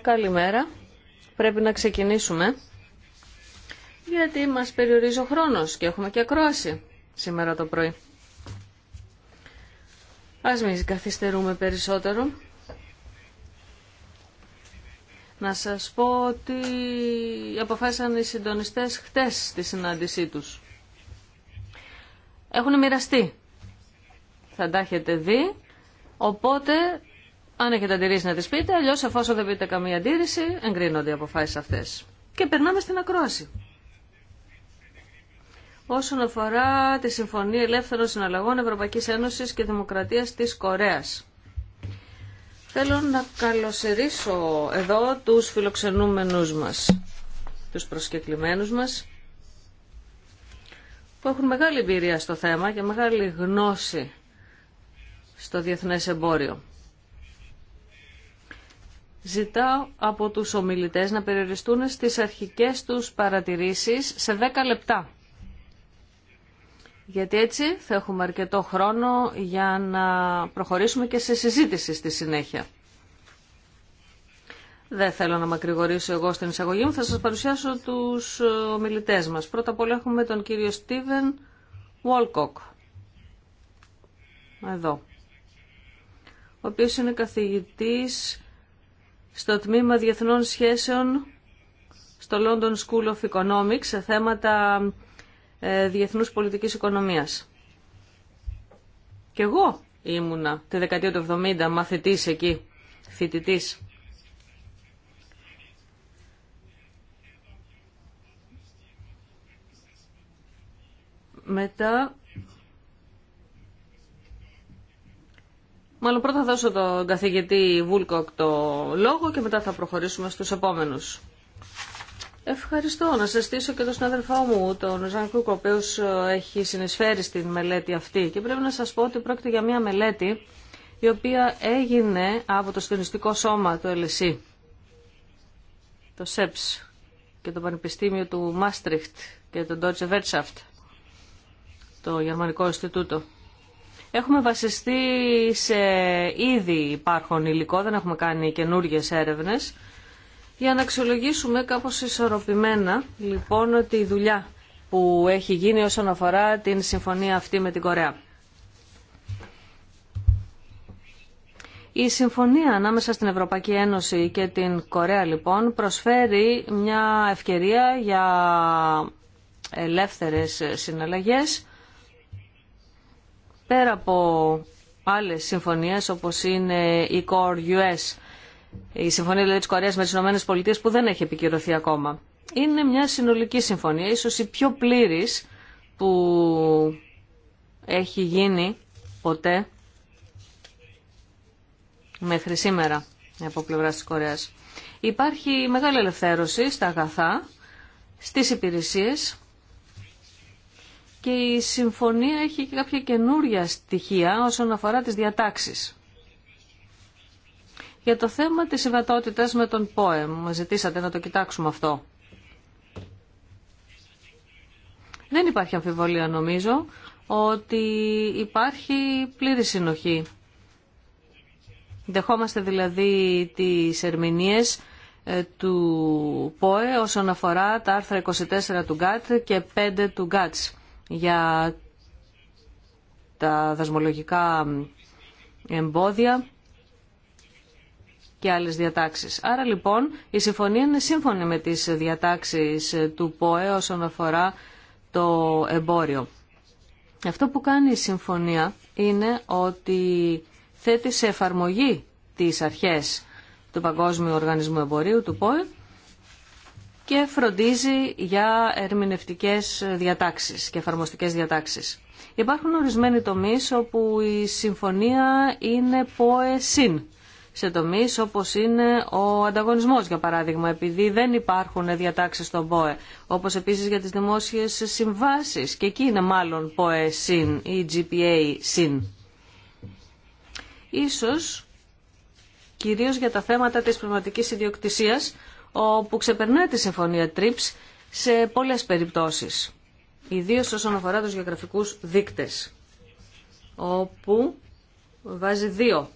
Καλημέρα. Πρέπει να ξεκινήσουμε γιατί μας περιορίζει ο χρόνος και έχουμε και ακρόαση σήμερα το πρωί. Ας μην καθυστερούμε περισσότερο. Να σας πω ότι αποφάσισαν οι συντονιστές χτες στη συνάντησή τους. Έχουν μοιραστεί. Θα τα έχετε δει. Οπότε αν έχετε αντιρρήσει να τι πείτε, Αλλιώ εφόσον δεν πείτε καμία αντίρρηση, εγκρίνονται οι αποφάσει αυτές. Και περνάμε στην ακρόαση. Όσον αφορά τη Συμφωνία Ελεύθερων Συναλλαγών Ευρωπαϊκή Ένωση και Δημοκρατίας της Κορέας. Θέλω να καλωσορίσω εδώ τους φιλοξενούμενους μας, τους προσκεκλημένους μας, που έχουν μεγάλη εμπειρία στο θέμα και μεγάλη γνώση στο διεθνές εμπόριο. Ζητάω από τους ομιλητές να περιοριστούν στις αρχικές τους παρατηρήσεις σε 10 λεπτά. Γιατί έτσι θα έχουμε αρκετό χρόνο για να προχωρήσουμε και σε συζήτηση στη συνέχεια. Δεν θέλω να μακρηγορήσω εγώ στην εισαγωγή μου, θα σας παρουσιάσω τους ομιλητές μας. Πρώτα απ' όλα έχουμε τον κύριο Στίβεν Βόλκοκ. Εδώ. Ο οποίος είναι καθηγητής στο τμήμα Διεθνών Σχέσεων στο London School of Economics σε θέματα ε, διεθνούς πολιτικής οικονομίας. Και εγώ ήμουνα τη δεκαετία του 70 μαθητής εκεί, φοιτητής. Μετά Μάλλον πρώτα θα δώσω τον καθηγητή Βούλκοκ το λόγο και μετά θα προχωρήσουμε στους επόμενους. Ευχαριστώ. Να σας στήσω και τον συνάδελφό μου, τον Ζαν ο ε, έχει συνεισφέρει στην μελέτη αυτή. Και πρέπει να σας πω ότι πρόκειται για μια μελέτη η οποία έγινε από το συντονιστικό σώμα του ΕΛΕΣΥ, e, το ΣΕΠΣ e και το Πανεπιστήμιο του Μάστριχτ και το Deutsche Wirtschaft, το Γερμανικό Ινστιτούτο. Έχουμε βασιστεί σε ήδη υπάρχον υλικό, δεν έχουμε κάνει καινούργιες έρευνες, για να αξιολογήσουμε κάπως ισορροπημένα λοιπόν τη δουλειά που έχει γίνει όσον αφορά την συμφωνία αυτή με την Κορέα. Η συμφωνία ανάμεσα στην Ευρωπαϊκή Ένωση και την Κορέα λοιπόν προσφέρει μια ευκαιρία για ελεύθερες συναλλαγές πέρα από άλλες συμφωνίες όπως είναι η Core US, η συμφωνία δηλαδή, της Κορέας με τις ΗΠΑ που δεν έχει επικυρωθεί ακόμα. Είναι μια συνολική συμφωνία, ίσως η πιο πλήρης που έχει γίνει ποτέ μέχρι σήμερα από πλευράς της Κορέας. Υπάρχει μεγάλη ελευθέρωση στα αγαθά, στις υπηρεσίες και η συμφωνία έχει και κάποια καινούρια στοιχεία όσον αφορά τις διατάξεις. Για το θέμα της συμβατότητας με τον ΠΟΕΜ, μας ζητήσατε να το κοιτάξουμε αυτό. Δεν υπάρχει αμφιβολία νομίζω ότι υπάρχει πλήρη συνοχή. Δεχόμαστε δηλαδή τις ερμηνείες ε, του ΠΟΕ όσον αφορά τα άρθρα 24 του ΓΚΑΤ και 5 του ΓΚΑΤΣ για τα δασμολογικά εμπόδια και άλλες διατάξεις. Άρα λοιπόν η συμφωνία είναι σύμφωνη με τις διατάξεις του ΠΟΕ όσον αφορά το εμπόριο. Αυτό που κάνει η συμφωνία είναι ότι θέτει σε εφαρμογή τις αρχές του Παγκόσμιου Οργανισμού Εμπορίου, του ΠΟΕ, και φροντίζει για ερμηνευτικές διατάξεις και εφαρμοστικές διατάξεις. Υπάρχουν ορισμένοι τομείς όπου η συμφωνία είναι ΠΟΕΣΥΝ σε τομείς όπως είναι ο ανταγωνισμός για παράδειγμα επειδή δεν υπάρχουν διατάξεις στον ΠΟΕ όπως επίσης για τις δημόσιες συμβάσεις και εκεί είναι μάλλον ΠΟΕ συν ή GPA συν. Ίσως κυρίως για τα θέματα της πνευματικής ιδιοκτησίας όπου ξεπερνά τη συμφωνία TRIPS σε πολλές περιπτώσεις, ιδίως όσον αφορά τους γεωγραφικούς δείκτες, όπου βάζει δύο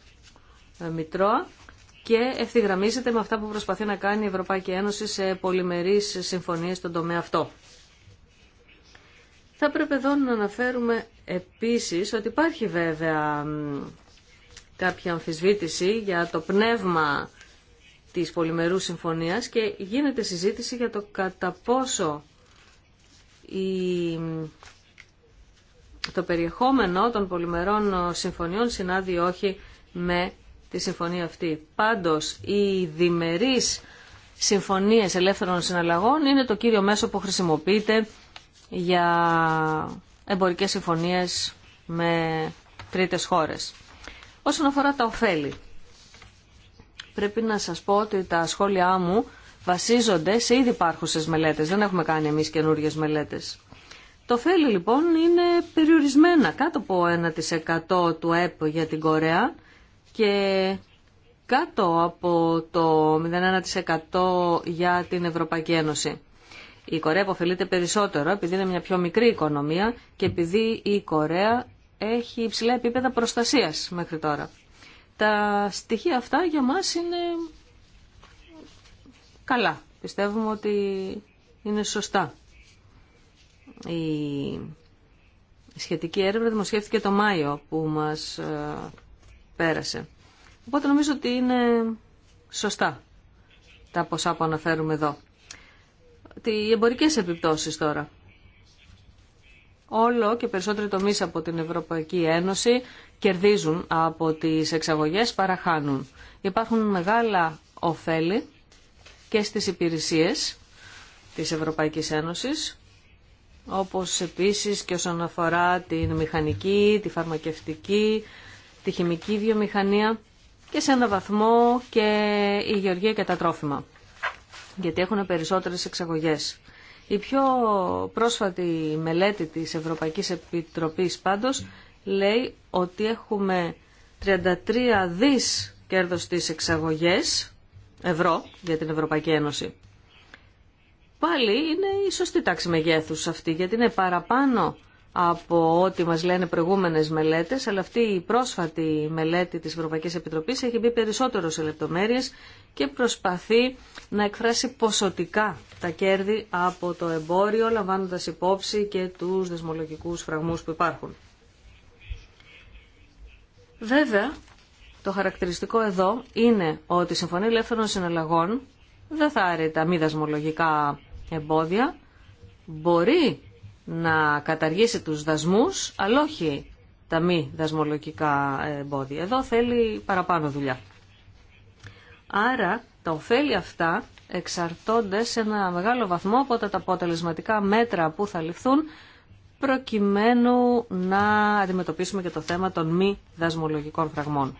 ε, μητρώα και ευθυγραμμίζεται με αυτά που προσπαθεί να κάνει η Ευρωπαϊκή Ένωση σε πολυμερείς συμφωνίες στον τομέα αυτό. Θα πρέπει εδώ να αναφέρουμε επίσης ότι υπάρχει βέβαια κάποια αμφισβήτηση για το πνεύμα της πολυμερούς συμφωνίας και γίνεται συζήτηση για το κατά πόσο η... το περιεχόμενο των πολυμερών συμφωνιών συνάδει όχι με τη συμφωνία αυτή. Πάντως, οι διμερείς συμφωνίες ελεύθερων συναλλαγών είναι το κύριο μέσο που χρησιμοποιείται για εμπορικές συμφωνίες με τρίτες χώρες. Όσον αφορά τα ωφέλη, πρέπει να σας πω ότι τα σχόλιά μου βασίζονται σε ήδη υπάρχουσες μελέτες. Δεν έχουμε κάνει εμείς καινούριε μελέτες. Το φέλη λοιπόν είναι περιορισμένα κάτω από 1% του ΕΠ για την Κορέα και κάτω από το 0,1% για την Ευρωπαϊκή Ένωση. Η Κορέα αποφελείται περισσότερο επειδή είναι μια πιο μικρή οικονομία και επειδή η Κορέα έχει υψηλά επίπεδα προστασίας μέχρι τώρα. Τα στοιχεία αυτά για μας είναι καλά. Πιστεύουμε ότι είναι σωστά. Η σχετική έρευνα δημοσιεύτηκε το Μάιο που μας ε, πέρασε. Οπότε νομίζω ότι είναι σωστά τα ποσά που αναφέρουμε εδώ. Οι εμπορικές επιπτώσεις τώρα. Όλο και περισσότεροι τομείς από την Ευρωπαϊκή Ένωση κερδίζουν από τις εξαγωγές παραχάνουν. Υπάρχουν μεγάλα ωφέλη και στις υπηρεσίες της Ευρωπαϊκής Ένωσης, όπως επίσης και όσον αφορά την μηχανική, τη φαρμακευτική, τη χημική βιομηχανία και σε έναν βαθμό και η γεωργία και τα τρόφιμα, γιατί έχουν περισσότερες εξαγωγές. Η πιο πρόσφατη μελέτη της Ευρωπαϊκής Επιτροπής πάντως λέει ότι έχουμε 33 δις κέρδος στις εξαγωγές ευρώ για την Ευρωπαϊκή Ένωση. Πάλι είναι η σωστή τάξη μεγέθους αυτή, γιατί είναι παραπάνω από ό,τι μας λένε προηγούμενες μελέτες, αλλά αυτή η πρόσφατη μελέτη της Ευρωπαϊκής Επιτροπής έχει μπει περισσότερο σε λεπτομέρειες και προσπαθεί να εκφράσει ποσοτικά τα κέρδη από το εμπόριο, λαμβάνοντας υπόψη και τους δεσμολογικούς φραγμούς που υπάρχουν. Βέβαια, το χαρακτηριστικό εδώ είναι ότι η Συμφωνία Ελεύθερων Συναλλαγών δεν θα άρει τα μη δασμολογικά εμπόδια, μπορεί να καταργήσει τους δασμούς, αλλά όχι τα μη δασμολογικά εμπόδια. Εδώ θέλει παραπάνω δουλειά. Άρα τα ωφέλη αυτά εξαρτώνται σε ένα μεγάλο βαθμό από τα αποτελεσματικά μέτρα που θα ληφθούν προκειμένου να αντιμετωπίσουμε και το θέμα των μη δασμολογικών φραγμών.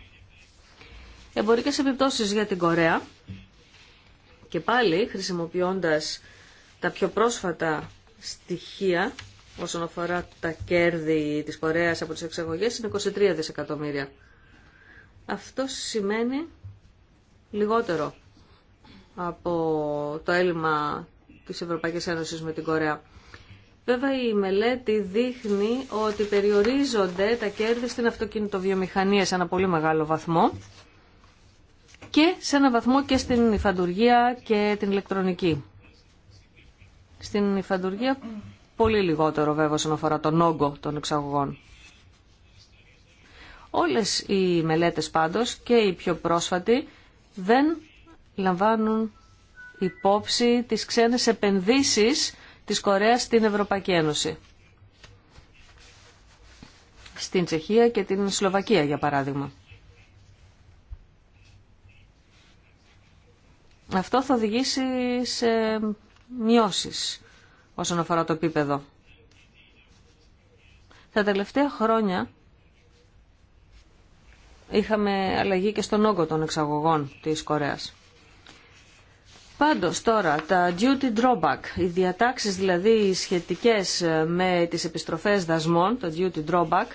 Εμπορικές επιπτώσεις για την Κορέα και πάλι χρησιμοποιώντας τα πιο πρόσφατα στοιχεία όσον αφορά τα κέρδη της Κορέας από τις εξαγωγές είναι 23 δισεκατομμύρια. Αυτό σημαίνει λιγότερο από το έλλειμμα της Ευρωπαϊκής Ένωσης με την Κορέα. Βέβαια η μελέτη δείχνει ότι περιορίζονται τα κέρδη στην αυτοκινητοβιομηχανία σε ένα πολύ μεγάλο βαθμό και σε ένα βαθμό και στην υφαντουργία και την ηλεκτρονική. Στην υφαντουργία πολύ λιγότερο βέβαια όσον αφορά τον όγκο των εξαγωγών. Όλες οι μελέτες πάντως και οι πιο πρόσφατοι δεν λαμβάνουν υπόψη τις ξένες επενδύσεις της Κορέας στην Ευρωπαϊκή Ένωση. Στην Τσεχία και την Σλοβακία, για παράδειγμα. Αυτό θα οδηγήσει σε μειώσεις όσον αφορά το επίπεδο. Τα τελευταία χρόνια είχαμε αλλαγή και στον όγκο των εξαγωγών της Κορέας. Πάντως τώρα τα duty drawback, οι διατάξεις δηλαδή σχετικές ε, με τις επιστροφές δασμών, το duty drawback,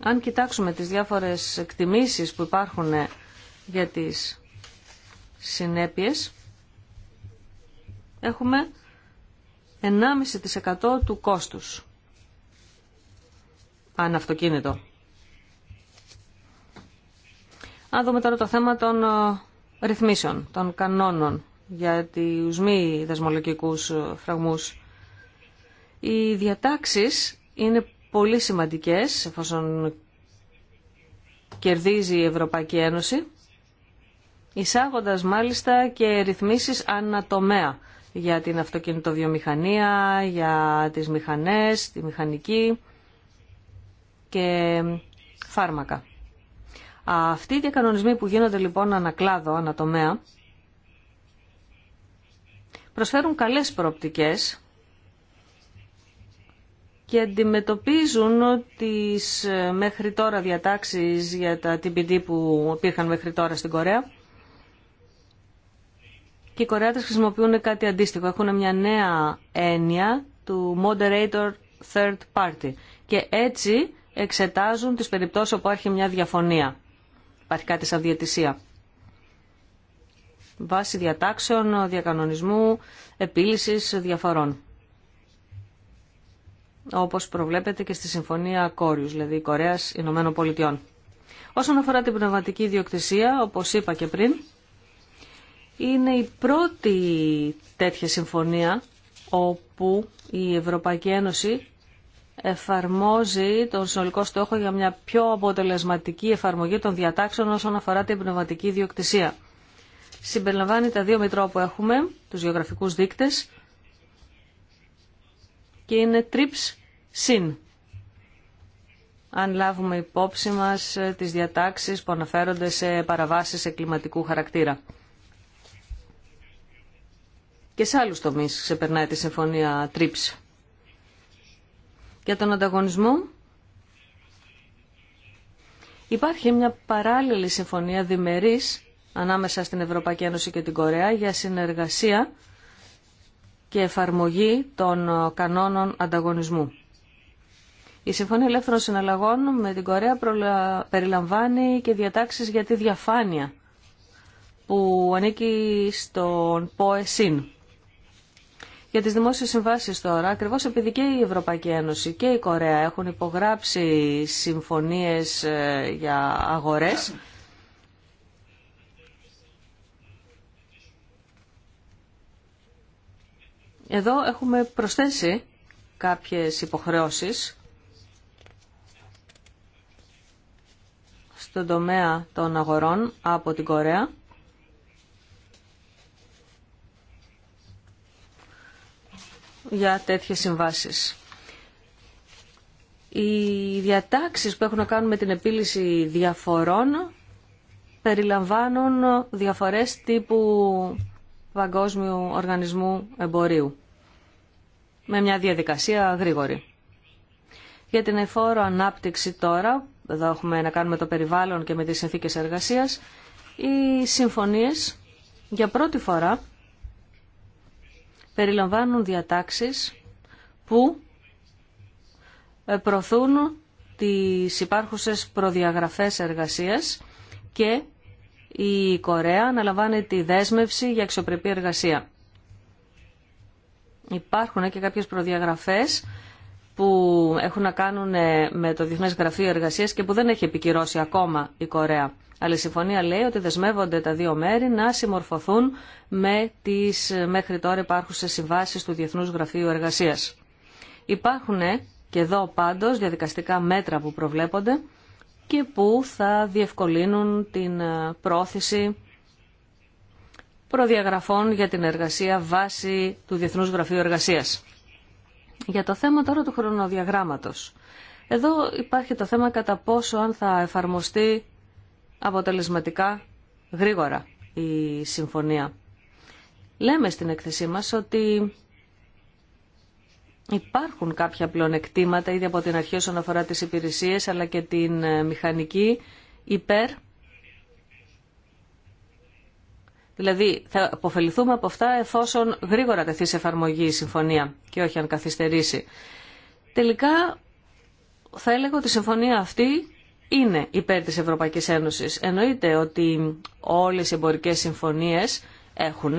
αν κοιτάξουμε τις διάφορες εκτιμήσεις που υπάρχουν ε, για τις συνέπειες, έχουμε 1,5% του κόστους αν αυτοκίνητο. Αν δούμε τώρα το θέμα των ε, ρυθμίσεων, των κανόνων για τους μη δεσμολογικούς ε, φραγμούς. Οι διατάξεις είναι πολύ σημαντικές εφόσον κερδίζει η Ευρωπαϊκή Ένωση, εισάγοντας μάλιστα και ρυθμίσεις ανατομέα για την αυτοκινητοβιομηχανία, για τις μηχανές, τη μηχανική και φάρμακα. Αυτοί οι διακανονισμοί που γίνονται λοιπόν ανακλάδο, ανατομέα, προσφέρουν καλές προοπτικές και αντιμετωπίζουν τις ε, μέχρι τώρα διατάξεις για τα TPD που υπήρχαν μέχρι τώρα στην Κορέα. Και οι Κορεάτες χρησιμοποιούν κάτι αντίστοιχο. Έχουν μια νέα έννοια του moderator third party. Και έτσι εξετάζουν τις περιπτώσεις όπου έχει μια διαφωνία υπάρχει κάτι σαν διαιτησία. διατάξεων, διακανονισμού, επίλυσης διαφορών. Όπως προβλέπεται και στη Συμφωνία Κόριους, δηλαδή Κορέας Ηνωμένων Πολιτειών. Όσον αφορά την πνευματική ιδιοκτησία, όπως είπα και πριν, είναι η πρώτη τέτοια συμφωνία όπου η Ευρωπαϊκή Ένωση εφαρμόζει τον συνολικό στόχο για μια πιο αποτελεσματική εφαρμογή των διατάξεων όσον αφορά την πνευματική ιδιοκτησία. Συμπεριλαμβάνει τα δύο μητρώα που έχουμε, τους γεωγραφικούς δείκτες και είναι TRIPS SYN. Αν λάβουμε υπόψη μας ε, τις διατάξεις που αναφέρονται σε παραβάσεις σε κλιματικού χαρακτήρα. Και σε άλλους τομείς ξεπερνάει τη συμφωνία TRIPS για τον ανταγωνισμό. Υπάρχει μια παράλληλη συμφωνία διμερής ανάμεσα στην Ευρωπαϊκή Ένωση και την Κορέα για συνεργασία και εφαρμογή των κανόνων ανταγωνισμού. Η Συμφωνία Ελεύθερων Συναλλαγών με την Κορέα περιλαμβάνει και διατάξεις για τη διαφάνεια που ανήκει στον ΠΟΕΣΥΝ. Για τις δημόσιες συμβάσεις τώρα, ακριβώς επειδή και η Ευρωπαϊκή Ένωση και η Κορέα έχουν υπογράψει συμφωνίες ε, για αγορές, Εδώ έχουμε προσθέσει κάποιες υποχρεώσεις στον τομέα των αγορών από την Κορέα για τέτοιες συμβάσεις. Οι διατάξεις που έχουν να κάνουν με την επίλυση διαφορών περιλαμβάνουν διαφορές τύπου παγκόσμιου οργανισμού εμπορίου με μια διαδικασία γρήγορη. Για την εφόρο ανάπτυξη τώρα, εδώ έχουμε να κάνουμε το περιβάλλον και με τις συνθήκες εργασίας, οι συμφωνίες για πρώτη φορά περιλαμβάνουν διατάξεις που ε, προωθούν τις υπάρχουσες προδιαγραφές εργασίας και η Κορέα αναλαμβάνει τη δέσμευση για αξιοπρεπή εργασία. Υπάρχουν και κάποιες προδιαγραφές που έχουν να κάνουν ε, με το Διεθνές Γραφείο Εργασίας και που δεν έχει επικυρώσει ακόμα η Κορέα. Αλλά η συμφωνία λέει ότι δεσμεύονται τα δύο μέρη να συμμορφωθούν με τις μέχρι τώρα υπάρχουσες συμβάσει του Διεθνούς Γραφείου Εργασίας. Υπάρχουν και εδώ πάντως διαδικαστικά μέτρα που προβλέπονται και που θα διευκολύνουν την πρόθεση προδιαγραφών για την εργασία βάσει του Διεθνούς Γραφείου Εργασίας. Για το θέμα τώρα του χρονοδιαγράμματος. Εδώ υπάρχει το θέμα κατά πόσο αν θα εφαρμοστεί αποτελεσματικά γρήγορα η συμφωνία. Λέμε στην εκθεσή μας ότι υπάρχουν κάποια πλονεκτήματα ήδη από την αρχή όσον αφορά τις υπηρεσίες αλλά και την ε, μηχανική υπέρ. Δηλαδή θα αποφεληθούμε από αυτά εφόσον γρήγορα τεθεί σε εφαρμογή η συμφωνία και όχι αν καθυστερήσει. Τελικά θα έλεγα ότι η συμφωνία αυτή είναι υπέρ της Ευρωπαϊκής Ένωσης. Εννοείται ότι όλες οι εμπορικές συμφωνίες έχουν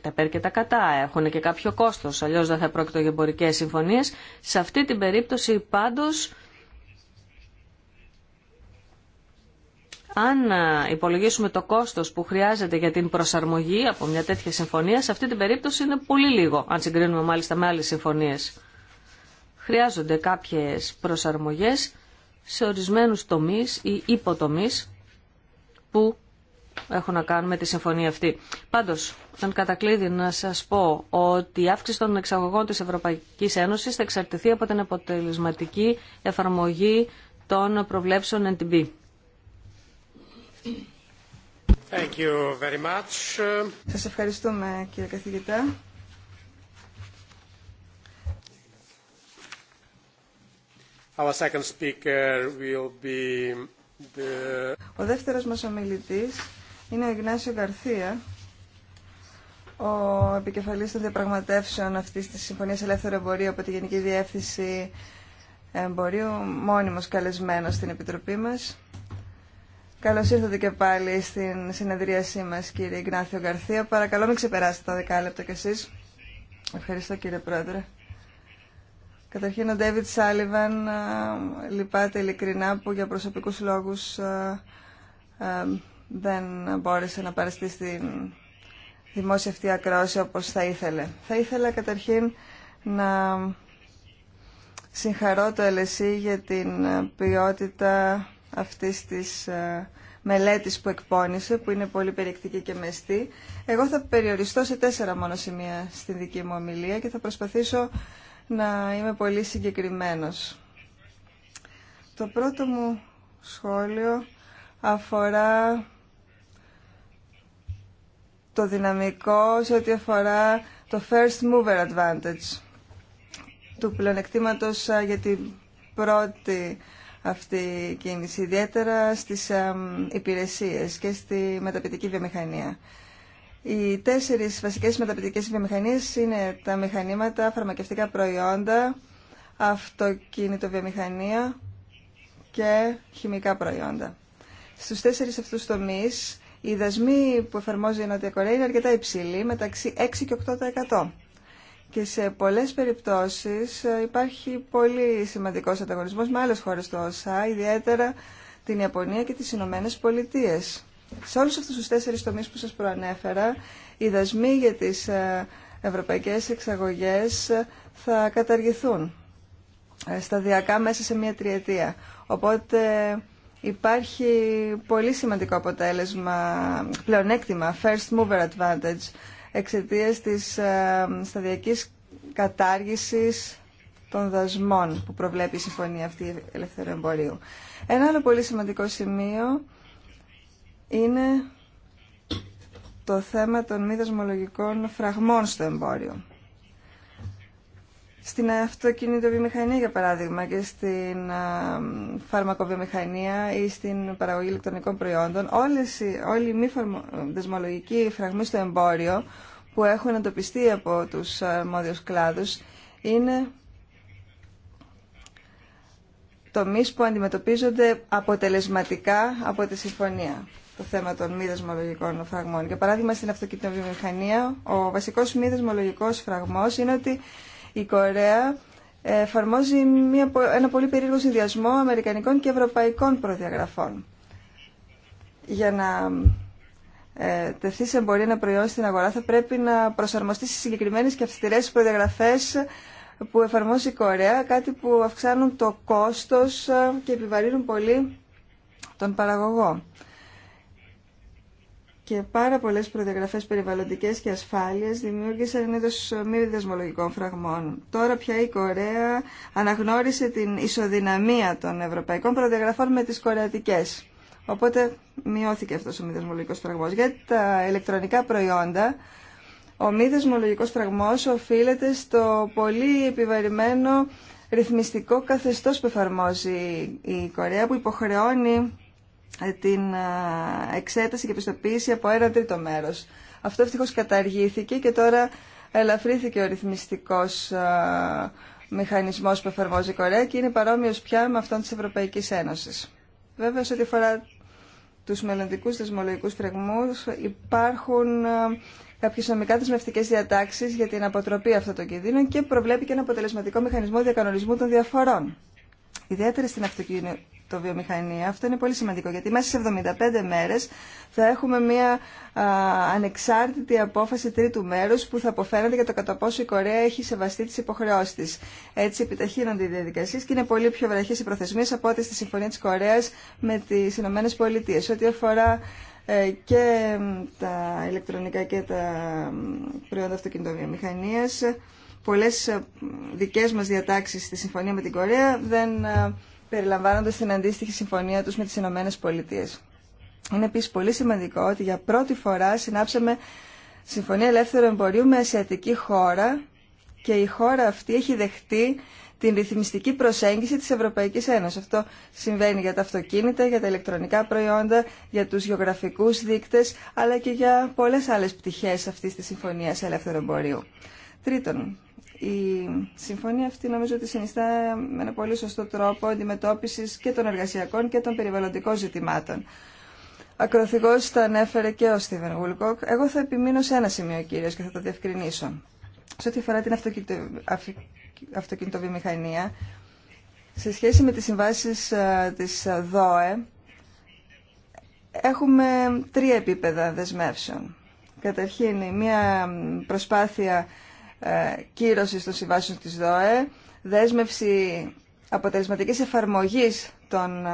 τα υπέρ και τα κατά, έχουν και κάποιο κόστος, αλλιώς δεν θα πρόκειται για εμπορικές συμφωνίες. Σε αυτή την περίπτωση πάντως, αν υπολογίσουμε το κόστος που χρειάζεται για την προσαρμογή από μια τέτοια συμφωνία, σε αυτή την περίπτωση είναι πολύ λίγο, αν συγκρίνουμε μάλιστα με άλλες συμφωνίες. Χρειάζονται κάποιες προσαρμογές σε ορισμένους τομείς ή υποτομείς που έχουν να κάνουν με τη συμφωνία αυτή. Πάντως, αν κατακλείδη να σας πω ότι η αύξηση των εξαγωγών της Ευρωπαϊκής Ένωσης θα εξαρτηθεί από την αποτελεσματική εφαρμογή των προβλέψεων NTB. Thank you very much. Σας ευχαριστούμε κύριε καθηγητά. Ο δεύτερος μας ομιλητής είναι ο Ιγνάσιο Γκαρθία, ο επικεφαλής των διαπραγματεύσεων αυτής της Συμφωνίας Ελεύθερου Εμπορίου από τη Γενική Διεύθυνση Εμπορίου, μόνιμος καλεσμένος στην Επιτροπή μας. Καλώς ήρθατε και πάλι στην συνεδρίασή μας, κύριε Ιγνάσιο Γκαρθία. Παρακαλώ μην ξεπεράσετε τα δεκάλεπτα κι εσείς. Ευχαριστώ κύριε Πρόεδρε. Καταρχήν ο Ντέβιτ Σάλιβαν λυπάται ειλικρινά που για προσωπικούς λόγους δεν μπόρεσε να παραστεί στη δημόσια αυτή ακρόαση όπως θα ήθελε. Θα ήθελα καταρχήν να συγχαρώ το ΕΛΕΣΥ e για την ποιότητα αυτής της μελέτης που εκπώνησε, που είναι πολύ περιεκτική και μεστή. Εγώ θα περιοριστώ σε τέσσερα μόνο σημεία στην δική μου ομιλία και θα προσπαθήσω να είμαι πολύ συγκεκριμένος. Το πρώτο μου σχόλιο αφορά το δυναμικό σε ό,τι αφορά το first mover advantage του πλεονεκτήματος για την πρώτη αυτή κίνηση, ιδιαίτερα στις υπηρεσίες και στη μεταπητική βιομηχανία. Οι τέσσερις βασικές μεταπητικές βιομηχανίες είναι τα μηχανήματα, φαρμακευτικά προϊόντα, αυτοκινητοβιομηχανία και χημικά προϊόντα. Στους τέσσερις αυτούς τομείς οι δασμοί που εφαρμόζει η Νότια Κορέα είναι αρκετά υψηλή, μεταξύ 6 και 8%. Και σε πολλές περιπτώσεις ε, υπάρχει πολύ σημαντικός ανταγωνισμός με άλλε χώρε του ΩΣΑ, ιδιαίτερα την Ιαπωνία και τι Ηνωμένε Πολιτείε. Σε όλους αυτούς τους τέσσερις τομείς που σας προανέφερα, οι δασμοί για τις ε, ευρωπαϊκές εξαγωγές ε, θα καταργηθούν ε, σταδιακά μέσα σε μία τριετία. Οπότε υπάρχει πολύ σημαντικό αποτέλεσμα, πλεονέκτημα, first mover advantage, εξαιτίας της σταδιακής κατάργησης των δασμών που προβλέπει η συμφωνία αυτή ελευθερία Ένα άλλο πολύ σημαντικό σημείο είναι το θέμα των μη δεσμολογικών φραγμών στο εμπόριο. Στην αυτοκινητοβιομηχανία, για παράδειγμα, και στην φαρμακοβιομηχανία ή στην παραγωγή ηλεκτρονικών προϊόντων, όλες, όλοι οι μη δεσμολογικοί φραγμοί στο εμπόριο που έχουν εντοπιστεί από τους αρμόδιους κλάδους είναι τομείς που αντιμετωπίζονται αποτελεσματικά από τη συμφωνία το θέμα των μη δεσμολογικών φραγμών. Για παράδειγμα, στην αυτοκινητοβιομηχανία, ο βασικό μη δεσμολογικό φραγμός είναι ότι η Κορέα εφαρμόζει μια, ένα πολύ περίεργο συνδυασμό αμερικανικών και ευρωπαϊκών προδιαγραφών. Για να ε, τεθεί σε εμπορία ένα προϊόν στην αγορά θα πρέπει να προσαρμοστεί στι συγκεκριμένε και αυστηρέ προδιαγραφέ που εφαρμόζει η Κορέα, κάτι που αυξάνουν το κόστος ε, και επιβαρύνουν πολύ τον παραγωγό και πάρα πολλέ προδιαγραφέ, περιβαλλοντικέ και ασφάλεια δημιούργησαν ένα είδο μη δεσμολογικών φραγμών. Τώρα πια η Κορέα αναγνώρισε την ισοδυναμία των ευρωπαϊκών προδιαγραφών με τι κορεατικέ. Οπότε μειώθηκε αυτό ο μη δεσμολογικό φραγμός. Για τα ηλεκτρονικά προϊόντα, ο μη δεσμολογικό φραγμό οφείλεται στο πολύ επιβαρημένο ρυθμιστικό καθεστώ που εφαρμόζει η Κορέα, που υποχρεώνει ε, την ε, εξέταση και πιστοποίηση από ένα τρίτο μέρος. Αυτό ευτυχώς καταργήθηκε και τώρα ελαφρύθηκε ο ρυθμιστικός ε, μηχανισμός που εφαρμόζει η Κορέα και είναι παρόμοιος πια με αυτόν της Ευρωπαϊκής Ένωσης. Βέβαια, σε ό,τι αφορά τους μελλοντικού δεσμολογικούς φρεγμούς υπάρχουν κάποιε νομικά δεσμευτικέ διατάξει για την αποτροπή αυτών των κινδύνων και προβλέπει και ένα αποτελεσματικό μηχανισμό διακανονισμού των διαφορών. Ιδιαίτερα στην το βιομηχανία. Αυτό είναι πολύ σημαντικό γιατί μέσα σε 75 μέρες θα έχουμε μια α, ανεξάρτητη απόφαση τρίτου μέρους που θα αποφαίνεται για το κατά πόσο η Κορέα έχει σεβαστεί τις υποχρεώσεις της. Έτσι επιταχύνονται οι διαδικασίες και είναι πολύ πιο βραχές οι προθεσμίες από ό,τι στη Συμφωνία της Κορέας με τις Ηνωμένες Πολιτείες. Ό,τι αφορά ε, και τα ηλεκτρονικά και τα προϊόντα αυτοκινητοβιομηχανίας. Πολλές ε, δικές μας διατάξεις στη συμφωνία με την Κορέα δεν ε, Περιλαμβάνοντα την αντίστοιχη συμφωνία τους με τις Ηνωμένε Πολιτείε. Είναι επίσης πολύ σημαντικό ότι για πρώτη φορά συνάψαμε συμφωνία ελεύθερου εμπορίου με ασιατική χώρα και η χώρα αυτή έχει δεχτεί την ρυθμιστική προσέγγιση της Ευρωπαϊκής Ένωσης. Αυτό συμβαίνει για τα αυτοκίνητα, για τα ηλεκτρονικά προϊόντα, για τους γεωγραφικούς δείκτες, αλλά και για πολλές άλλες πτυχές αυτής της Συμφωνίας Ελεύθερου Εμπορίου. Τρίτον, η συμφωνία αυτή νομίζω ότι συνιστά με ένα πολύ σωστό τρόπο αντιμετώπιση και των εργασιακών και των περιβαλλοντικών ζητημάτων. Ακροθυγό τα ανέφερε και ο Στίβεν Γουλκοκ. Εγώ θα επιμείνω σε ένα σημείο κύριο και θα το διευκρινίσω. Σε ό,τι αφορά την αυτοκινητοβιομηχανία, σε σχέση με τις συμβάσεις ε, της ε, ΔΟΕ, έχουμε τρία επίπεδα δεσμεύσεων. Καταρχήν, μια προσπάθεια ε, κύρωσης των συμβάσεων της ΔΟΕ, δέσμευση αποτελεσματικής εφαρμογής των ε,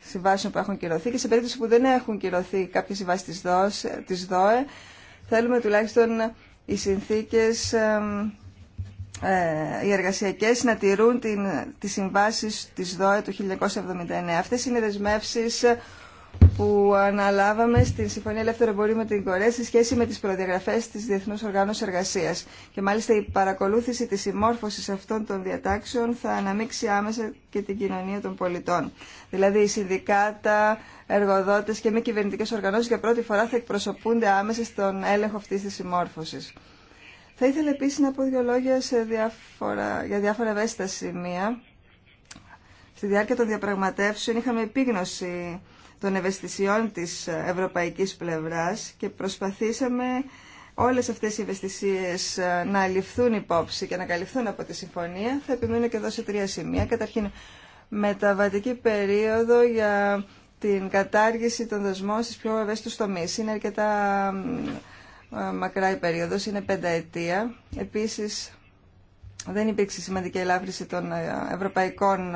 συμβάσεων που έχουν κυρωθεί και σε περίπτωση που δεν έχουν κυρωθεί κάποιες συμβάσεις της, ΔΟΕ, θέλουμε τουλάχιστον οι συνθήκες ε, οι εργασιακές να τηρούν την, τις συμβάσεις της ΔΟΕ του 1979. Αυτές είναι δεσμεύσεις που αναλάβαμε στην Συμφωνία Ελεύθερου Εμπορίου με την Κορέα σε σχέση με τι προδιαγραφέ τη Διεθνού Οργάνωσης εργασία. Και μάλιστα η παρακολούθηση τη συμμόρφωση αυτών των διατάξεων θα αναμίξει άμεσα και την κοινωνία των πολιτών. Δηλαδή οι συνδικάτα, εργοδότε και μη κυβερνητικέ οργανώσει για πρώτη φορά θα εκπροσωπούνται άμεσα στον έλεγχο αυτή τη συμμόρφωση. Θα ήθελα επίση να πω δύο λόγια διάφορα, για διάφορα ευαίσθητα σημεία. Στη διάρκεια των διαπραγματεύσεων είχαμε επίγνωση των ευαισθησιών της ευρωπαϊκής πλευράς και προσπαθήσαμε όλες αυτές οι ευαισθησίες ε, να ληφθούν υπόψη και να καλυφθούν από τη συμφωνία. Θα επιμείνω και εδώ σε τρία σημεία. Καταρχήν, μεταβατική περίοδο για την κατάργηση των δεσμών στις πιο ευαίσθητους τομείς. Είναι αρκετά ε, μακρά η περίοδος, είναι πενταετία. Επίσης, δεν υπήρξε σημαντική ελάφρυση των ε, ευρωπαϊκών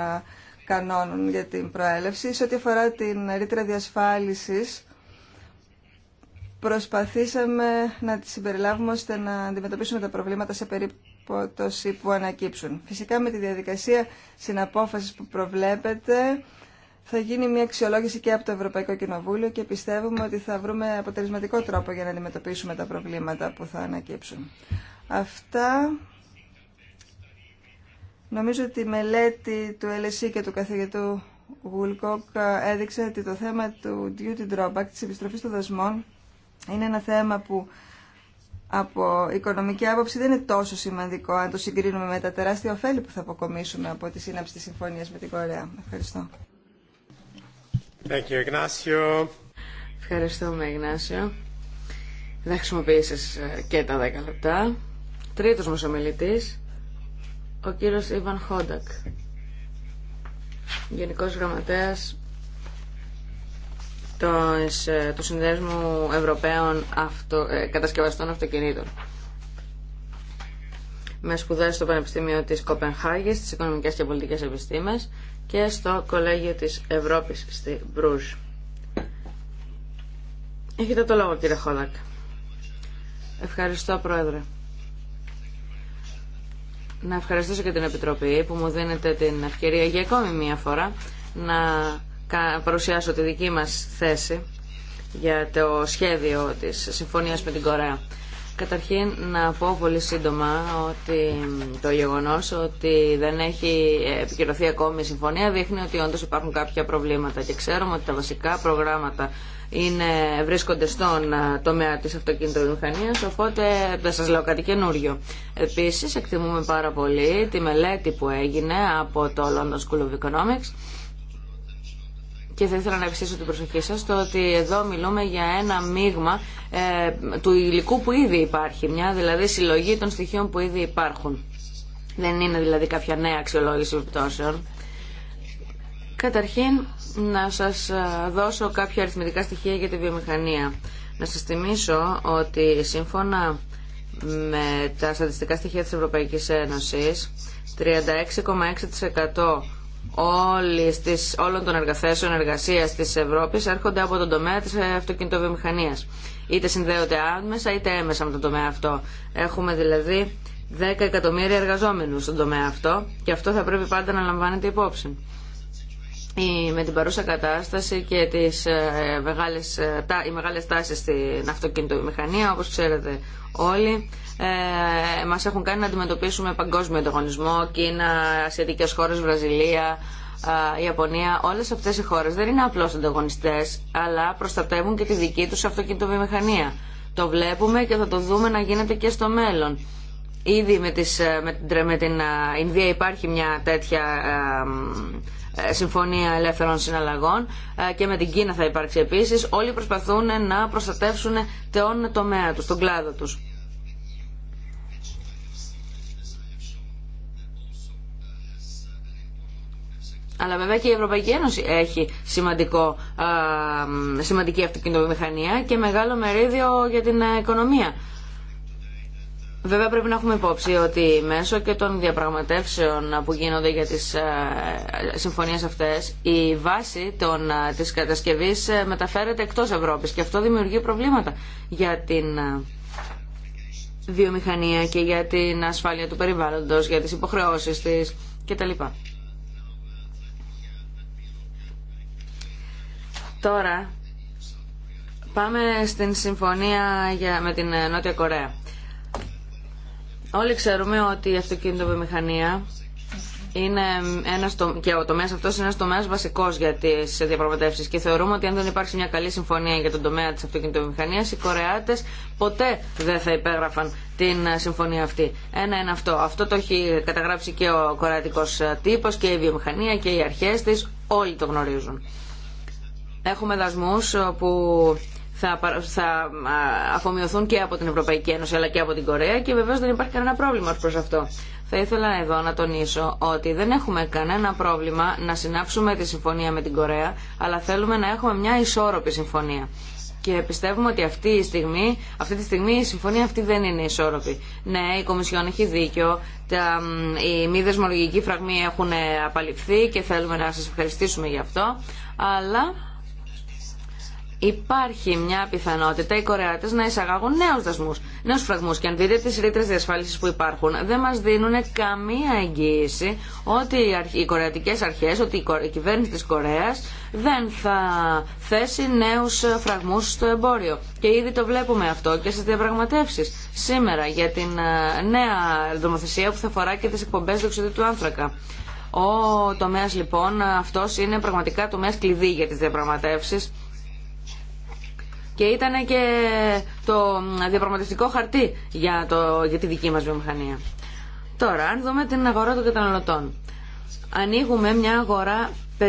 κανόνων για την προέλευση. Σε ό,τι αφορά την ρήτρα διασφάλισης, προσπαθήσαμε να τη συμπεριλάβουμε ώστε να αντιμετωπίσουμε τα προβλήματα σε περίπτωση που ανακύψουν. Φυσικά με τη διαδικασία συναπόφασης που προβλέπεται θα γίνει μια αξιολόγηση και από το Ευρωπαϊκό Κοινοβούλιο και πιστεύουμε ότι θα βρούμε αποτελεσματικό τρόπο για να αντιμετωπίσουμε τα προβλήματα που θα ανακύψουν. Αυτά Νομίζω ότι η μελέτη του LSE και του καθηγητού Γουλκόκ έδειξε ότι το θέμα του duty drawback, της επιστροφής των δασμών, είναι ένα θέμα που από οικονομική άποψη δεν είναι τόσο σημαντικό αν το συγκρίνουμε με τα τεράστια ωφέλη που θα αποκομίσουμε από τη σύναψη της συμφωνίας με την Κορέα. Ευχαριστώ. Thank you, Ignacio. Ευχαριστούμε, Ιγνάσιο. Δεν χρησιμοποίησες ε, και τα 10 λεπτά. Τρίτος μας ομιλητής, ο κύριος Ιβαν Χόντακ, Γενικός Γραμματέας ε, του Συνδέσμου Ευρωπαίων Αυτο... Ε, Κατασκευαστών Αυτοκινήτων με σπουδές στο Πανεπιστήμιο της Κοπενχάγης, στις Οικονομικές και Πολιτικές Επιστήμες και στο Κολέγιο της Ευρώπης στη Μπρούζ. Έχετε το λόγο κύριε Χόντακ. Ευχαριστώ Πρόεδρε. Να ευχαριστήσω και την Επιτροπή που μου δίνεται την ευκαιρία για ακόμη μία φορά να παρουσιάσω τη δική μας θέση για το σχέδιο της συμφωνίας με την Κορέα. Καταρχήν να πω πολύ σύντομα ότι το γεγονός ότι δεν έχει επικυρωθεί ακόμη η συμφωνία δείχνει ότι όντως υπάρχουν κάποια προβλήματα και ξέρουμε ότι τα βασικά προγράμματα είναι, βρίσκονται στον ε, τομέα της αυτοκινητοβιομηχανίας, οπότε δεν σας λέω κάτι καινούριο. Επίσης, εκτιμούμε πάρα πολύ τη μελέτη που έγινε από το London School of Economics και θα ήθελα να ευχαριστήσω την προσοχή σας στο ότι εδώ μιλούμε για ένα μείγμα ε, του υλικού που ήδη υπάρχει, μια δηλαδή συλλογή των στοιχείων που ήδη υπάρχουν. Δεν είναι δηλαδή κάποια νέα αξιολόγηση επιπτώσεων. Καταρχήν, να σας ε, δώσω κάποια αριθμητικά στοιχεία για τη βιομηχανία. Να σας θυμίσω ότι σύμφωνα με τα στατιστικά στοιχεία της Ευρωπαϊκής Ένωσης, 36,6% όλων των εργαθέσεων εργασία τη Ευρώπη έρχονται από τον τομέα της αυτοκινητοβιομηχανίας. Είτε συνδέονται άμεσα είτε έμεσα με τον τομέα αυτό. Έχουμε δηλαδή 10 εκατομμύρια εργαζόμενους στον τομέα αυτό και αυτό θα πρέπει πάντα να λαμβάνεται υπόψη με την παρούσα κατάσταση και τις ε, μεγάλες, ε, τα, οι μεγάλες τάσεις στην αυτοκινητομηχανία, όπως ξέρετε όλοι, ε, μας έχουν κάνει να αντιμετωπίσουμε παγκόσμιο ανταγωνισμό, Κίνα, ασιατικές χώρες, Βραζιλία, ε, Ιαπωνία, όλες αυτές οι χώρες δεν είναι απλώς ανταγωνιστές, αλλά προστατεύουν και τη δική τους αυτοκινητοβιομηχανία. Το βλέπουμε και θα το δούμε να γίνεται και στο μέλλον. Ήδη με, τις, με, την, με Ινδία υπάρχει μια τέτοια ε, Συμφωνία Ελεύθερων Συναλλαγών ε, και με την Κίνα θα υπάρξει επίσης. Όλοι προσπαθούν να προστατεύσουν τον τομέα τους, τον κλάδο τους. Αλλά βέβαια και η Ευρωπαϊκή Ένωση έχει σημαντικό, ε, σημαντική αυτοκινητοβιομηχανία και μεγάλο μερίδιο για την οικονομία. Βέβαια πρέπει να έχουμε υπόψη ότι μέσω και των διαπραγματεύσεων που γίνονται για τις ε, συμφωνίες αυτές η βάση των, ε, της κατασκευής ε, μεταφέρεται εκτός Ευρώπης και αυτό δημιουργεί προβλήματα για την βιομηχανία και για την ασφάλεια του περιβάλλοντος, για τις υποχρεώσεις της κτλ. Τώρα πάμε στην συμφωνία για, με την Νότια Κορέα. Όλοι ξέρουμε ότι η αυτοκινητοβιομηχανία είναι ένας το... και ο τομέα αυτός είναι ένα τομέα βασικό για τι διαπραγματεύσει. και θεωρούμε ότι αν δεν υπάρξει μια καλή συμφωνία για τον τομέα της αυτοκινητοβιομηχανίας οι κορεάτε ποτέ δεν θα υπέγραφαν την συμφωνία αυτή. Ένα είναι αυτό. Αυτό το έχει καταγράψει και ο κορεατικό τύπο και η βιομηχανία και οι αρχέ τη Όλοι το γνωρίζουν. Έχουμε δασμούς που θα, αφομοιωθούν και από την Ευρωπαϊκή Ένωση αλλά και από την Κορέα και βεβαίως δεν υπάρχει κανένα πρόβλημα ως προς αυτό. Θα ήθελα εδώ να τονίσω ότι δεν έχουμε κανένα πρόβλημα να συνάψουμε τη συμφωνία με την Κορέα, αλλά θέλουμε να έχουμε μια ισόρροπη συμφωνία. Και πιστεύουμε ότι αυτή, η στιγμή, αυτή τη στιγμή η συμφωνία αυτή δεν είναι ισόρροπη. Ναι, η Κομισιόν έχει δίκιο, τα, οι μη δεσμολογικοί φραγμοί έχουν απαλληφθεί και θέλουμε να σας ευχαριστήσουμε γι' αυτό, αλλά Υπάρχει μια πιθανότητα οι κορεάτε να εισαγάγουν νέου, δασμούς, νέου φραγμούς και αν δείτε τι ρήτρε διασφάλιση που υπάρχουν δεν μα δίνουν καμία εγγύηση ότι οι κορεατικέ αρχέ, ότι η κυβέρνηση τη Κορέα, δεν θα θέσει νέου φραγμού στο εμπόριο. Και ήδη το βλέπουμε αυτό και στι διαπραγματεύσει. σήμερα για την ε, νέα δομοθεσία που θα αφορά και τι εκπομπέ διοξιδίου του άνθρακα. Ο τομέα λοιπόν αυτό είναι πραγματικά τομέα κλειδί για τι διαπραγματεύσει και ήταν και το διαπραγματευτικό χαρτί για, το, για τη δική μας βιομηχανία. Τώρα, αν δούμε την αγορά των καταναλωτών. Ανοίγουμε μια αγορά 500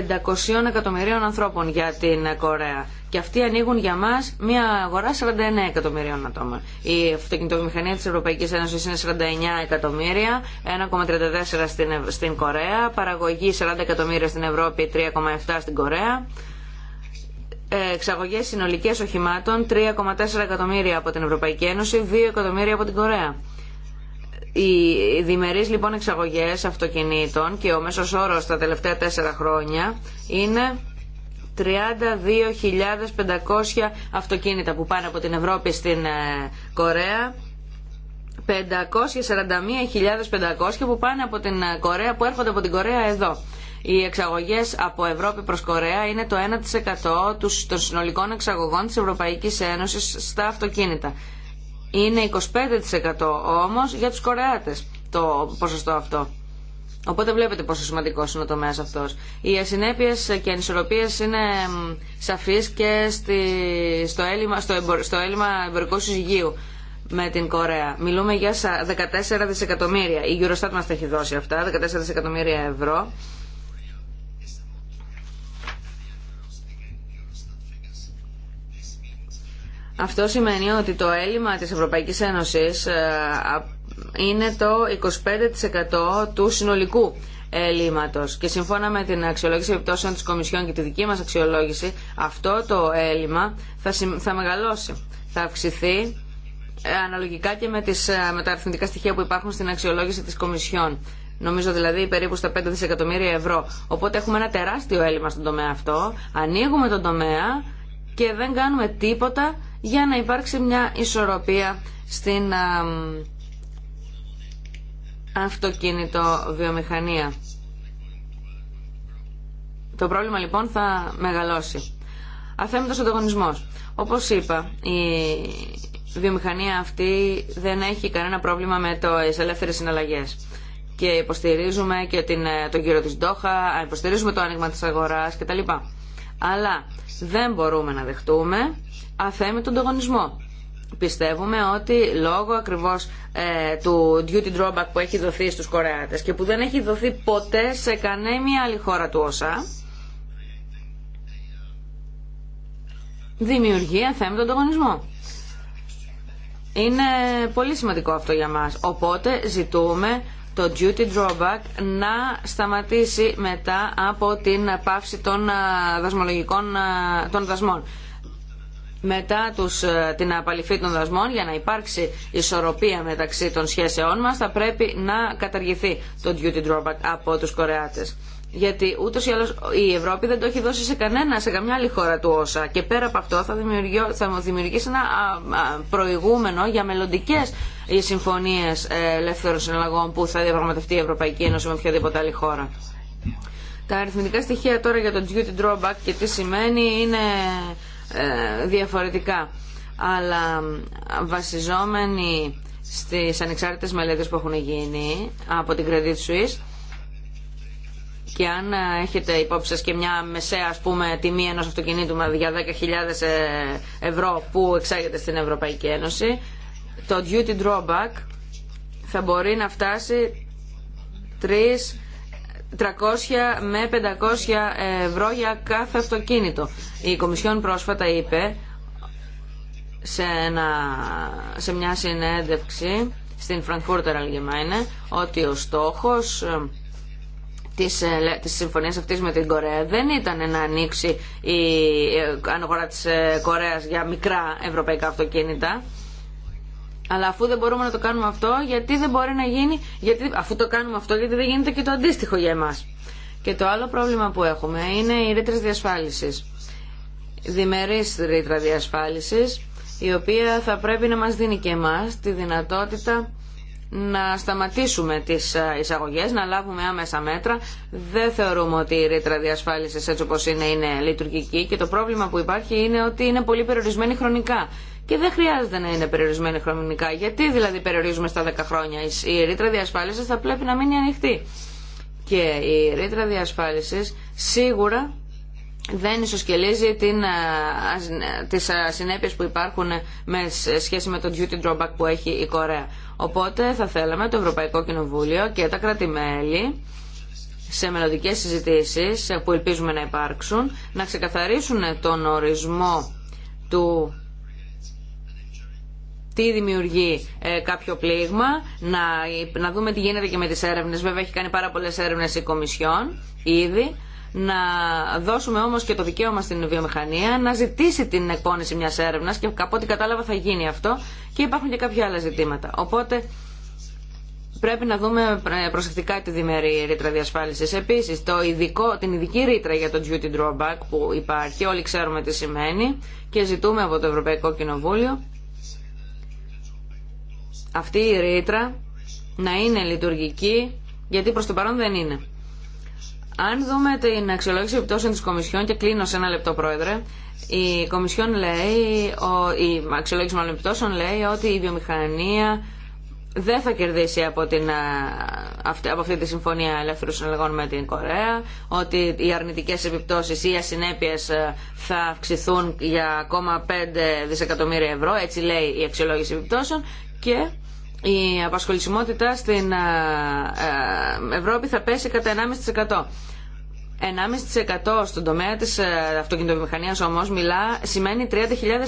εκατομμυρίων ανθρώπων για την Κορέα. Και αυτοί ανοίγουν για μας μια αγορά 49 εκατομμυρίων ατόμων. Η αυτοκινητοβιομηχανία τη Ευρωπαϊκή Ένωση είναι 49 εκατομμύρια, 1,34 στην Κορέα, παραγωγή 40 εκατομμύρια στην Ευρώπη, 3,7 στην Κορέα εξαγωγές συνολικές οχημάτων 3,4 εκατομμύρια από την Ευρωπαϊκή Ένωση, 2 εκατομμύρια από την Κορέα. Οι διμερείς λοιπόν εξαγωγές αυτοκινήτων και ο μέσος όρος τα τελευταία 4 χρόνια είναι 32.500 αυτοκίνητα που πάνε από την Ευρώπη στην ε, Κορέα 541.500 που πάνε από την ε, Κορέα, που έρχονται από την Κορέα εδώ. Οι εξαγωγέ από Ευρώπη προ Κορέα είναι το 1% των συνολικών εξαγωγών τη Ευρωπαϊκή Ένωση στα αυτοκίνητα. Είναι 25% όμω για του κορεάτε το ποσοστό αυτό. Οπότε βλέπετε πόσο σημαντικό είναι ο τομέα αυτό. Οι ασυνέπειε και ανισορροπίε είναι σαφεί και στο, έλλειμμα, στο, στο έλλειμμα εμπορικού συζυγίου με την Κορέα. Μιλούμε για 14 δισεκατομμύρια. Η Eurostat μα τα έχει δώσει αυτά, 14 δισεκατομμύρια ευρώ. Αυτό σημαίνει ότι το έλλειμμα της Ευρωπαϊκής Ένωσης ε, είναι το 25% του συνολικού έλλειμματος. Και σύμφωνα με την αξιολόγηση επιπτώσεων της Κομισιόν και τη δική μας αξιολόγηση, αυτό το έλλειμμα θα, μεγαλώσει, θα αυξηθεί ε, αναλογικά και με, τις, ε, με τα αριθμητικά στοιχεία που υπάρχουν στην αξιολόγηση της Κομισιόν. Νομίζω δηλαδή περίπου στα 5 δισεκατομμύρια ευρώ. Οπότε έχουμε ένα τεράστιο έλλειμμα στον τομέα αυτό, ανοίγουμε τον τομέα και δεν κάνουμε τίποτα για να υπάρξει μια ισορροπία στην αυτοκίνητο βιομηχανία. Το πρόβλημα λοιπόν θα μεγαλώσει. Αθέμητος ανταγωνισμός. Όπως είπα, η βιομηχανία αυτή δεν έχει κανένα πρόβλημα με τις ελεύθερες συναλλαγές και υποστηρίζουμε και την, ε, τον κύριο της Ντόχα, υποστηρίζουμε το άνοιγμα της αγοράς κτλ. Αλλά δεν μπορούμε να δεχτούμε τον ανταγωνισμό. Πιστεύουμε ότι λόγω ακριβώς ε, του duty drawback που έχει δοθεί στους Κορεάτες και που δεν έχει δοθεί ποτέ σε κανένα άλλη χώρα του ΩΣΑ, δημιουργεί τον ανταγωνισμό. Είναι πολύ σημαντικό αυτό για μας. Οπότε ζητούμε το duty drawback να σταματήσει μετά από την πάυση των δασμολογικών των δασμών μετά τους, την απαλυφή των δασμών για να υπάρξει ισορροπία μεταξύ των σχέσεών μας θα πρέπει να καταργηθεί το duty drawback από τους Κορεάτες. Γιατί ούτως ή άλλως η Ευρώπη δεν το έχει δώσει σε κανένα, σε καμιά άλλη χώρα του όσα. Και πέρα από αυτό θα, θα δημιουργήσει ένα προηγούμενο για μελλοντικέ ε, συμφωνίες ε, ελεύθερων συναλλαγών που θα διαπραγματευτεί η Ευρωπαϊκή Ένωση με οποιαδήποτε άλλη χώρα. Τα αριθμητικά στοιχεία τώρα για το duty drawback και τι σημαίνει είναι ε, διαφορετικά. Αλλά βασιζόμενοι στις ανεξάρτητες μελέτες που έχουν γίνει από την Credit Suisse, και αν ε, έχετε υπόψη σας και μια μεσαία ας πούμε, τιμή ενός αυτοκινήτου για 10.000 ε, ευρώ που εξάγεται στην Ευρωπαϊκή Ένωση, το duty drawback θα μπορεί να φτάσει 300 με 500 ευρώ για κάθε αυτοκίνητο. Η Κομισιόν πρόσφατα είπε σε, ένα, σε μια συνέντευξη στην Frankfurter Allgemeine ότι ο στόχος ε, της, ε, της συμφωνίας αυτής με την Κορέα δεν ήταν να ανοίξει η ε, αγορά της ε, Κορέας για μικρά ευρωπαϊκά αυτοκίνητα. Αλλά αφού δεν μπορούμε να το κάνουμε αυτό, γιατί δεν μπορεί να γίνει, γιατί, αφού το κάνουμε αυτό, γιατί δεν γίνεται και το αντίστοιχο για εμάς. Και το άλλο πρόβλημα που έχουμε είναι οι ρήτρες διασφάλισης. Διμερής ρήτρα διασφάλισης, η οποία θα πρέπει να μας δίνει και εμάς τη δυνατότητα να σταματήσουμε τις ε, εισαγωγές, να λάβουμε άμεσα μέτρα. Δεν θεωρούμε ότι η ρήτρα διασφάλισης έτσι όπως είναι είναι λειτουργική και το πρόβλημα που υπάρχει είναι ότι είναι πολύ περιορισμένη χρονικά. Και δεν χρειάζεται να είναι περιορισμένη χρονικά. Γιατί δηλαδή περιορίζουμε στα 10 χρόνια. Η ρήτρα διασφάλισης θα πρέπει να μείνει ανοιχτή. Και η ρήτρα διασφάλισης σίγουρα δεν ισοσκελίζει την, ε, τις ε, συνέπειες που υπάρχουν με σχέση με το duty drawback που έχει η Κορέα. Οπότε θα θέλαμε το Ευρωπαϊκό Κοινοβούλιο και τα κράτη-μέλη σε μελλοντικέ συζητήσεις ε, που ελπίζουμε να υπάρξουν να ξεκαθαρίσουν τον ορισμό του τι δημιουργεί κάποιο πλήγμα, να, να δούμε τι γίνεται και με τις έρευνες. Βέβαια έχει κάνει πάρα πολλές έρευνες η Κομισιόν ήδη να δώσουμε όμως και το δικαίωμα στην βιομηχανία να ζητήσει την εκπόνηση μιας έρευνας και από ό,τι κατάλαβα θα γίνει αυτό και υπάρχουν και κάποια άλλα ζητήματα. Οπότε πρέπει να δούμε ε, προσεκτικά τη διμερή ρήτρα διασφάλισης. Επίσης, το ειδικό, την ειδική ρήτρα για το duty drawback που υπάρχει, όλοι ξέρουμε τι σημαίνει και ζητούμε από το Ευρωπαϊκό Κοινοβούλιο αυτή η ρήτρα να είναι λειτουργική γιατί προς το παρόν δεν είναι. Αν δούμε την αξιολόγηση επιπτώσεων της Κομισιόν και κλείνω σε ένα λεπτό πρόεδρε, η Κομισιόν λέει, η αξιολόγηση μάλλον επιπτώσεων λέει ότι η βιομηχανία δεν θα κερδίσει από, την, από αυτή τη συμφωνία ελεύθερου συναλλαγών με την Κορέα, ότι οι αρνητικές επιπτώσεις ή οι ασυνέπειες ε, θα αυξηθούν για ακόμα 5 δισεκατομμύρια ευρώ, έτσι λέει η αξιολόγηση επιπτώσεων και η απασχολησιμότητα στην ε, ε, Ευρώπη θα πέσει κατά 1,5%. 1,5% στον τομέα της ε, αυτοκινητοβιομηχανίας όμως μιλά, σημαίνει 30.000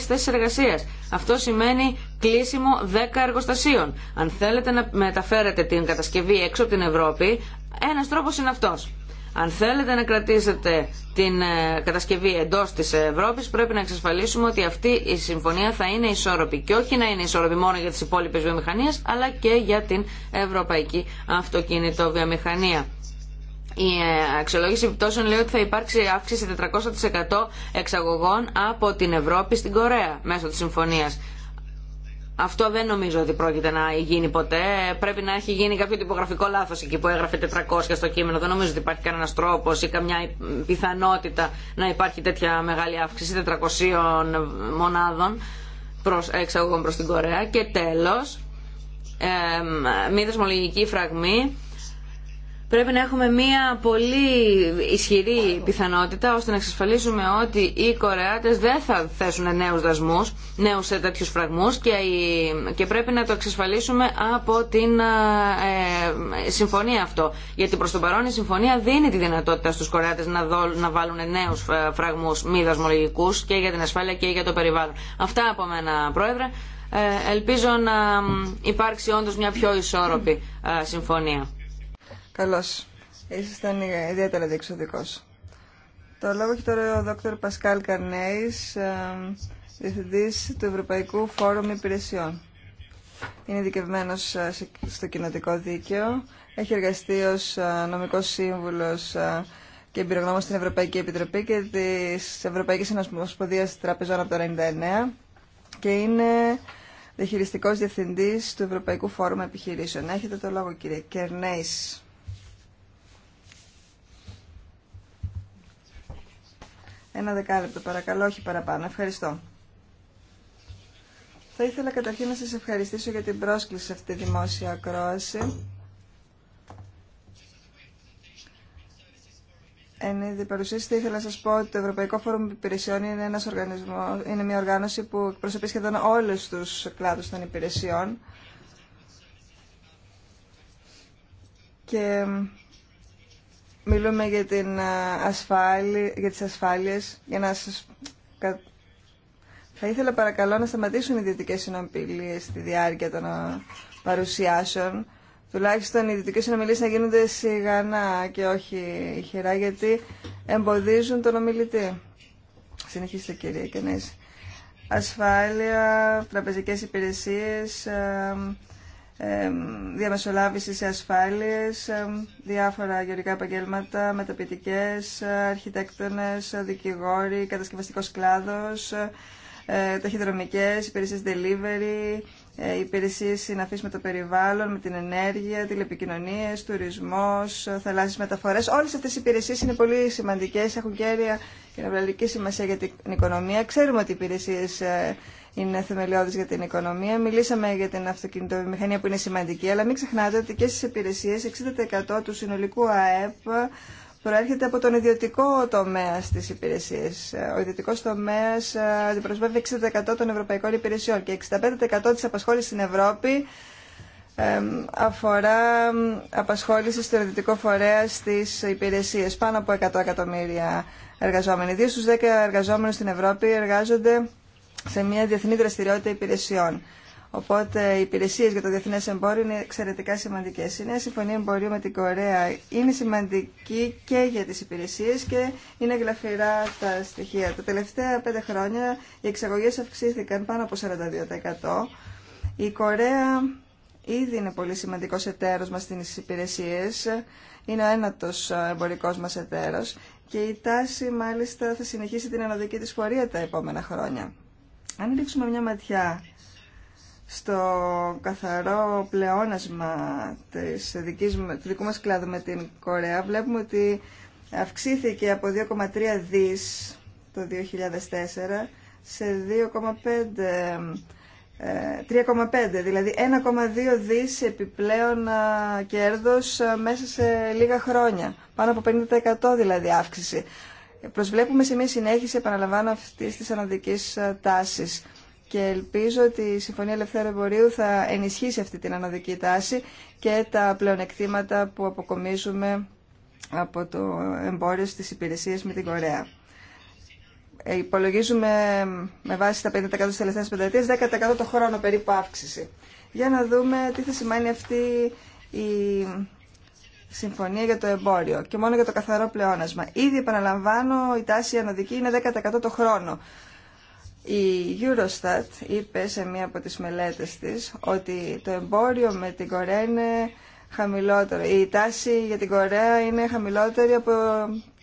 θέσεις εργασίας. Αυτό σημαίνει κλείσιμο 10 εργοστασίων. Αν θέλετε να μεταφέρετε την κατασκευή έξω από την Ευρώπη, ένας τρόπος είναι αυτός. Αν θέλετε να κρατήσετε την ε, κατασκευή εντός της Ευρώπης πρέπει να εξασφαλίσουμε ότι αυτή η συμφωνία θα είναι ισόρροπη και όχι να είναι ισόρροπη μόνο για τις υπόλοιπες βιομηχανίες αλλά και για την ευρωπαϊκή αυτοκινητόβιομηχανία. Η ε, αξιολόγηση επιπτώσεων λέει ότι θα υπάρξει αύξηση 400% εξαγωγών από την Ευρώπη στην Κορέα μέσω της συμφωνίας. Αυτό δεν νομίζω ότι πρόκειται να γίνει ποτέ. Πρέπει να έχει γίνει κάποιο τυπογραφικό λάθο εκεί που έγραφε 400 στο κείμενο. Δεν νομίζω ότι υπάρχει κανένα τρόπο ή καμιά πιθανότητα να υπάρχει τέτοια μεγάλη αύξηση 400 μονάδων προς, εξαγωγών προ την Κορέα. Και τέλο, ε, μη δεσμολογική φραγμή Πρέπει να έχουμε μία πολύ ισχυρή πιθανότητα ώστε να εξασφαλίσουμε ότι οι Κορεάτες δεν θα θέσουν νέους δασμούς, νέους τέτοιους φραγμούς και, και πρέπει να το εξασφαλίσουμε από την ε, συμφωνία αυτό. Γιατί προς τον παρόν η συμφωνία δίνει τη δυνατότητα στους Κορεάτες να, να βάλουν νέους φραγμούς μη δασμολογικούς και για την ασφάλεια και για το περιβάλλον. Αυτά από μένα, Πρόεδρε. Ε, ελπίζω να υπάρξει όντως μια πιο ισόρροπη ε, συμφωνία. Καλώς. Ήσασταν ιδιαίτερα διεξοδικός. Το λόγο έχει τώρα ο Δόκτωρ Πασκάλ Καρνέης, ε, Διευθυντής του Ευρωπαϊκού Φόρουμ Υπηρεσιών. Είναι ειδικευμένο ε, στο κοινοτικό δίκαιο. Έχει εργαστεί ω ε, νομικό σύμβουλο και εμπειρογνώμο στην Ευρωπαϊκή Επιτροπή και της Ευρωπαϊκής Ενωσπονδίας Τραπεζών από το 1999 και είναι διαχειριστικός διευθυντής του Ευρωπαϊκού Φόρουμ Επιχειρήσεων. Έχετε το λόγο κύριε Κερνέης. Ένα δεκάλεπτο παρακαλώ, όχι παραπάνω. Ευχαριστώ. Θα ήθελα καταρχήν να σας ευχαριστήσω για την πρόσκληση σε αυτή τη δημόσια ακρόαση. Εν είδη παρουσίαση, ήθελα να σας πω ότι το Ευρωπαϊκό Φόρουμ Υπηρεσιών είναι, ένας οργανισμός, είναι μια οργάνωση που εκπροσωπεί σχεδόν όλους τους κλάδους των υπηρεσιών. Και Μιλούμε για, την ασφάλεια, για τις ασφάλειες, για να σας... Θα ήθελα παρακαλώ να σταματήσουν οι δυτικέ συνομιλίε στη διάρκεια των παρουσιάσεων. Τουλάχιστον οι δυτικέ συνομιλίε να γίνονται σιγανά και όχι χειρά γιατί εμποδίζουν τον ομιλητή. Συνεχίστε κυρία Κενέση. Ασφάλεια, τραπεζικές υπηρεσίε. Ε, διαμεσολάβηση σε ασφάλειες, διάφορα γεωργικά επαγγέλματα, μεταπητικές, αρχιτέκτονες, δικηγόροι, κατασκευαστικός κλάδος, ε, ταχυδρομικές, υπηρεσίες delivery, ε, υπηρεσίες συναφής με το περιβάλλον, με την ενέργεια, τηλεπικοινωνίες, τουρισμός, θαλάσσιες μεταφορές. Όλες αυτές οι υπηρεσίες είναι πολύ σημαντικές, έχουν κέρια και νευραλική σημασία για την οικονομία. Ξέρουμε ότι οι υπηρεσίες ε, είναι θεμελιώδης για την οικονομία. Μιλήσαμε για την αυτοκινητοβιομηχανία που είναι σημαντική, αλλά μην ξεχνάτε ότι και στις υπηρεσίες 60% του συνολικού ΑΕΠ προέρχεται από τον ιδιωτικό τομέα στις υπηρεσίες. Ο ιδιωτικό τομέας ε, αντιπροσωπεύει 60% των ευρωπαϊκών υπηρεσιών και 65% της απασχόλησης στην Ευρώπη αφορά απασχόληση στο ιδιωτικό φορέα στις υπηρεσίες. Πάνω από 100 εκατομμύρια εργαζόμενοι. Δύο στου 10 εργαζόμενου στην Ευρώπη εργάζονται σε μια διεθνή δραστηριότητα υπηρεσιών. Οπότε οι υπηρεσίε για το διεθνέ εμπόριο είναι εξαιρετικά σημαντικέ. Η νέα συμφωνία εμπορίου με την Κορέα είναι σημαντική και για τι υπηρεσίε και είναι γλαφυρά τα στοιχεία. Τα τελευταία πέντε χρόνια οι εξαγωγέ αυξήθηκαν πάνω από 42%. Η Κορέα ήδη είναι πολύ σημαντικό εταίρο μα στι υπηρεσίε. Είναι ο ένατο εμπορικό μα εταίρο και η τάση μάλιστα θα συνεχίσει την αναδική τη πορεία τα επόμενα χρόνια. Αν ρίξουμε μια ματιά στο καθαρό πλεόνασμα της δικής, του δικού μας κλάδου με την Κορέα, βλέπουμε ότι αυξήθηκε από 2,3 δις το 2004 σε 2,5 3,5, ε, δηλαδή 1,2 δις επιπλέον ε, κέρδος ε, μέσα σε λίγα χρόνια. Πάνω από 50% δηλαδή αύξηση. Προσβλέπουμε σε μια συνέχιση, επαναλαμβάνω, αυτή τη ανωδική ε, τάση. Και ελπίζω ότι η Συμφωνία Ελευθέρου Εμπορίου θα ενισχύσει αυτή την αναδική τάση και τα πλεονεκτήματα που αποκομίζουμε από το εμπόριο στις υπηρεσίες με την Κορέα. Ε, υπολογίζουμε με βάση τα 50% τη τελευταία πενταετίας, 10% το χρόνο περίπου αύξηση. Για να δούμε τι θα σημαίνει αυτή η συμφωνία για το εμπόριο και μόνο για το καθαρό πλεόνασμα. Ήδη επαναλαμβάνω η τάση ανωδική είναι 10% το χρόνο. Η Eurostat είπε σε μία από τις μελέτες της ότι το εμπόριο με την Κορέα είναι χαμηλότερο. Η τάση για την Κορέα είναι χαμηλότερη από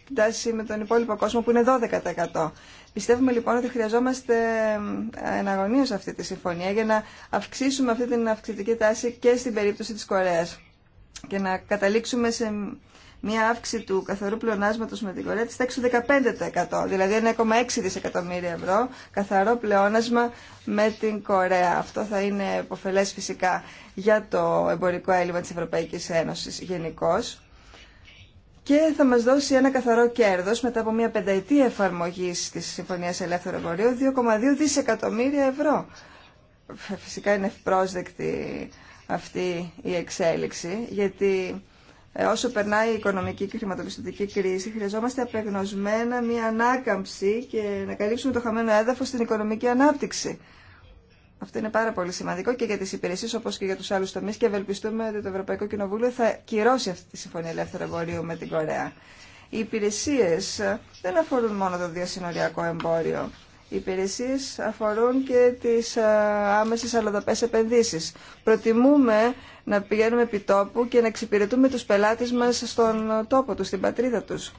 την τάση με τον υπόλοιπο κόσμο που είναι 12%. Πιστεύουμε λοιπόν ότι χρειαζόμαστε ε, εναγωνίως αυτή τη συμφωνία για να αυξήσουμε αυτή την αυξητική τάση και στην περίπτωση της Κορέας και να καταλήξουμε σε μια αύξηση του καθαρού πλεονάσματος με την Κορέα της τάξης 15%, δηλαδή 1,6 δισεκατομμύρια ευρώ καθαρό πλεόνασμα με την Κορέα. Αυτό θα είναι υποφελές φυσικά για το εμπορικό έλλειμμα της Ευρωπαϊκής Ένωσης γενικώ. Και θα μας δώσει ένα καθαρό κέρδος μετά από μια πενταετή εφαρμογή της Συμφωνίας Ελεύθερου Εμπορίου 2,2 δισεκατομμύρια ευρώ. Φυσικά είναι ευπρόσδεκτη αυτή η εξέλιξη, γιατί ε, όσο περνάει η οικονομική και χρηματοπιστωτική κρίση, χρειαζόμαστε απεγνωσμένα μια ανάκαμψη και να καλύψουμε το χαμένο έδαφο στην οικονομική ανάπτυξη. Αυτό είναι πάρα πολύ σημαντικό και για τι υπηρεσίε όπω και για του άλλου τομεί και ευελπιστούμε ότι το Ευρωπαϊκό Κοινοβούλιο θα κυρώσει αυτή τη συμφωνία ελεύθερου εμπορίου με την Κορέα. Οι υπηρεσίε ε, δεν αφορούν μόνο το διασυνοριακό εμπόριο. Οι υπηρεσίες αφορούν και τις ε, άμεσες αλλοδαπές επενδύσεις. Προτιμούμε να πηγαίνουμε επί τόπου και να εξυπηρετούμε τους πελάτες μας στον τόπο τους, στην πατρίδα τους.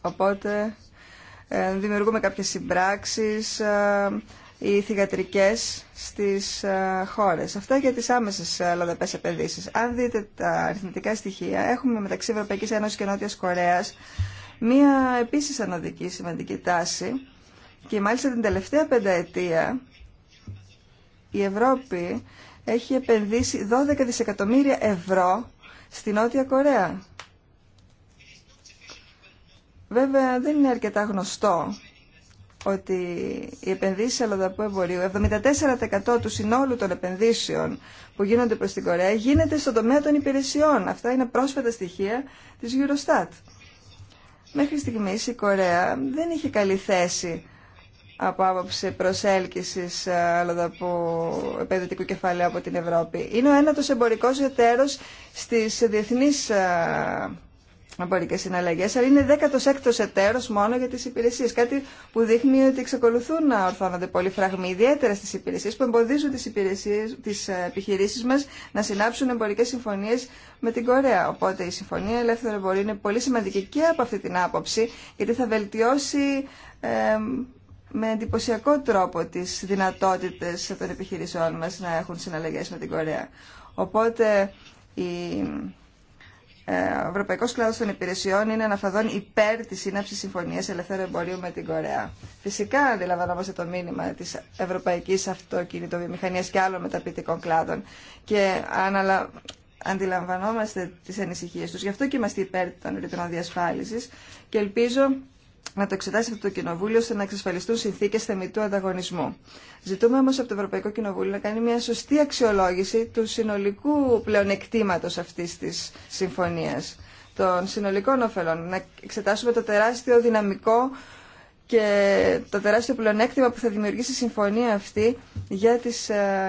Οπότε ε, δημιουργούμε κάποιες συμπράξεις ε, ή θηγατρικές στις χώρες. Αυτά για τις άμεσες αλλοδαπές επενδύσεις. Αν δείτε τα αριθμητικά στοιχεία, έχουμε μεταξύ Ευρωπαϊκής Ένωσης και Νότιας Κορέας μία επίσης ανωδική σημαντική τάση και μάλιστα την τελευταία πενταετία η Ευρώπη έχει επενδύσει 12 δισεκατομμύρια ευρώ στη Νότια Κορέα. Βέβαια δεν είναι αρκετά γνωστό ότι οι επενδύσει αλλοδαπού εμπορίου, 74% του συνόλου των επενδύσεων που γίνονται προς την Κορέα γίνεται στον τομέα των υπηρεσιών. Αυτά είναι πρόσφατα στοιχεία της Eurostat. Μέχρι στιγμής η Κορέα δεν είχε καλή θέση από άποψη προσέλκυση ε, επενδυτικού κεφαλαίου από την Ευρώπη. Είναι ο ένατος εμπορικό εταίρος στι διεθνεί εμπορικέ εμπορικές συναλλαγές, αλλά είναι 16ος εταίρος μόνο για τι υπηρεσίε, Κάτι που δείχνει ότι εξακολουθούν να ορθώνονται πολλοί φραγμοί, ιδιαίτερα στι υπηρεσίε, που εμποδίζουν τι επιχειρήσει μα επιχειρήσεις μας να συνάψουν εμπορικέ συμφωνίε με την Κορέα. Οπότε η Συμφωνία Ελεύθερου Εμπορίου είναι πολύ σημαντική και από αυτή την άποψη, γιατί θα βελτιώσει... Ε, με εντυπωσιακό τρόπο τις δυνατότητες των επιχειρήσεών μας να έχουν συναλλαγές με την Κορέα. Οπότε η, ε, ο Ευρωπαϊκό Κλάδο των Υπηρεσιών είναι αναφαδόν υπέρ τη σύναψη συμφωνία ελευθέρου εμπορίου με την Κορέα. Φυσικά αντιλαμβανόμαστε το μήνυμα τη ευρωπαϊκή αυτοκινητοβιομηχανία και άλλων μεταπητικών κλάδων και αναλα... αντιλαμβανόμαστε τι ανησυχίε του. Γι' αυτό και είμαστε υπέρ των ρητρών διασφάλιση και ελπίζω να το εξετάσει αυτό το Κοινοβούλιο ώστε να εξασφαλιστούν συνθήκε θεμητού ανταγωνισμού. Ζητούμε όμω από το Ευρωπαϊκό Κοινοβούλιο να κάνει μια σωστή αξιολόγηση του συνολικού πλεονεκτήματο αυτή τη συμφωνία, των συνολικών ωφελών. Να εξετάσουμε το τεράστιο δυναμικό και το τεράστιο πλεονέκτημα που θα δημιουργήσει η συμφωνία αυτή για τι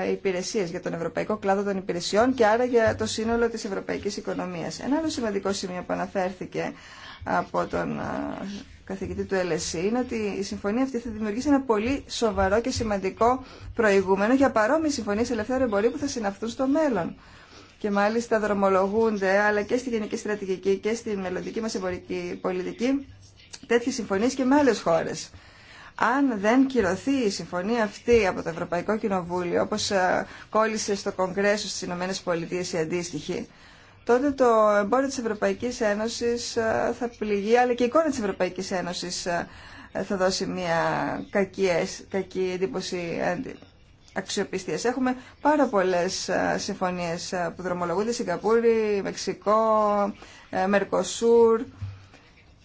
ε, υπηρεσίε, για τον ευρωπαϊκό κλάδο των υπηρεσιών και άρα για το σύνολο τη ευρωπαϊκή οικονομία. Ένα άλλο σημαντικό σημείο που αναφέρθηκε από τον ε, καθηγητή του LSE είναι ότι η συμφωνία αυτή θα δημιουργήσει ένα πολύ σοβαρό και σημαντικό προηγούμενο για παρόμοιε συμφωνίε ελευθέρω εμπορίου που θα συναυθούν στο μέλλον. Και μάλιστα δρομολογούνται, αλλά και στη γενική στρατηγική και στη μελλοντική μα εμπορική πολιτική, τέτοιε συμφωνίε και με άλλε χώρε. Αν δεν κυρωθεί η συμφωνία αυτή από το Ευρωπαϊκό Κοινοβούλιο, όπω ε, κόλλησε στο Κογκρέσο στι ΗΠΑ η αντίστοιχη, τότε το εμπόριο της Ευρωπαϊκής Ένωσης ε, θα πληγεί, αλλά και η εικόνα της Ευρωπαϊκής Ένωσης ε, θα δώσει μια κακή εντύπωση αξιοπιστίας. Έχουμε πάρα πολλές ε, συμφωνίες που δρομολογούνται, Σιγκαπούρη, Μεξικό, Μερκοσούρ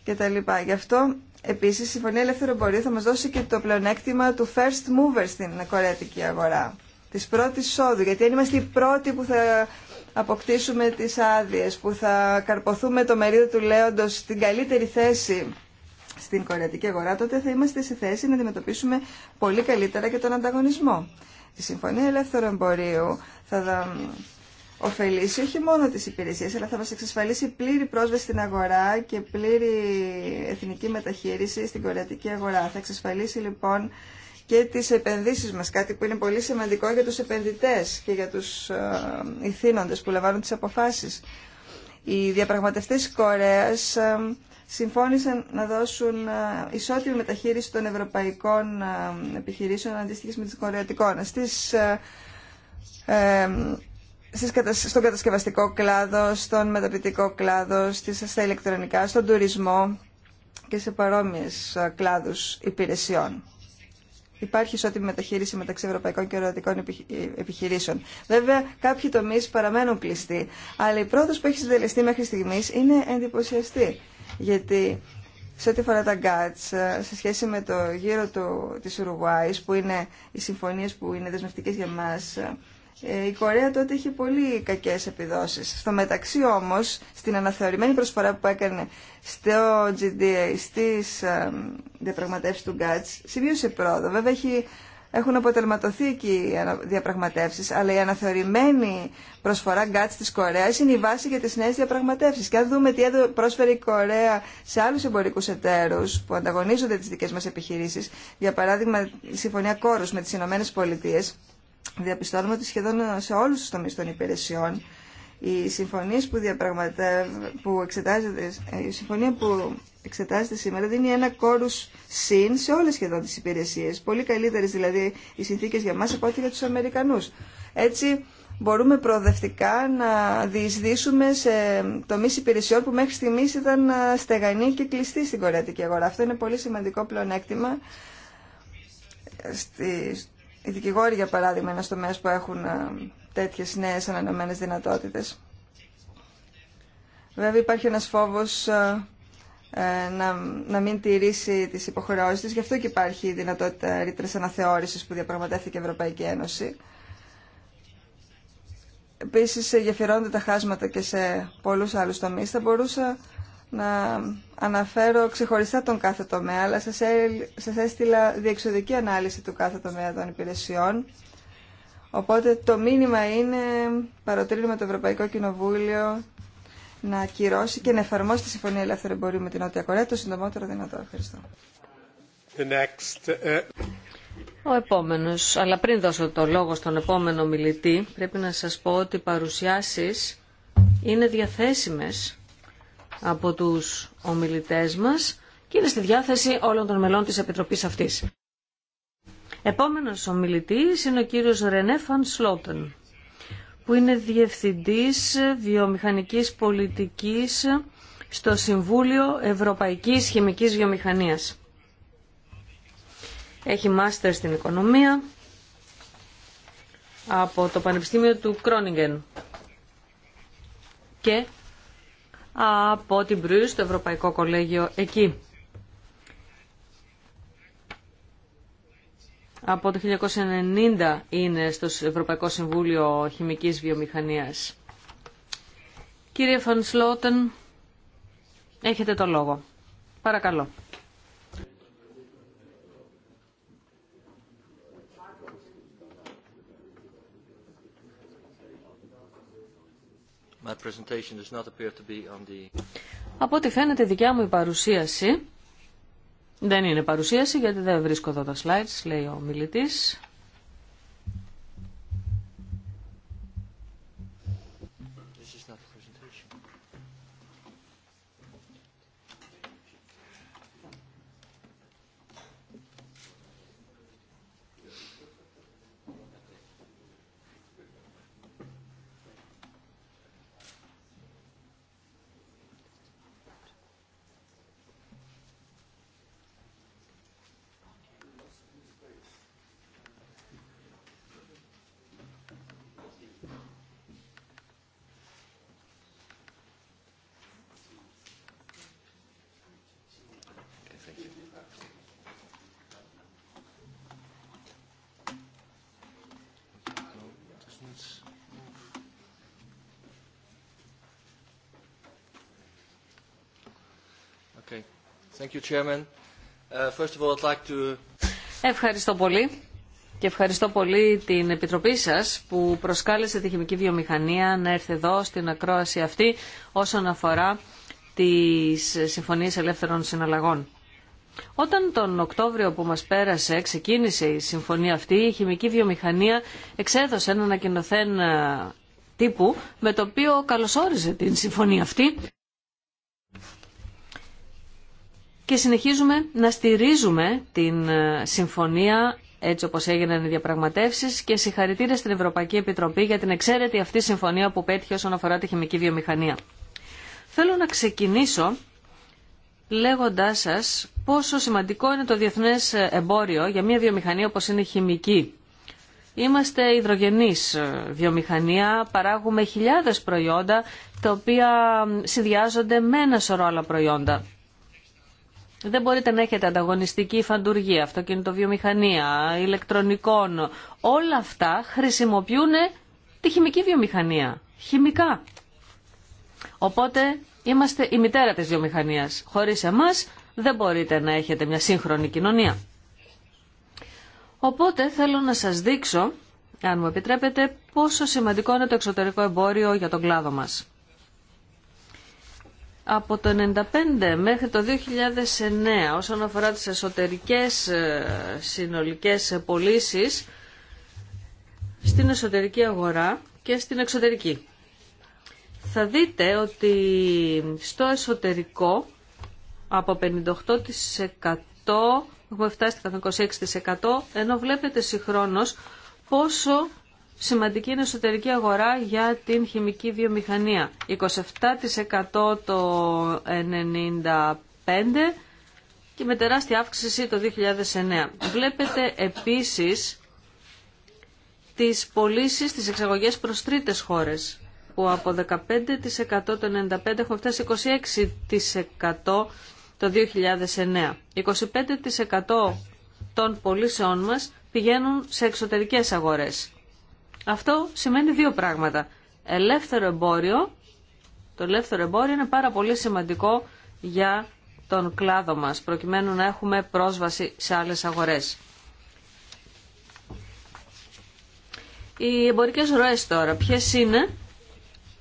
κτλ. Γι' αυτό επίσης η Συμφωνία Ελεύθερου Εμπορίου θα μας δώσει και το πλεονέκτημα του first mover στην κορεατική αγορά. Της πρώτης σόδου, γιατί αν είμαστε οι πρώτοι που θα αποκτήσουμε τις άδειες, που θα καρποθούμε το μερίδιο του λέοντος στην καλύτερη θέση στην κορεατική αγορά, τότε θα είμαστε σε θέση να αντιμετωπίσουμε πολύ καλύτερα και τον ανταγωνισμό. Η Συμφωνία Ελεύθερου Εμπορίου θα ωφελήσει όχι μόνο τις υπηρεσίες, αλλά θα μας εξασφαλίσει πλήρη πρόσβαση στην αγορά και πλήρη εθνική μεταχείριση στην κορεατική αγορά. Θα εξασφαλίσει λοιπόν και τις επενδύσεις μας, κάτι που είναι πολύ σημαντικό για τους επενδυτές και για τους ε, ηθήνοντες που λαμβάνουν τις αποφάσεις. Οι διαπραγματευτές Κορέας ε, συμφώνησαν να δώσουν ε, ισότιμη μεταχείριση των ευρωπαϊκών επιχειρήσεων αντίστοιχες με τις κορεατικών. Στις, στον κατασκευαστικό κλάδο, στον μεταπητικό κλάδο, στα ηλεκτρονικά, στον τουρισμό και σε παρόμοιες κλάδους υπηρεσιών υπάρχει ισότιμη μεταχείριση μεταξύ ευρωπαϊκών και ερωτικών ε, επιχειρήσεων. Βέβαια, κάποιοι τομεί παραμένουν κλειστοί, αλλά η πρόοδο που έχει συντελεστεί μέχρι στιγμή είναι εντυπωσιαστή. Γιατί σε ό,τι αφορά τα GATS, ε, σε σχέση με το γύρο του, της που είναι οι συμφωνίες που είναι δεσμευτικές για μας, ε, ε, η Κορέα τότε είχε πολύ κακές επιδόσεις. Στο μεταξύ όμως, στην αναθεωρημένη προσφορά που έκανε στο GDA, στις διαπραγματεύσεις του ΓΚΑΤΣ, σημείωσε πρόοδο. Βέβαια έχουν αποτελματωθεί εκεί οι διαπραγματεύσεις, αλλά η αναθεωρημένη προσφορά ΓΚΑΤΣ της Κορέας είναι η βάση για τις νέες διαπραγματεύσεις. Και αν δούμε τι έδω πρόσφερε η Κορέα σε άλλους εμπορικούς εταίρους που ανταγωνίζονται τις δικές μας επιχειρήσεις, για παράδειγμα η Συμφωνία κόρου με τι Ηνωμένε διαπιστώνουμε ότι σχεδόν σε όλους τους τομείς των υπηρεσιών που, που η συμφωνία που εξετάζεται σήμερα δίνει ένα κόρους συν σε όλες σχεδόν τις υπηρεσίες. Πολύ καλύτερες δηλαδή οι συνθήκες για μας από ό,τι για τους Αμερικανούς. Έτσι μπορούμε προοδευτικά να διεισδύσουμε σε τομείς υπηρεσιών που μέχρι στιγμής ήταν στεγανή και κλειστή στην κορεατική αγορά. Αυτό είναι πολύ σημαντικό πλεονέκτημα οι δικηγόροι, για παράδειγμα, είναι τομέα που έχουν ε, τέτοιε νέε ανανεωμένες δυνατότητες. Βέβαια υπάρχει ένας φόβος ε, ε, να, να μην τηρήσει τις υποχρεώσει τη. Γι' αυτό και υπάρχει η δυνατότητα ρήτρε αναθεώρηση που διαπραγματεύθηκε η Ευρωπαϊκή Ένωση. Επίσης, γεφυρώνονται τα χάσματα και σε πολλούς άλλους τομείς. Θα μπορούσα να αναφέρω ξεχωριστά τον κάθε τομέα, αλλά σας, έστειλα διεξοδική ανάλυση του κάθε τομέα των υπηρεσιών. Οπότε το μήνυμα είναι παροτρύνουμε το Ευρωπαϊκό Κοινοβούλιο να ακυρώσει και να εφαρμόσει τη Συμφωνία Ελεύθερου Εμπορίου με την Νότια Κορέα το συντομότερο δυνατό. Ευχαριστώ. The next, ε, Ο επόμενος, αλλά πριν δώσω το λόγο στον επόμενο μιλητή, πρέπει να σας πω ότι οι παρουσιάσεις είναι διαθέσιμες από τους ομιλητές μας και είναι στη διάθεση όλων των μελών της Επιτροπής αυτής. Επόμενος ομιλητής είναι ο κύριος Ρενέ Φαν Σλότεν, που είναι Διευθυντής Βιομηχανικής Πολιτικής στο Συμβούλιο Ευρωπαϊκής Χημικής Βιομηχανίας. Έχει μάστερ στην οικονομία από το Πανεπιστήμιο του Κρόνιγκεν και από την Πρού, το Ευρωπαϊκό Κολέγιο εκεί. Από το 1990 είναι στο Ευρωπαϊκό Συμβούλιο Χημικής Βιομηχανίας. Κύριε Φανσλότεν, έχετε το λόγο. Παρακαλώ. Από ό,τι φαίνεται η δικιά μου η παρουσίαση δεν είναι παρουσίαση γιατί δεν βρίσκω εδώ τα slides, λέει ο μιλητής. Ευχαριστώ πολύ και ευχαριστώ πολύ την Επιτροπή σας που προσκάλεσε τη χημική βιομηχανία να έρθει εδώ στην ακρόαση αυτή όσον αφορά τις συμφωνίες ελεύθερων συναλλαγών. Όταν τον Οκτώβριο που μας πέρασε ξεκίνησε η συμφωνία αυτή, η χημική βιομηχανία εξέδωσε ένα ανακοινωθέν τύπου με το οποίο καλωσόριζε την συμφωνία αυτή και συνεχίζουμε να στηρίζουμε την ε, συμφωνία έτσι όπως έγιναν οι διαπραγματεύσεις και συγχαρητήρια στην Ευρωπαϊκή Επιτροπή για την εξαίρετη αυτή συμφωνία που πέτυχε όσον αφορά τη χημική βιομηχανία. Θέλω να ξεκινήσω λέγοντάς σας πόσο σημαντικό είναι το διεθνές εμπόριο για μια βιομηχανία όπως είναι η χημική. Είμαστε υδρογενής ε, βιομηχανία, παράγουμε χιλιάδες προϊόντα τα οποία συνδυάζονται με ένα σωρό άλλα προϊόντα. Δεν μπορείτε να έχετε ανταγωνιστική φαντουργία, αυτοκινητοβιομηχανία, ηλεκτρονικών. Όλα αυτά χρησιμοποιούν τη χημική βιομηχανία. Χημικά. Οπότε είμαστε η μητέρα της βιομηχανίας. Χωρίς εμάς δεν μπορείτε να έχετε μια σύγχρονη κοινωνία. Οπότε θέλω να σας δείξω, αν μου επιτρέπετε, πόσο σημαντικό είναι το εξωτερικό εμπόριο για τον κλάδο μας από το 1995 μέχρι το 2009 όσον αφορά τις εσωτερικές ε, συνολικές πωλήσει στην εσωτερική αγορά και στην εξωτερική. Θα δείτε ότι στο εσωτερικό από 58% έχουμε φτάσει στο 126% ενώ βλέπετε συγχρόνως πόσο σημαντική είναι εσωτερική αγορά για την χημική βιομηχανία. 27% το 95% και με τεράστια αύξηση το 2009. Βλέπετε επίσης τις πωλήσει τις εξαγωγές προς τρίτες χώρες που από 15% το 95% έχουν φτάσει 26% το 2009. 25% των πωλήσεών μας πηγαίνουν σε εξωτερικές αγορές. Αυτό σημαίνει δύο πράγματα. Ελεύθερο εμπόριο, το ελεύθερο εμπόριο είναι πάρα πολύ σημαντικό για τον κλάδο μας, προκειμένου να έχουμε πρόσβαση σε άλλες αγορές. Οι εμπορικές ροές τώρα, ποιες είναι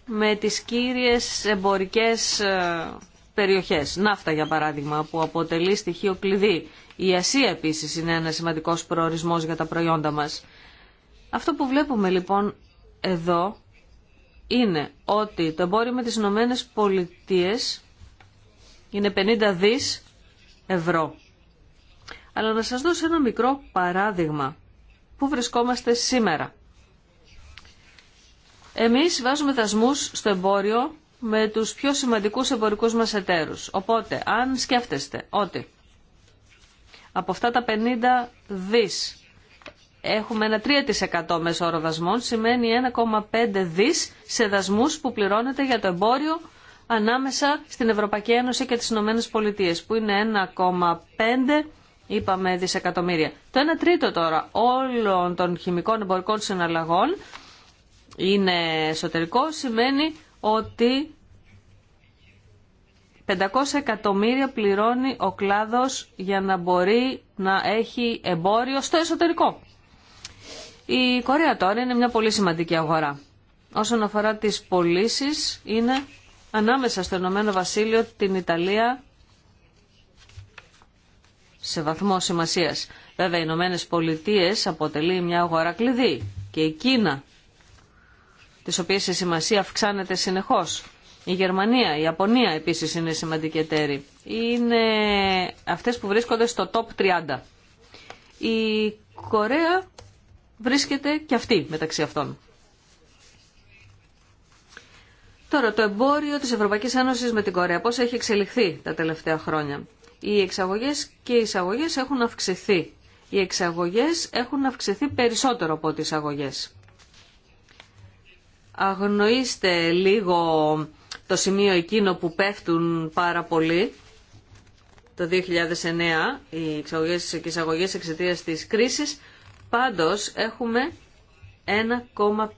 με τις κύριες εμπορικές ε, περιοχές. Ναύτα για παράδειγμα που αποτελεί στοιχείο κλειδί. Η Ασία επίσης είναι ένα σημαντικός προορισμός για τα προϊόντα μας. Αυτό που βλέπουμε λοιπόν εδώ είναι ότι το εμπόριο με τις Ηνωμένε Πολιτείε είναι 50 δις ευρώ. Αλλά να σας δώσω ένα μικρό παράδειγμα. Πού βρισκόμαστε σήμερα. Εμείς βάζουμε δασμούς στο εμπόριο με τους πιο σημαντικούς εμπορικούς μας εταίρους. Οπότε, αν σκέφτεστε ότι από αυτά τα 50 δις έχουμε ένα 3% μέσο όρο δασμών, σημαίνει 1,5 δις σε δασμούς που πληρώνεται για το εμπόριο ανάμεσα στην Ευρωπαϊκή Ένωση και τις Ηνωμένε Πολιτείε, που είναι 1,5 είπαμε δισεκατομμύρια. Το 1 τρίτο τώρα όλων των χημικών εμπορικών συναλλαγών είναι εσωτερικό, σημαίνει ότι 500 εκατομμύρια πληρώνει ο κλάδος για να μπορεί να έχει εμπόριο στο εσωτερικό. Η Κορέα τώρα είναι μια πολύ σημαντική αγορά. Όσον αφορά τις πωλήσει είναι ανάμεσα στο Ηνωμένο Βασίλειο, την Ιταλία, σε βαθμό σημασίας. Βέβαια, οι Ηνωμένε Πολιτείε αποτελεί μια αγορά κλειδί και η Κίνα, τη οποίες η σημασία αυξάνεται συνεχώ. Η Γερμανία, η Ιαπωνία επίση είναι σημαντική εταίρη. Είναι αυτέ που βρίσκονται στο top 30. Η Κορέα βρίσκεται και αυτή μεταξύ αυτών. Τώρα, το εμπόριο της Ευρωπαϊκής Ένωσης με την Κορέα, πώς έχει εξελιχθεί τα τελευταία χρόνια. Οι εξαγωγές και οι εισαγωγές έχουν αυξηθεί. Οι εξαγωγές έχουν αυξηθεί περισσότερο από τις εισαγωγές. Αγνοήστε λίγο το σημείο εκείνο που πέφτουν πάρα πολύ. Το 2009 οι εξαγωγές και οι εισαγωγές εξαιτία της κρίσης Πάντως έχουμε 1,5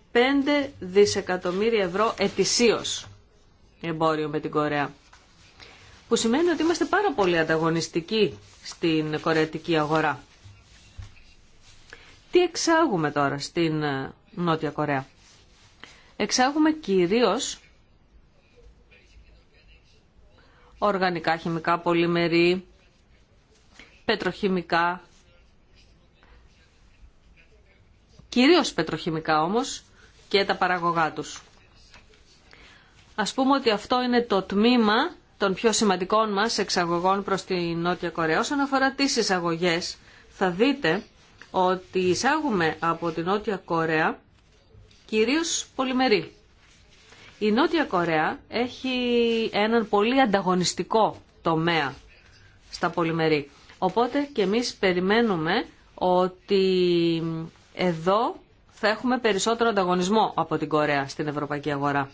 δισεκατομμύρια ευρώ ετησίως εμπόριο με την Κορέα. Που σημαίνει ότι είμαστε πάρα πολύ ανταγωνιστικοί στην κορεατική αγορά. Τι εξάγουμε τώρα στην ε, Νότια Κορέα. Εξάγουμε κυρίως οργανικά χημικά πολυμερή, πετροχημικά, κυρίως πετροχημικά όμως και τα παραγωγά τους. Ας πούμε ότι αυτό είναι το τμήμα των πιο σημαντικών μας εξαγωγών προς τη Νότια Κορέα. Όσον αφορά τις εισαγωγές, θα δείτε ότι εισάγουμε από τη Νότια Κορέα κυρίως πολυμερή. Η Νότια Κορέα έχει έναν πολύ ανταγωνιστικό τομέα στα πολυμερή. Οπότε και εμείς περιμένουμε ότι εδώ θα έχουμε περισσότερο ανταγωνισμό από την Κορέα στην ευρωπαϊκή αγορά.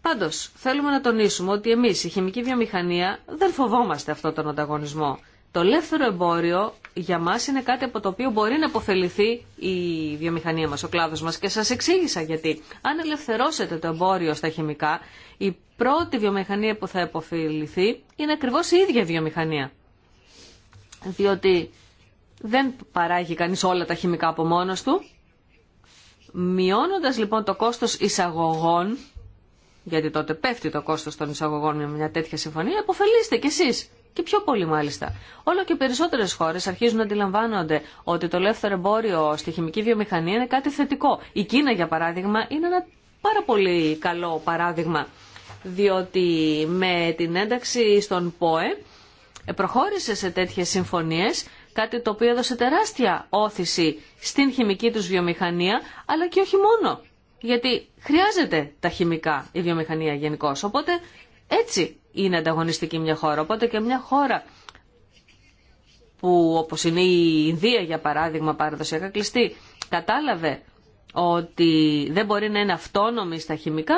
Πάντως, θέλουμε να τονίσουμε ότι εμείς, η χημική βιομηχανία, δεν φοβόμαστε αυτόν τον ανταγωνισμό. Το ελεύθερο εμπόριο για μας είναι κάτι από το οποίο μπορεί να αποφεληθεί η βιομηχανία μας, ο κλάδος μας. Και σας εξήγησα γιατί. Αν ελευθερώσετε το εμπόριο στα χημικά, η πρώτη βιομηχανία που θα αποφεληθεί είναι ακριβώς η ίδια βιομηχανία. Διότι δεν παράγει κανείς όλα τα χημικά από μόνος του. Μειώνοντας λοιπόν το κόστος εισαγωγών, γιατί τότε πέφτει το κόστος των εισαγωγών με μια τέτοια συμφωνία, υποφελείστε κι εσείς και πιο πολύ μάλιστα. Όλο και περισσότερες χώρες αρχίζουν να αντιλαμβάνονται ότι το ελεύθερο εμπόριο στη χημική βιομηχανία είναι κάτι θετικό. Η Κίνα για παράδειγμα είναι ένα πάρα πολύ καλό παράδειγμα, διότι με την ένταξη στον ΠΟΕ προχώρησε σε τέτοιες συμφωνίες κάτι το οποίο έδωσε τεράστια όθηση στην χημική τους βιομηχανία, αλλά και όχι μόνο. Γιατί χρειάζεται τα χημικά η βιομηχανία γενικώ. Οπότε έτσι είναι ανταγωνιστική μια χώρα. Οπότε και μια χώρα που όπως είναι η Ινδία για παράδειγμα παραδοσιακά κλειστή, κατάλαβε ότι δεν μπορεί να είναι αυτόνομη στα χημικά,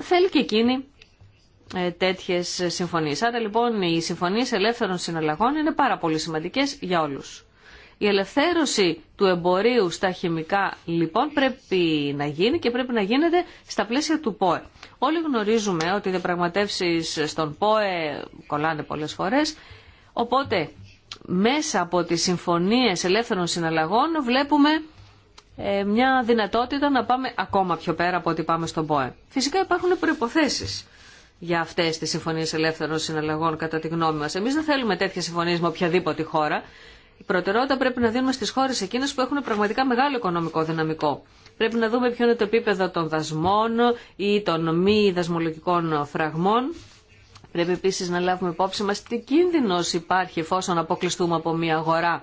θέλει και εκείνη ε, Τέτοιε συμφωνίες. Άρα λοιπόν οι συμφωνίε ελεύθερων συναλλαγών είναι πάρα πολύ σημαντικές για όλους. Η ελευθέρωση του εμπορίου στα χημικά λοιπόν πρέπει να γίνει και πρέπει να γίνεται στα πλαίσια του ΠΟΕ. Όλοι γνωρίζουμε ότι οι διαπραγματεύσει στον ΠΟΕ κολλάνε πολλές φορές, οπότε μέσα από τις συμφωνίες ελεύθερων συναλλαγών βλέπουμε ε, μια δυνατότητα να πάμε ακόμα πιο πέρα από ό,τι πάμε στον ΠΟΕ. Φυσικά υπάρχουν προϋποθέσεις για αυτέ τι συμφωνίε ελεύθερων συναλλαγών κατά τη γνώμη μα. Εμεί δεν θέλουμε τέτοιε συμφωνίε με οποιαδήποτε χώρα. Η προτεραιότητα πρέπει να δίνουμε στι χώρε εκείνες που έχουν πραγματικά μεγάλο οικονομικό δυναμικό. Πρέπει να δούμε ποιο είναι το επίπεδο των δασμών ή των μη δασμολογικών φραγμών. Πρέπει επίση να λάβουμε υπόψη μα τι κίνδυνο υπάρχει εφόσον αποκλειστούμε από μια αγορά.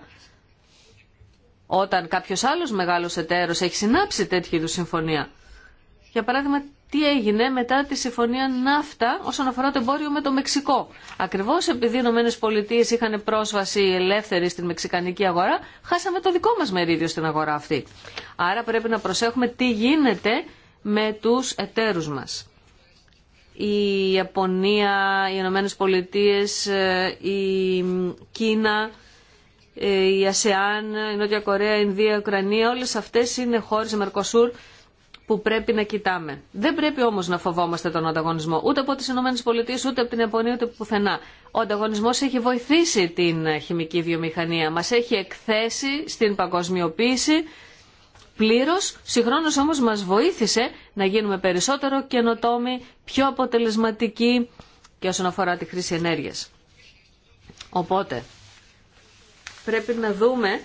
Όταν κάποιο άλλο μεγάλο εταίρο έχει συνάψει τέτοιου είδου συμφωνία. Για παράδειγμα, τι έγινε μετά τη συμφωνία ναύτα όσον αφορά το εμπόριο με το Μεξικό. Ακριβώς επειδή οι Ηνωμένε Πολιτείε είχαν πρόσβαση ελεύθερη στην μεξικανική αγορά, χάσαμε το δικό μας μερίδιο στην αγορά αυτή. Άρα πρέπει να προσέχουμε τι γίνεται με τους εταίρους μας. Η Ιαπωνία, οι Ηνωμένε Πολιτείε, ε, η Κίνα, ε, η ΑΣΕΑΝ, η Νότια Κορέα, η Ινδία, η Ουκρανία, όλες αυτές είναι χώρε η Μερκοσούρ, που πρέπει να κοιτάμε. Δεν πρέπει όμω να φοβόμαστε τον ανταγωνισμό ούτε από τι ΗΠΑ ούτε από την Ιαπωνία ούτε πουθενά. Ο ανταγωνισμό έχει βοηθήσει την χημική βιομηχανία. Μα έχει εκθέσει στην παγκοσμιοποίηση πλήρω. Συγχρόνω όμω μα βοήθησε να γίνουμε περισσότερο καινοτόμοι, πιο αποτελεσματικοί και όσον αφορά τη χρήση ενέργεια. Οπότε πρέπει να δούμε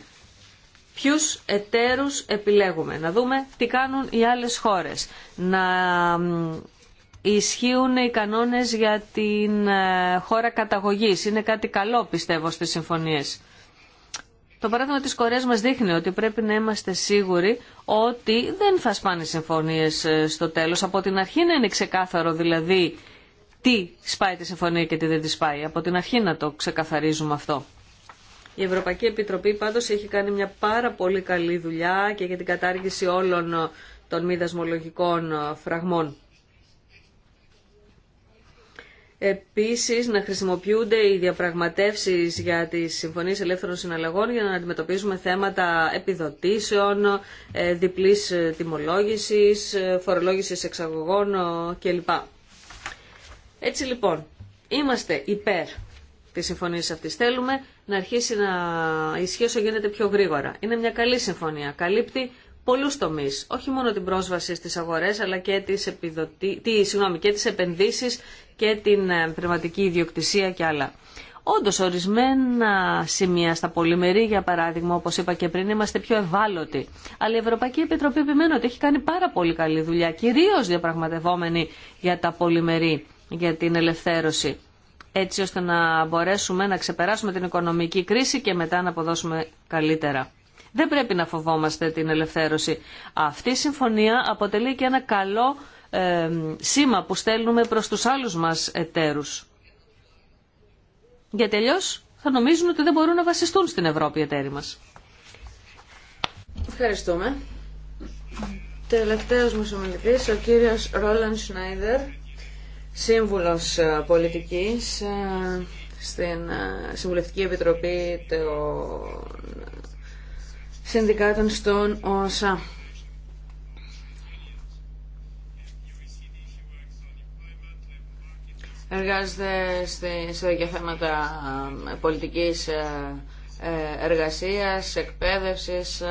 ποιους εταίρους επιλέγουμε, να δούμε τι κάνουν οι άλλες χώρες, να ισχύουν οι κανόνες για την ε, χώρα καταγωγής. Είναι κάτι καλό πιστεύω στις συμφωνίες. Το παράδειγμα της Κορέας μας δείχνει ότι πρέπει να είμαστε σίγουροι ότι δεν θα σπάνε συμφωνίες ε, στο τέλος. Από την αρχή να είναι ξεκάθαρο δηλαδή τι σπάει τη συμφωνία και τι δεν τη σπάει. Από την αρχή να το ξεκαθαρίζουμε αυτό. Η Ευρωπαϊκή Επιτροπή πάντως έχει κάνει μια πάρα πολύ καλή δουλειά και για την κατάργηση όλων ε, των μη δασμολογικών ε, φραγμών. Επίσης, να χρησιμοποιούνται οι διαπραγματεύσεις για τις συμφωνίες ελεύθερων συναλλαγών για να αντιμετωπίζουμε θέματα επιδοτήσεων, ε, διπλής τιμολόγησης, φορολόγησης εξαγωγών κλπ. Έτσι λοιπόν, είμαστε υπέρ της συμφωνίας αυτής. Θέλουμε να αρχίσει να ισχύει όσο γίνεται πιο γρήγορα. Είναι μια καλή συμφωνία. Καλύπτει πολλούς τομείς, όχι μόνο την πρόσβαση στις αγορές, αλλά και τις, επιδοτη... τι, συγγνώμη, και επενδύσεις και την ε, πνευματική ιδιοκτησία και άλλα. Όντω, ορισμένα σημεία στα πολυμερή, για παράδειγμα, όπω είπα και πριν, είμαστε πιο ευάλωτοι. Αλλά η Ευρωπαϊκή Επιτροπή επιμένει ότι έχει κάνει πάρα πολύ καλή δουλειά, κυρίω διαπραγματευόμενη για τα πολυμερή, για την ελευθέρωση έτσι ώστε να μπορέσουμε να ξεπεράσουμε την οικονομική κρίση και μετά να αποδώσουμε καλύτερα. Δεν πρέπει να φοβόμαστε την ελευθέρωση. Αυτή η συμφωνία αποτελεί και ένα καλό σήμα που στέλνουμε προς τους άλλους μας εταίρους. Για αλλιώ θα νομίζουν ότι δεν μπορούν να βασιστούν στην Ευρώπη οι εταίροι μας. Ευχαριστούμε. Τελευταίος μας ομιλητής, ο κύριος Ρόλαν Σνάιντερ σύμβουλος ε, πολιτικής ε, στην ε, Συμβουλευτική Επιτροπή των Συνδικάτων στον ΩΣΑ. Εργάζεται σε δικαιώματα θέματα πολιτικής εργασίας, εκπαίδευσης.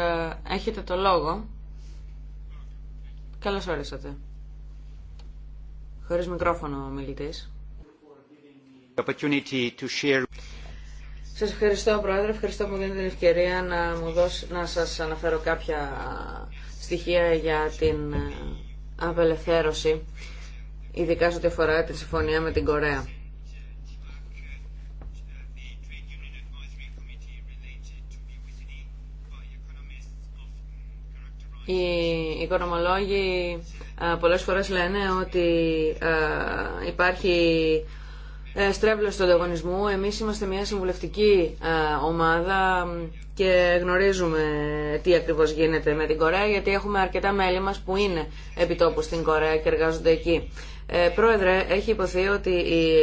Έχετε το λόγο. Καλώς όρισατε. Χωρίς μικρόφωνο ο μιλητής. Σας ευχαριστώ Πρόεδρε, ευχαριστώ που μου δίνετε την ευκαιρία να, μου δώσει να σας αναφέρω κάποια στοιχεία για την ε, απελευθέρωση, ειδικά σε ό,τι αφορά τη συμφωνία με την Κορέα. Οι οικονομολόγοι ε, πολλές φορές λένε ότι ε, υπάρχει ε, στρέβλωση του ανταγωνισμού. Εμείς είμαστε μια συμβουλευτική ομάδα και γνωρίζουμε τι ακριβώς γίνεται με την Κορέα γιατί έχουμε αρκετά μέλη μας που είναι επιτόπου στην Κορέα και εργάζονται εκεί. Ε, πρόεδρε, έχει υποθεί ότι η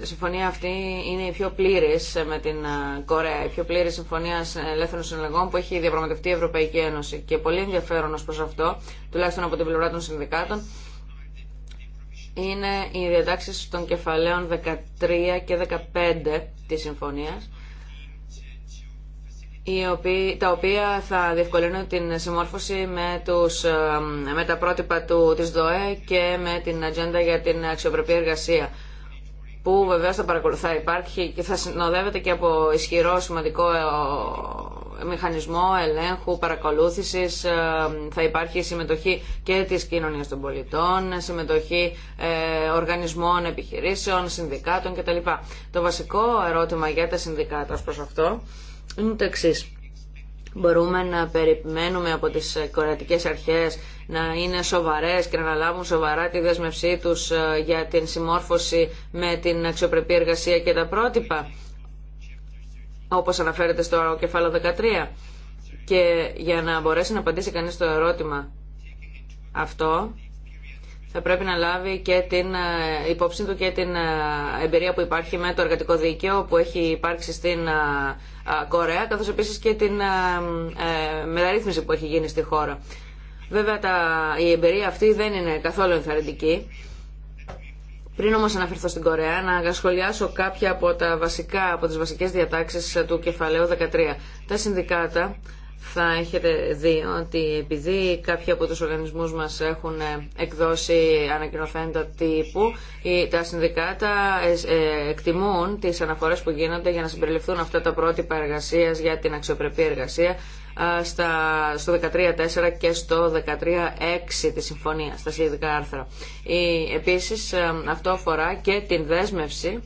ε, συμφωνία αυτή είναι η πιο πλήρης με την ε, Κορέα, η πιο πλήρης συμφωνία ε, ελεύθερων συναλλαγών που έχει διαπραγματευτεί η Ευρωπαϊκή Ένωση και πολύ ενδιαφέρον ως προς αυτό, τουλάχιστον από την πλευρά των συνδικάτων, είναι οι διατάξεις των κεφαλαίων 13 και 15 της συμφωνίας τα οποία θα διευκολύνουν την συμμόρφωση με, τους, ε, με τα πρότυπα του, της ΔΟΕ και με την ατζέντα για την αξιοπρεπή εργασία που βεβαίω θα, υπάρχει και θα συνοδεύεται και από ισχυρό σημαντικό ε, μηχανισμό ελέγχου, παρακολούθησης, ε, θα υπάρχει συμμετοχή και της κοινωνίας των πολιτών, συμμετοχή οργανισμών, επιχειρήσεων, συνδικάτων κτλ. Το βασικό ερώτημα για τα συνδικάτα ως προς αυτό είναι το εξή. Μπορούμε να περιμένουμε από τις κορατικές αρχές να είναι σοβαρές και να λάβουν σοβαρά τη δέσμευσή τους ε, για την συμμόρφωση με την αξιοπρεπή εργασία και τα πρότυπα, όπως αναφέρεται στο κεφάλαιο 13. Και για να μπορέσει να απαντήσει κανείς το ερώτημα αυτό, θα πρέπει να λάβει και την ε, υπόψη του και την ε, εμπειρία που υπάρχει με το εργατικό δίκαιο που έχει υπάρξει στην ε, Κορέα, καθώς επίσης και την μεταρρύθμιση που έχει γίνει στη χώρα. Βέβαια τα, η εμπειρία αυτή δεν είναι καθόλου ενθαρρυντική. Πριν όμως αναφερθώ στην Κορέα, να σχολιάσω κάποια από, τα βασικά, από τις βασικές διατάξεις του κεφαλαίου 13. Τα συνδικάτα θα έχετε δει ότι επειδή κάποιοι από τους οργανισμούς μας έχουν εκδώσει ανακοινωθέντα τύπου, τα συνδικάτα ε, ε, εκτιμούν τις αναφορές που γίνονται για να συμπεριληφθούν αυτά τα πρότυπα εργασίας για την αξιοπρεπή εργασία στα, στο 13.4 και στο 13.6 της συμφωνίας, στα σχετικά άρθρα. Η, επίσης ε, αυτό αφορά και την δέσμευση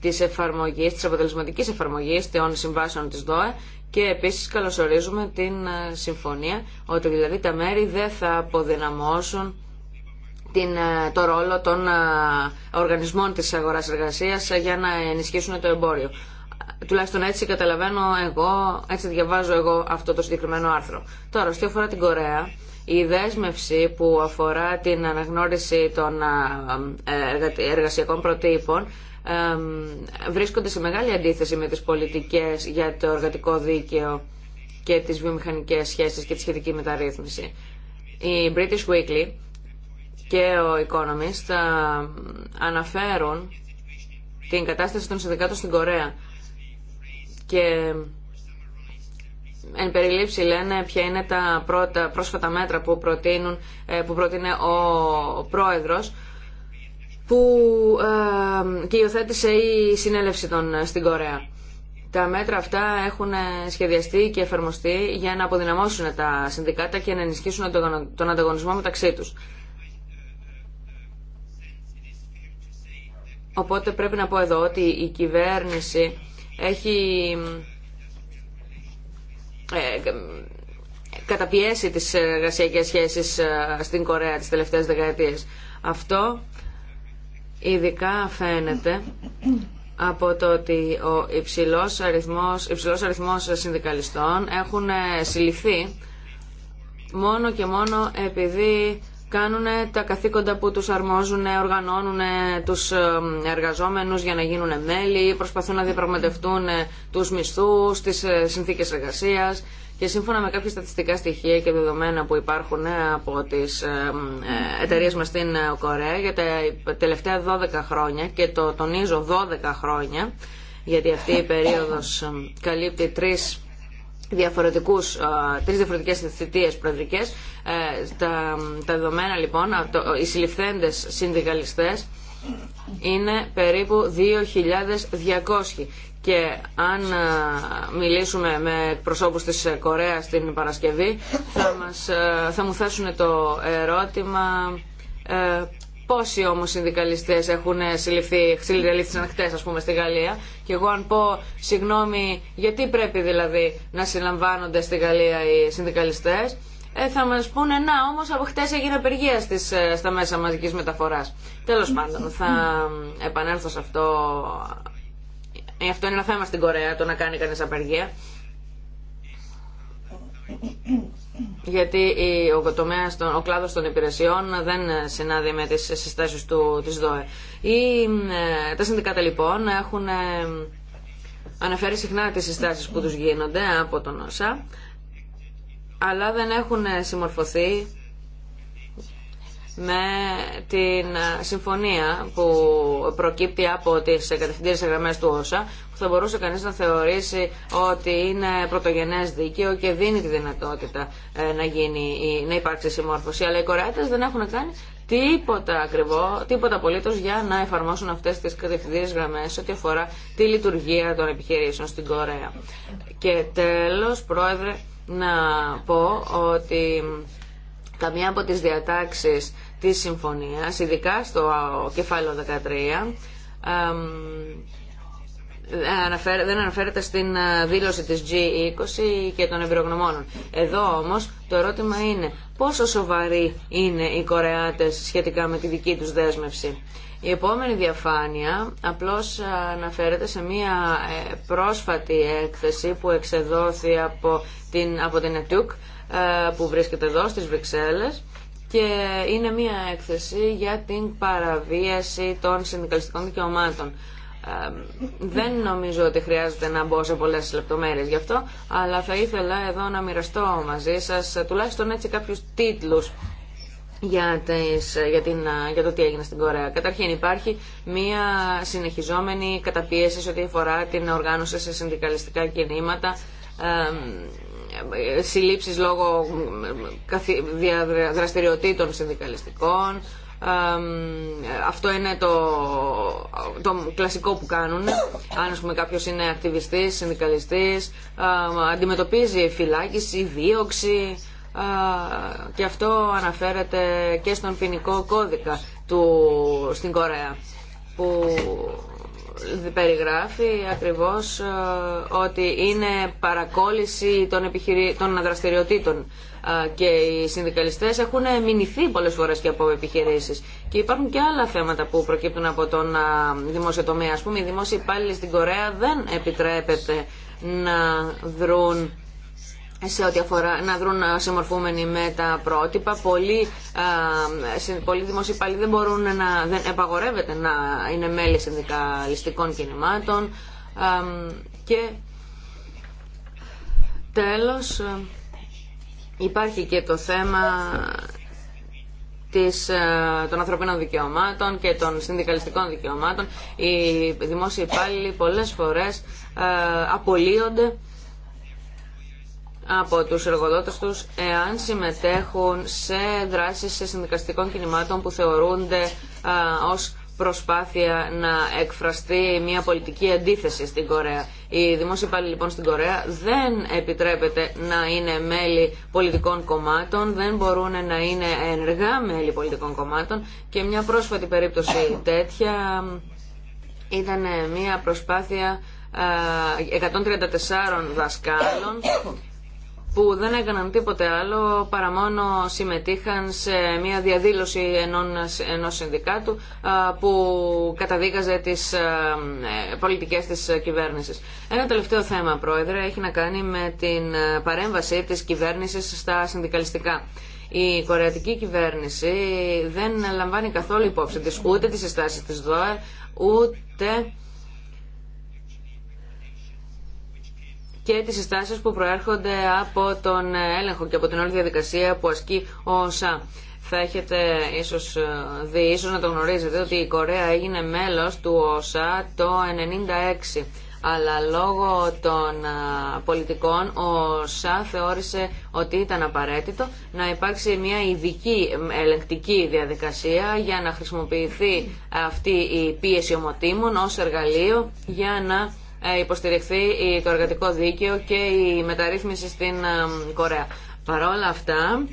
της, εφαρμογής, της αποτελεσματικής εφαρμογής των συμβάσεων της ΔΟΕ και επίσης καλωσορίζουμε την ε, συμφωνία ότι δηλαδή τα μέρη δεν θα αποδυναμώσουν την, ε, το ρόλο των ε, οργανισμών της αγοράς εργασίας για να ενισχύσουν το εμπόριο. Τουλάχιστον έτσι καταλαβαίνω εγώ, έτσι διαβάζω εγώ αυτό το συγκεκριμένο άρθρο. Τώρα, στη αφορά την Κορέα, η δέσμευση που αφορά την αναγνώριση των εργασιακών προτύπων βρίσκονται σε μεγάλη αντίθεση με τις πολιτικές για το εργατικό δίκαιο και τις βιομηχανικές σχέσεις και τη σχετική μεταρρύθμιση. Η British Weekly και ο Economist ε, αναφέρουν την κατάσταση των συνδικάτων στην Κορέα και εν περιλήψη λένε ποια είναι τα πρώτα πρόσφατα μέτρα που, προτείνουν, ε, που πρότεινε ο πρόεδρος που ε, και υιοθέτησε η συνέλευση των ε, στην Κορέα. Τα μέτρα αυτά έχουν ε, σχεδιαστεί και εφαρμοστεί για να αποδυναμώσουν τα συνδικάτα και να ενισχύσουν τον ανταγωνισμό μεταξύ τους. Οπότε πρέπει να πω εδώ ότι η κυβέρνηση έχει καταπιέσει τις εργασιακές σχέσεις στην Κορέα τις τελευταίες δεκαετίες. Αυτό Ειδικά φαίνεται από το ότι ο υψηλός αριθμός, υψηλός αριθμός συνδικαλιστών έχουν ε, συλληφθεί μόνο και μόνο επειδή κάνουν τα καθήκοντα που τους αρμόζουν, οργανώνουν τους ε, εργαζόμενους για να γίνουν μέλη, προσπαθούν να διαπραγματευτούν ε, τους μισθούς, τις συνθήκες εργασίας και σύμφωνα με κάποια στατιστικά στοιχεία και δεδομένα που υπάρχουν ε, από τι ε, ε, εταιρείε μα στην Κορέα για τα τελευταία 12 χρόνια, και το τονίζω 12 χρόνια, γιατί αυτή η περίοδος καλύπτει τρεις διαφορετικούς, τρεις διαφορετικές θητείες προεδρικές. Τα, τα δεδομένα λοιπόν, οι συλληφθέντες συνδικαλιστές είναι περίπου 2.200 και αν μιλήσουμε με προσώπους της ε, Κορέας την Παρασκευή θα, μας, ε, θα μου θέσουν το ερώτημα ε, πόσοι όμως συνδικαλιστές έχουν συλληφθεί, συλληφθήσαν χτες ας πούμε στη Γαλλία και εγώ αν πω συγγνώμη γιατί πρέπει δηλαδή να συλλαμβάνονται στη Γαλλία οι συνδικαλιστές θα μας πούνε να όμως από χτες έγινε απεργία στις, στα μέσα μαζικής μεταφοράς. Τέλος πάντων θα επανέλθω σε αυτό ε, αυτό είναι ένα θέμα στην Κορέα, το να κάνει κανεί απεργία. Γιατί ο, τομέας, ο κλάδος των υπηρεσιών δεν συνάδει με τις συστάσεις του, της ΔΟΕ. Οι, ε, τα συνδικάτα λοιπόν έχουν ε, αναφέρει συχνά τις συστάσεις που τους γίνονται από τον ΩΣΑ, αλλά δεν έχουν συμμορφωθεί με την συμφωνία που προκύπτει από τις κατευθυντήριες γραμμές του ΩΣΑ που θα μπορούσε κανείς να θεωρήσει ότι είναι πρωτογενές δίκαιο και δίνει τη δυνατότητα ε, να, γίνει, να υπάρξει συμμόρφωση αλλά οι Κορεάτες δεν έχουν κάνει τίποτα ακριβό, τίποτα απολύτως για να εφαρμόσουν αυτές τις κατευθυντήριες γραμμές ό,τι αφορά τη λειτουργία των επιχειρήσεων στην Κορέα. Και τέλος, Πρόεδρε, να πω ότι καμία από τις διατάξεις της συμφωνίας, ειδικά στο κεφάλαιο 13, δεν αναφέρεται στην ε, δήλωση της G20 και των εμπειρογνωμόνων. Εδώ όμως το ερώτημα είναι πόσο σοβαροί είναι οι Κορεάτες σχετικά με τη δική τους δέσμευση. Η επόμενη διαφάνεια απλώς αναφέρεται σε μία ε, πρόσφατη έκθεση που εξεδόθη από την, από την ΕΤΟΚ που βρίσκεται εδώ στις Βρυξέλλες και είναι μία έκθεση για την παραβίαση των συνδικαλιστικών δικαιωμάτων. δεν νομίζω ότι χρειάζεται να μπω σε πολλές λεπτομέρειες γι' αυτό, αλλά θα ήθελα εδώ να μοιραστώ μαζί σας τουλάχιστον έτσι κάποιους τίτλους για, τις, για, την, για το τι έγινε στην Κορέα. Καταρχήν υπάρχει μια συνεχιζόμενη καταπίεση σε ό,τι αφορά την οργάνωση σε συνδικαλιστικά κινήματα συλλήψεις λόγω δραστηριοτήτων συνδικαλιστικών. Αυτό είναι το, το κλασικό που κάνουν. Αν πούμε, κάποιος είναι ακτιβιστής, συνδικαλιστής, αντιμετωπίζει φυλάκιση, δίωξη και αυτό αναφέρεται και στον ποινικό κώδικα του, στην Κορέα που περιγράφει ακριβώς ε, ότι είναι παρακόλληση των, επιχειρη... των δραστηριοτήτων και οι συνδικαλιστές έχουν μηνυθεί πολλές φορές και από επιχειρήσεις και υπάρχουν και άλλα θέματα που προκύπτουν από τον δημόσιο τομέα ας πούμε οι δημόσιοι υπάλληλοι στην Κορέα δεν επιτρέπεται να δρουν σε ό,τι αφορά να δρουν συμμορφούμενοι με τα πρότυπα. Πολλοί, δημοσιοί πάλι δεν μπορούν να, δεν επαγορεύεται να είναι μέλη συνδικαλιστικών κινημάτων και τέλος υπάρχει και το θέμα της, των ανθρωπίνων δικαιωμάτων και των συνδικαλιστικών δικαιωμάτων. Οι δημόσιοι υπάλληλοι πολλές φορές απολύονται από τους εργοδότες τους εάν συμμετέχουν σε δράσεις σε συνδικαστικών κινημάτων που θεωρούνται α, ως προσπάθεια να εκφραστεί μια πολιτική αντίθεση στην Κορέα. Οι δημόσιοι υπάλληλοι λοιπόν στην Κορέα δεν επιτρέπεται να είναι μέλη πολιτικών κομμάτων, δεν μπορούν να είναι ενεργά μέλη πολιτικών κομμάτων και μια πρόσφατη περίπτωση τέτοια ήταν μια προσπάθεια 134 δασκάλων που δεν έκαναν τίποτε άλλο παρά μόνο συμμετείχαν σε μια διαδήλωση ενός συνδικάτου που καταδίκαζε τις ε, πολιτικές της κυβέρνησης. Ένα τελευταίο θέμα, Πρόεδρε, έχει να κάνει με την παρέμβαση της κυβέρνησης στα συνδικαλιστικά. Η κορεατική κυβέρνηση δεν λαμβάνει καθόλου υπόψη της ούτε τις συστάσεις της ΔΟΕ, ούτε και τις συστάσεις που προέρχονται από τον έλεγχο και από την όλη διαδικασία που ασκεί ο ΩΣΑ. Θα έχετε ίσως ε, δει, ίσως να το γνωρίζετε, ότι η Κορέα έγινε μέλος του ΩΣΑ το 1996. Αλλά λόγω των ε, πολιτικών ο ΣΑ θεώρησε ότι ήταν απαραίτητο να υπάρξει μια ειδική ελεγκτική διαδικασία για να χρησιμοποιηθεί αυτή η πίεση ομοτήμων ως εργαλείο για να ε, υποστηριχθεί το εργατικό δίκαιο και η μεταρρύθμιση στην ε, Κορέα. Παρόλα αυτά,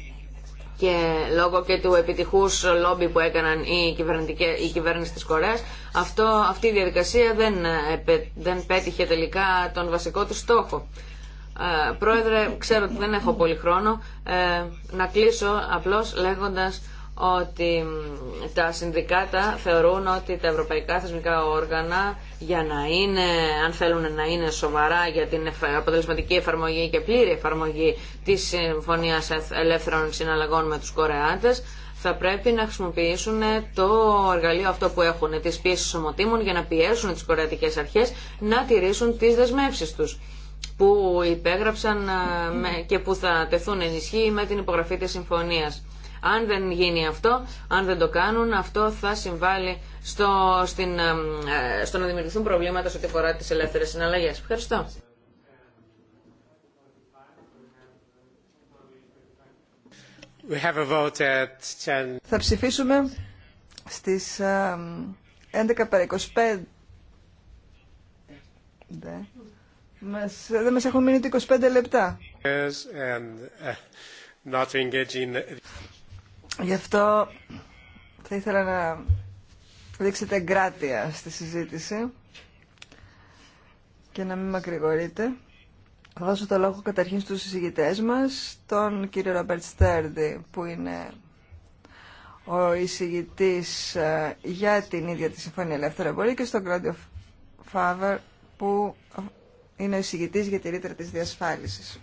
και λόγω και του επιτυχούς λόμπι που έκαναν οι, η κυβέρνηση της Κορέας αυτό, αυτή η διαδικασία δεν, ε, δεν πέτυχε τελικά τον βασικό του στόχο. πρόεδρε, ξέρω ότι δεν έχω πολύ χρόνο να κλείσω απλώς λέγοντας ότι τα συνδικάτα θεωρούν ότι τα ευρωπαϊκά θεσμικά όργανα για να είναι, αν θέλουν να είναι σοβαρά για την αποτελεσματική εφαρμογή και πλήρη εφαρμογή της Συμφωνίας Ελεύθερων Συναλλαγών με τους Κορεάτες, θα πρέπει να χρησιμοποιήσουν το εργαλείο αυτό που έχουν, τις πίεσεις ομοτήμων, για να πιέσουν τις κορεατικές αρχές να τηρήσουν τις δεσμεύσεις τους που υπέγραψαν ε, και που θα τεθούν ενισχύ με την υπογραφή της συμφωνίας. Αν δεν γίνει αυτό, αν δεν το κάνουν, αυτό θα συμβάλλει στο, στην, ε, στο να δημιουργηθούν προβλήματα σε ό,τι αφορά τι ελεύθερε συναλλαγέ. Ευχαριστώ. Θα ψηφίσουμε στις 11 παρα 25. Μας, δεν μας έχουν μείνει 25 λεπτά. Uh, Γι' αυτό θα ήθελα να δείξετε εγκράτεια στη συζήτηση και να μην μακρηγορείτε. Θα δώσω το λόγο καταρχήν στους συζητητές μας, τον κύριο Ρομπερτ Στέρντι, που είναι ο εισηγητής ε, για την ίδια τη Συμφωνία Ελεύθερα Μπορεί και στον Κρόντιο Φάβερ, που είναι ο εισηγητής για τη ρήτρα της διασφάλισης.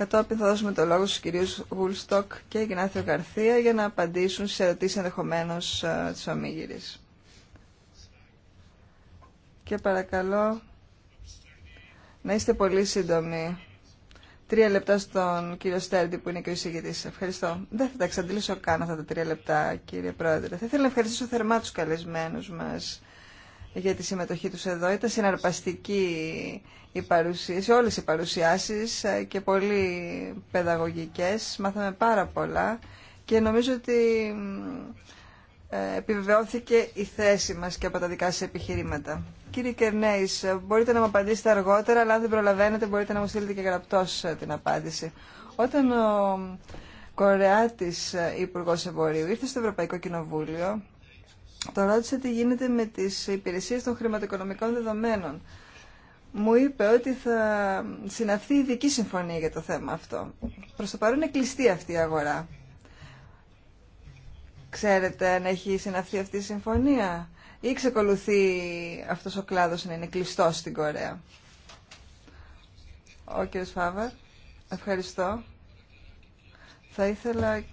Κατόπιν θα δώσουμε το λόγο στους κυρίους Γουλστοκ και Γινάθιο Καρθία για να απαντήσουν σε ερωτήσεις ενδεχομένω ε, της ομίγυρης. Και παρακαλώ να είστε πολύ σύντομοι. Τρία λεπτά στον κύριο Στέρντι που είναι και ο εισηγητής. Ευχαριστώ. Δεν θα τα εξαντλήσω καν αυτά τα τρία λεπτά κύριε Πρόεδρε. Θα ήθελα να ευχαριστήσω θερμά τους καλεσμένους μας για τη συμμετοχή τους εδώ. Ήταν συναρπαστική η παρουσίαση, όλες οι παρουσιάσεις ε, και πολύ παιδαγωγικές. Μάθαμε πάρα πολλά και νομίζω ότι ε, επιβεβαιώθηκε η θέση μας και από τα δικά σας επιχειρήματα. Κύριε Κερνέης, μπορείτε να μου απαντήσετε αργότερα, αλλά αν δεν προλαβαίνετε μπορείτε να μου στείλετε και γραπτός ε, την απάντηση. Όταν ο Κορεάτης Υπουργός Εμπορίου ήρθε στο Ευρωπαϊκό Κοινοβούλιο, το ρώτησε τι γίνεται με τις υπηρεσίες των χρηματοοικονομικών δεδομένων. Μου είπε ότι θα συναυθεί ειδική συμφωνία για το θέμα αυτό. Προς το παρόν είναι κλειστή αυτή η αγορά. Ξέρετε αν έχει συναυθεί αυτή η συμφωνία ή ξεκολουθεί αυτός ο κλάδος να είναι κλειστός στην Κορέα. Ο κ. Φάβαρ, ευχαριστώ. Θα ήθελα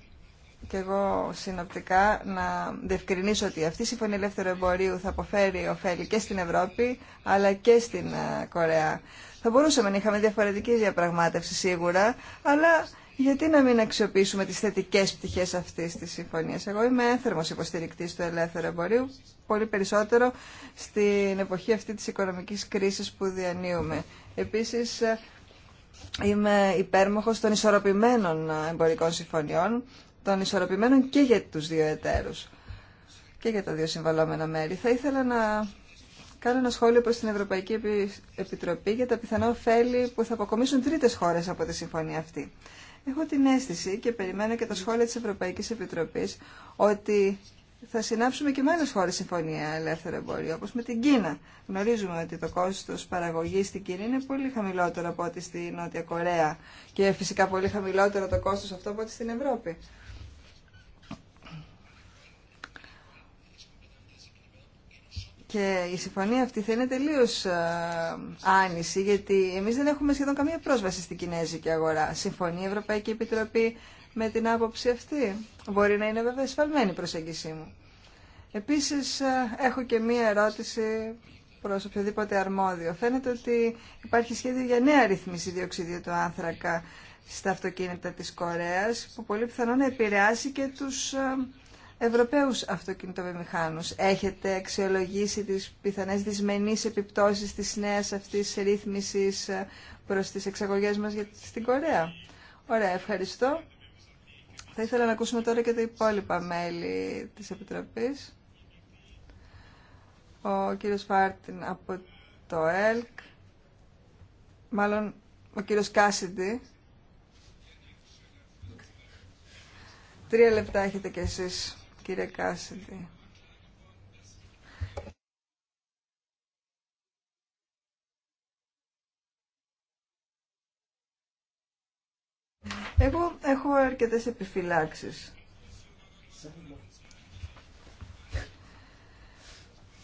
και εγώ συνοπτικά να διευκρινίσω ότι αυτή η Συμφωνία Ελεύθερου Εμπορίου θα αποφέρει ωφέλη και στην Ευρώπη αλλά και στην ε, Κορέα. Θα μπορούσαμε να είχαμε διαφορετική διαπραγμάτευση σίγουρα, αλλά γιατί να μην αξιοποιήσουμε τις θετικές πτυχές αυτής της συμφωνίας. Εγώ είμαι ένθερμο υποστηρικτής του ελεύθερου εμπορίου, πολύ περισσότερο στην εποχή αυτή της οικονομικής κρίσης που διανύουμε. Επίσης, ε, είμαι υπέρμοχος των ισορροπημένων ε, εμπορικών συμφωνιών των ισορροπημένων και για τους δύο εταίρους και για τα δύο συμβαλόμενα μέρη. Θα ήθελα να κάνω ένα σχόλιο προς την Ευρωπαϊκή Επιτροπή για τα πιθανά ωφέλη που θα αποκομίσουν τρίτες χώρες από τη συμφωνία αυτή. Έχω την αίσθηση και περιμένω και τα σχόλια της Ευρωπαϊκής Επιτροπής ότι θα συνάψουμε και με άλλες χώρες συμφωνία ελεύθερο εμπόριο, όπως με την Κίνα. Γνωρίζουμε ότι το κόστος παραγωγής στην Κίνα είναι πολύ χαμηλότερο από ό,τι στη Νότια Κορέα και φυσικά πολύ χαμηλότερο το κόστος αυτό από ό,τι στην Ευρώπη. Και η συμφωνία αυτή θα είναι τελείω ε, άνηση, γιατί εμεί δεν έχουμε σχεδόν καμία πρόσβαση στην κινέζικη αγορά. Συμφωνεί η Ευρωπαϊκή Επιτροπή με την άποψη αυτή. Μπορεί να είναι βέβαια εσφαλμένη η προσέγγιση μου. Επίση, ε, έχω και μία ερώτηση προ οποιοδήποτε αρμόδιο. Φαίνεται ότι υπάρχει σχέδιο για νέα ρυθμίση διοξιδίου του άνθρακα στα αυτοκίνητα της Κορέας που πολύ πιθανόν να επηρεάσει και τους ε, Ευρωπαίους αυτοκινητοβιομηχάνους. Έχετε αξιολογήσει τις πιθανές δυσμενείς επιπτώσεις της νέας αυτής ρύθμισης ε, προς τις εξαγωγές μας για στην Κορέα. Ωραία, ευχαριστώ. Θα ήθελα να ακούσουμε τώρα και τα υπόλοιπα μέλη της Επιτροπής. Ο κύριος Φάρτιν από το ΕΛΚ, μάλλον ο κύριος Κάσιντι. Τρία λεπτά έχετε κι εσείς κύριε Εγώ έχω αρκετές επιφυλάξεις.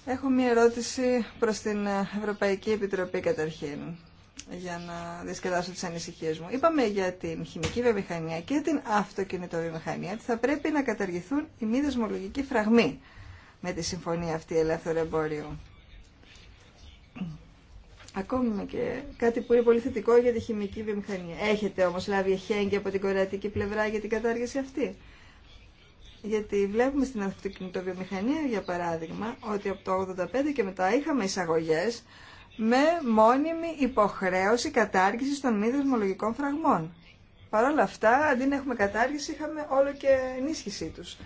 Έχω μία ερώτηση προς την Ευρωπαϊκή Επιτροπή καταρχήν για να διασκεδάσω τις ανησυχίες μου. Είπαμε για την χημική βιομηχανία και την αυτοκινητοβιομηχανία ότι θα πρέπει να καταργηθούν οι μη δεσμολογικοί φραγμοί με τη συμφωνία αυτή ελεύθερο εμπόριο. Ακόμη και κάτι που είναι πολύ θετικό για τη χημική βιομηχανία. Έχετε όμως λάβει εχέγγυα από την κορεατική πλευρά για την κατάργηση αυτή. Γιατί βλέπουμε στην αυτοκινητοβιομηχανία, για παράδειγμα, ότι από το 1985 και μετά είχαμε εισαγωγές, με μόνιμη υποχρέωση κατάργησης των μη δεσμολογικών φραγμών. Παρ' όλα αυτά, αντί να έχουμε κατάργηση, είχαμε όλο και ενίσχυσή τους.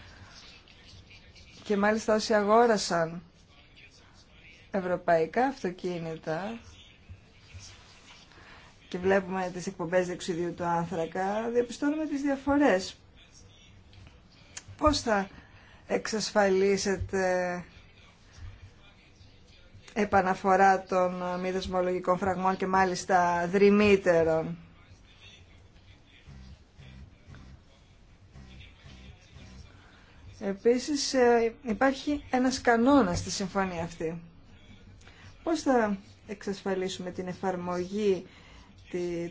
Και μάλιστα όσοι αγόρασαν ευρωπαϊκά αυτοκίνητα και βλέπουμε τις εκπομπές δεξιδίου του άνθρακα, διαπιστώνουμε τις διαφορές. Πώς θα εξασφαλίσετε επαναφορά των ε, μη δεσμολογικών φραγμών και μάλιστα δρυμύτερων. Επίσης ε, υπάρχει ένας κανόνας στη συμφωνία αυτή. Πώς θα εξασφαλίσουμε την εφαρμογή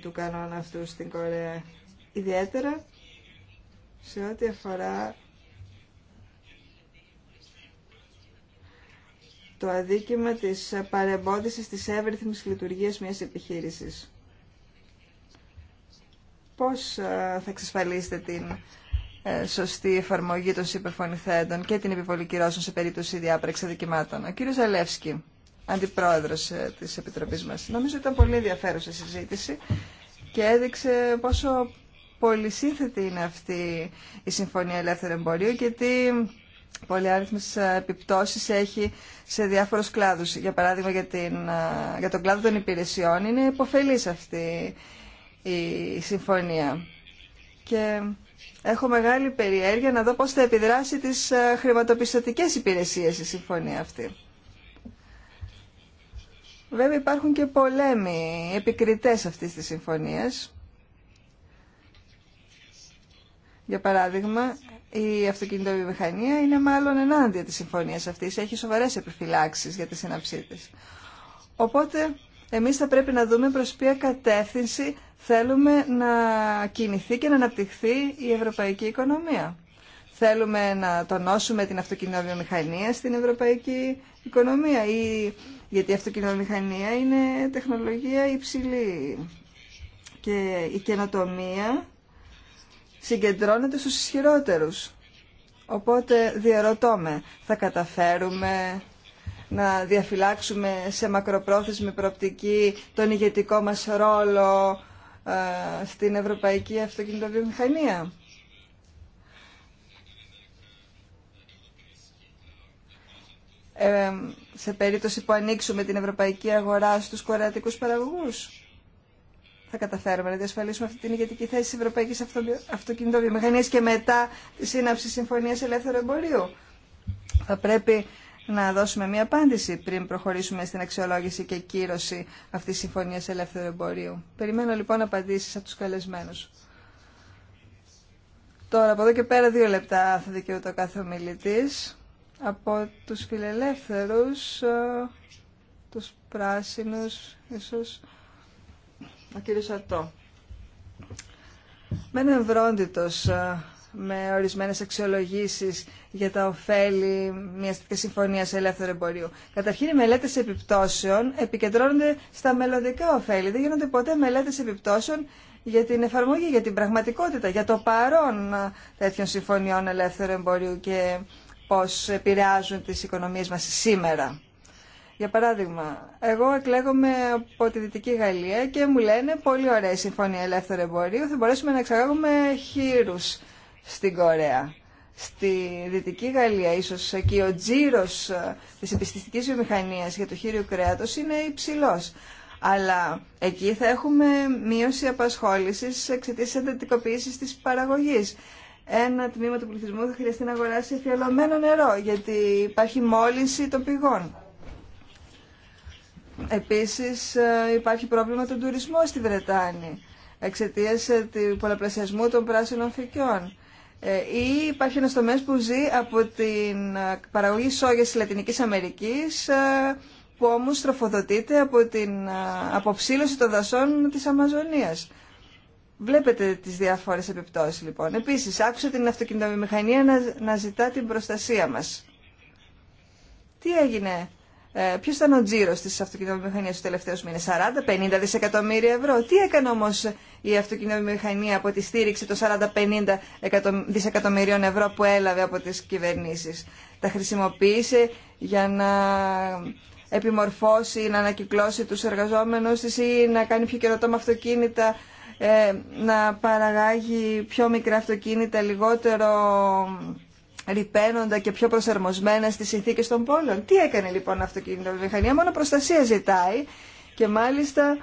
του κανόνα αυτού στην Κορέα, ιδιαίτερα σε ό,τι αφορά το αδίκημα της παρεμπόδισης της εύρυθμης λειτουργίας μιας επιχείρησης. Πώς ε, θα εξασφαλίσετε την ε, σωστή εφαρμογή των συμπεφωνηθέντων και την επιβολή κυρώσεων σε περίπτωση διάπραξη αδικημάτων. Ο κύριος Ζαλεύσκη, αντιπρόεδρος ε, της Επιτροπής μας, νομίζω ήταν πολύ ενδιαφέρουσα συζήτηση και έδειξε πόσο πολυσύνθετη είναι αυτή η Συμφωνία Ελεύθερου Εμπορίου και τι πολυάριθμες ε, επιπτώσεις έχει σε διάφορους κλάδους. Για παράδειγμα για, την, ε, για τον κλάδο των υπηρεσιών είναι υποφελής αυτή η συμφωνία. Και έχω μεγάλη περιέργεια να δω πώς θα επιδράσει τις ε, χρηματοπιστωτικές υπηρεσίες η συμφωνία αυτή. Βέβαια υπάρχουν και πολέμοι επικριτές αυτής της συμφωνίας. Για παράδειγμα, η αυτοκινητοβιομηχανία είναι μάλλον ενάντια της συμφωνίας αυτής, έχει σοβαρές επιφυλάξεις για τη σύναψή τη. Οπότε εμείς θα πρέπει να δούμε προς ποια κατεύθυνση θέλουμε να κινηθεί και να αναπτυχθεί η ευρωπαϊκή οικονομία. Θέλουμε να τονώσουμε την αυτοκινητοβιομηχανία στην ευρωπαϊκή οικονομία ή γιατί η αυτοκινητοβιομηχανία είναι τεχνολογία υψηλή και η καινοτομία συγκεντρώνεται στους ισχυρότερους. Οπότε διαρωτώ θα καταφέρουμε να διαφυλάξουμε σε μακροπρόθεσμη προοπτική τον ηγετικό μας ρόλο ε, στην ευρωπαϊκή αυτοκινητοβιομηχανία. Ε, σε περίπτωση που ανοίξουμε την ευρωπαϊκή αγορά στους κορεατικούς παραγωγούς θα καταφέρουμε να διασφαλίσουμε αυτή την ηγετική θέση τη Ευρωπαϊκή Αυτοκινητοβιομηχανία και μετά τη σύναψη Συμφωνία Ελεύθερου Εμπορίου. Θα πρέπει να δώσουμε μία απάντηση πριν προχωρήσουμε στην αξιολόγηση και κύρωση αυτή τη Συμφωνία Ελεύθερου Εμπορίου. Περιμένω λοιπόν απαντήσει από του καλεσμένου. Τώρα από εδώ και πέρα δύο λεπτά θα δικαιούται ο κάθε ομιλητή. Από τους φιλελεύθερους, ε, τους πράσινους, ίσως ο κύριος Με Μένω ε, με ορισμένες αξιολογήσεις για τα ωφέλη μιας τέτοιας συμφωνίας ελεύθερου εμπορίου. Καταρχήν οι μελέτες επιπτώσεων επικεντρώνονται στα μελλοντικά ωφέλη. Δεν γίνονται ποτέ μελέτες επιπτώσεων για την εφαρμογή, για την πραγματικότητα, για το παρόν ε, τέτοιων συμφωνιών ελεύθερου εμπορίου και πώς επηρεάζουν τις οικονομίες μας σήμερα. Για παράδειγμα, εγώ εκλέγομαι από τη Δυτική Γαλλία και μου λένε πολύ ωραία η Συμφωνία Ελεύθερου Εμπορίου, θα μπορέσουμε να εξαγάγουμε χείρου στην Κορέα. Στη Δυτική Γαλλία ίσω εκεί ο τζίρο ε, τη επιστημιστική βιομηχανία για το χείριο κρέατο είναι υψηλό. Αλλά εκεί θα έχουμε μείωση απασχόλησης τη εντατικοποίηση τη παραγωγή. ένα τμήμα του πληθυσμού θα χρειαστεί να αγοράσει εφιαλωμένο νερό, γιατί υπάρχει μόλυνση των πηγών. Επίσης ε, υπάρχει πρόβλημα του τουρισμού στη Βρετάνη εξαιτίας ε, του πολλαπλασιασμού των πράσινων φυκιών. Ε, ή υπάρχει ένας τομέας που ζει από την παραγωγή σόγιας της Λατινικής Αμερικής που όμως τροφοδοτείται από την αποψήλωση των δασών της Αμαζονίας. Βλέπετε τις διάφορες επιπτώσεις λοιπόν. Επίσης άκουσα την αυτοκινητομηχανία να ζητά την προστασία μας. Τι έγινε ε, Ποιο ήταν ο τζίρο τη αυτοκινητοβιομηχανία του τελευταίου μήνε, 40-50 δισεκατομμύρια ευρώ. Τι έκανε όμω η αυτοκινητοβιομηχανία από τη στήριξη των 40-50 δισεκατομμυρίων ευρώ που έλαβε από τι κυβερνήσει. Τα χρησιμοποίησε για να επιμορφώσει, να ανακυκλώσει του εργαζόμενου τη ή να κάνει πιο καινοτόμα αυτοκίνητα, ε, να παραγάγει πιο μικρά αυτοκίνητα, λιγότερο ρηπαίνοντα και πιο προσαρμοσμένα στις συνθήκες των πόλεων. Τι έκανε λοιπόν η αυτοκινητοβιομηχανία, μόνο προστασία ζητάει και μάλιστα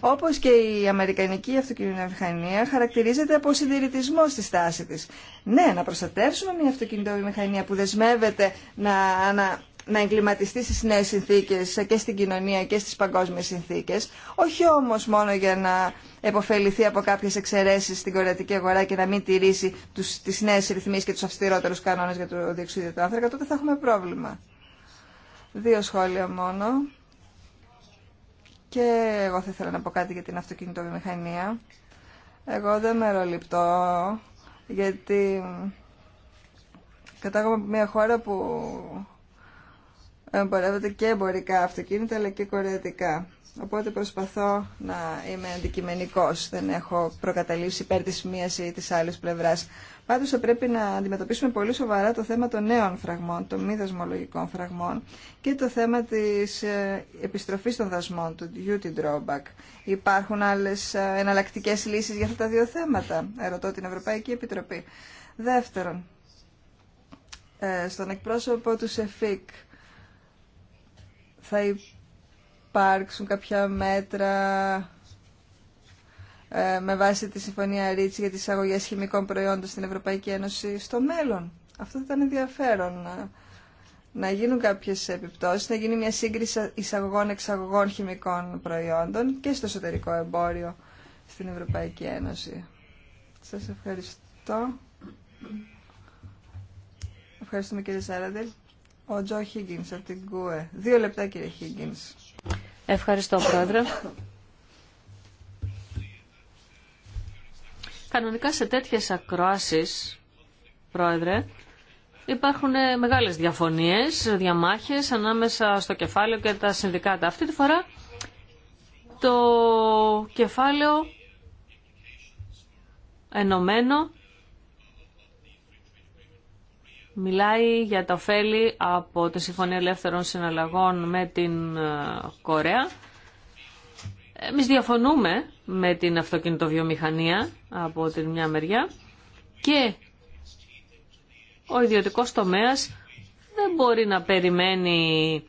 όπως και η αμερικανική αυτοκινητοβιομηχανία χαρακτηρίζεται από συντηρητισμό στη στάση της. Ναι, να προστατεύσουμε μια αυτοκινητοβιομηχανία που δεσμεύεται να, να να εγκληματιστεί στις νέες συνθήκες και στην κοινωνία και στις παγκόσμιες συνθήκες, όχι όμως μόνο για να επωφεληθεί από κάποιες εξαιρέσεις στην κορεατική αγορά και να μην τηρήσει τους, τις νέες ρυθμίσεις και τους αυστηρότερους κανόνες για το διοξείδιο του άνθρακα, τότε θα έχουμε πρόβλημα. Δύο σχόλια μόνο. Και εγώ θα ήθελα να πω κάτι για την αυτοκινητοβιομηχανία. Εγώ δεν με ρολυπτώ, γιατί κατάγομαι από μια χώρα που εμπορεύονται και εμπορικά αυτοκίνητα αλλά και κορεατικά. Οπότε προσπαθώ να είμαι αντικειμενικός, δεν έχω προκαταλήψει υπέρ της μίας ή της άλλης πλευράς. Πάντως θα πρέπει να αντιμετωπίσουμε πολύ σοβαρά το θέμα των νέων φραγμών, των μη δασμολογικών φραγμών και το θέμα της ε, επιστροφής των δασμών, του duty drawback. Υπάρχουν άλλες ε, εναλλακτικέ λύσεις για αυτά τα δύο θέματα, ερωτώ την Ευρωπαϊκή Επιτροπή. Δεύτερον, ε, στον εκπρόσωπο του ΣΕΦΙΚ, θα υπάρξουν κάποια μέτρα ε, με βάση τη Συμφωνία Ρίτς για τις αγωγές χημικών προϊόντων στην Ευρωπαϊκή Ένωση στο μέλλον. Αυτό θα ήταν ενδιαφέρον να, να γίνουν κάποιες επιπτώσεις, να γίνει μια σύγκριση εισαγωγών-εξαγωγών χημικών προϊόντων και στο εσωτερικό εμπόριο στην Ευρωπαϊκή Ένωση. Σας ευχαριστώ. Ευχαριστούμε κύριε Σάραντελ ο Τζο Χίγγινς από την ΚΟΕ. Δύο λεπτά κύριε Ευχαριστώ πρόεδρε. Κανονικά σε τέτοιες ακροάσεις, πρόεδρε, υπάρχουν μεγάλες διαφωνίες, διαμάχες ανάμεσα στο κεφάλαιο και τα συνδικάτα. Αυτή τη φορά το κεφάλαιο ενωμένο μιλάει για τα ωφέλη από τη Συμφωνία Ελεύθερων Συναλλαγών με την ε, Κορέα. Εμείς διαφωνούμε με την αυτοκινητοβιομηχανία από την μια μεριά και ο ιδιωτικός τομέας δεν μπορεί να περιμένει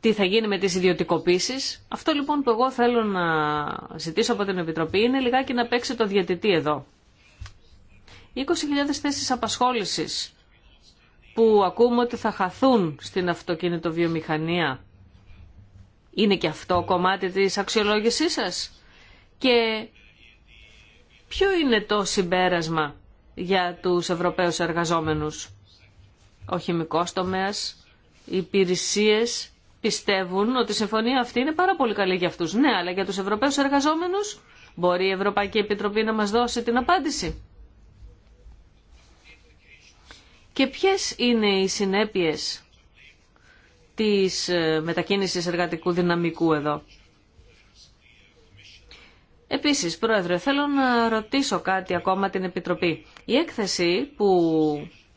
τι θα γίνει με τις ιδιωτικοποίησεις. Αυτό λοιπόν που εγώ θέλω να ζητήσω από την Επιτροπή είναι λιγάκι να παίξει το διαιτητή εδώ. 20.000 θέσεις απασχόλησης που ακούμε ότι θα χαθούν στην αυτοκινητοβιομηχανία. Είναι και αυτό κομμάτι της αξιολόγησής σας. Και ποιο είναι το συμπέρασμα για τους Ευρωπαίους εργαζόμενους. Ο χημικός τομέας, οι υπηρεσίες πιστεύουν ότι η συμφωνία αυτή είναι πάρα πολύ καλή για αυτούς. Ναι, αλλά για τους Ευρωπαίους εργαζόμενους μπορεί η Ευρωπαϊκή Επιτροπή να μας δώσει την απάντηση. Και ποιες είναι οι συνέπειες της ε, μετακίνησης εργατικού δυναμικού εδώ. Επίσης, Πρόεδρε, θέλω να ρωτήσω κάτι ακόμα την Επιτροπή. Η έκθεση που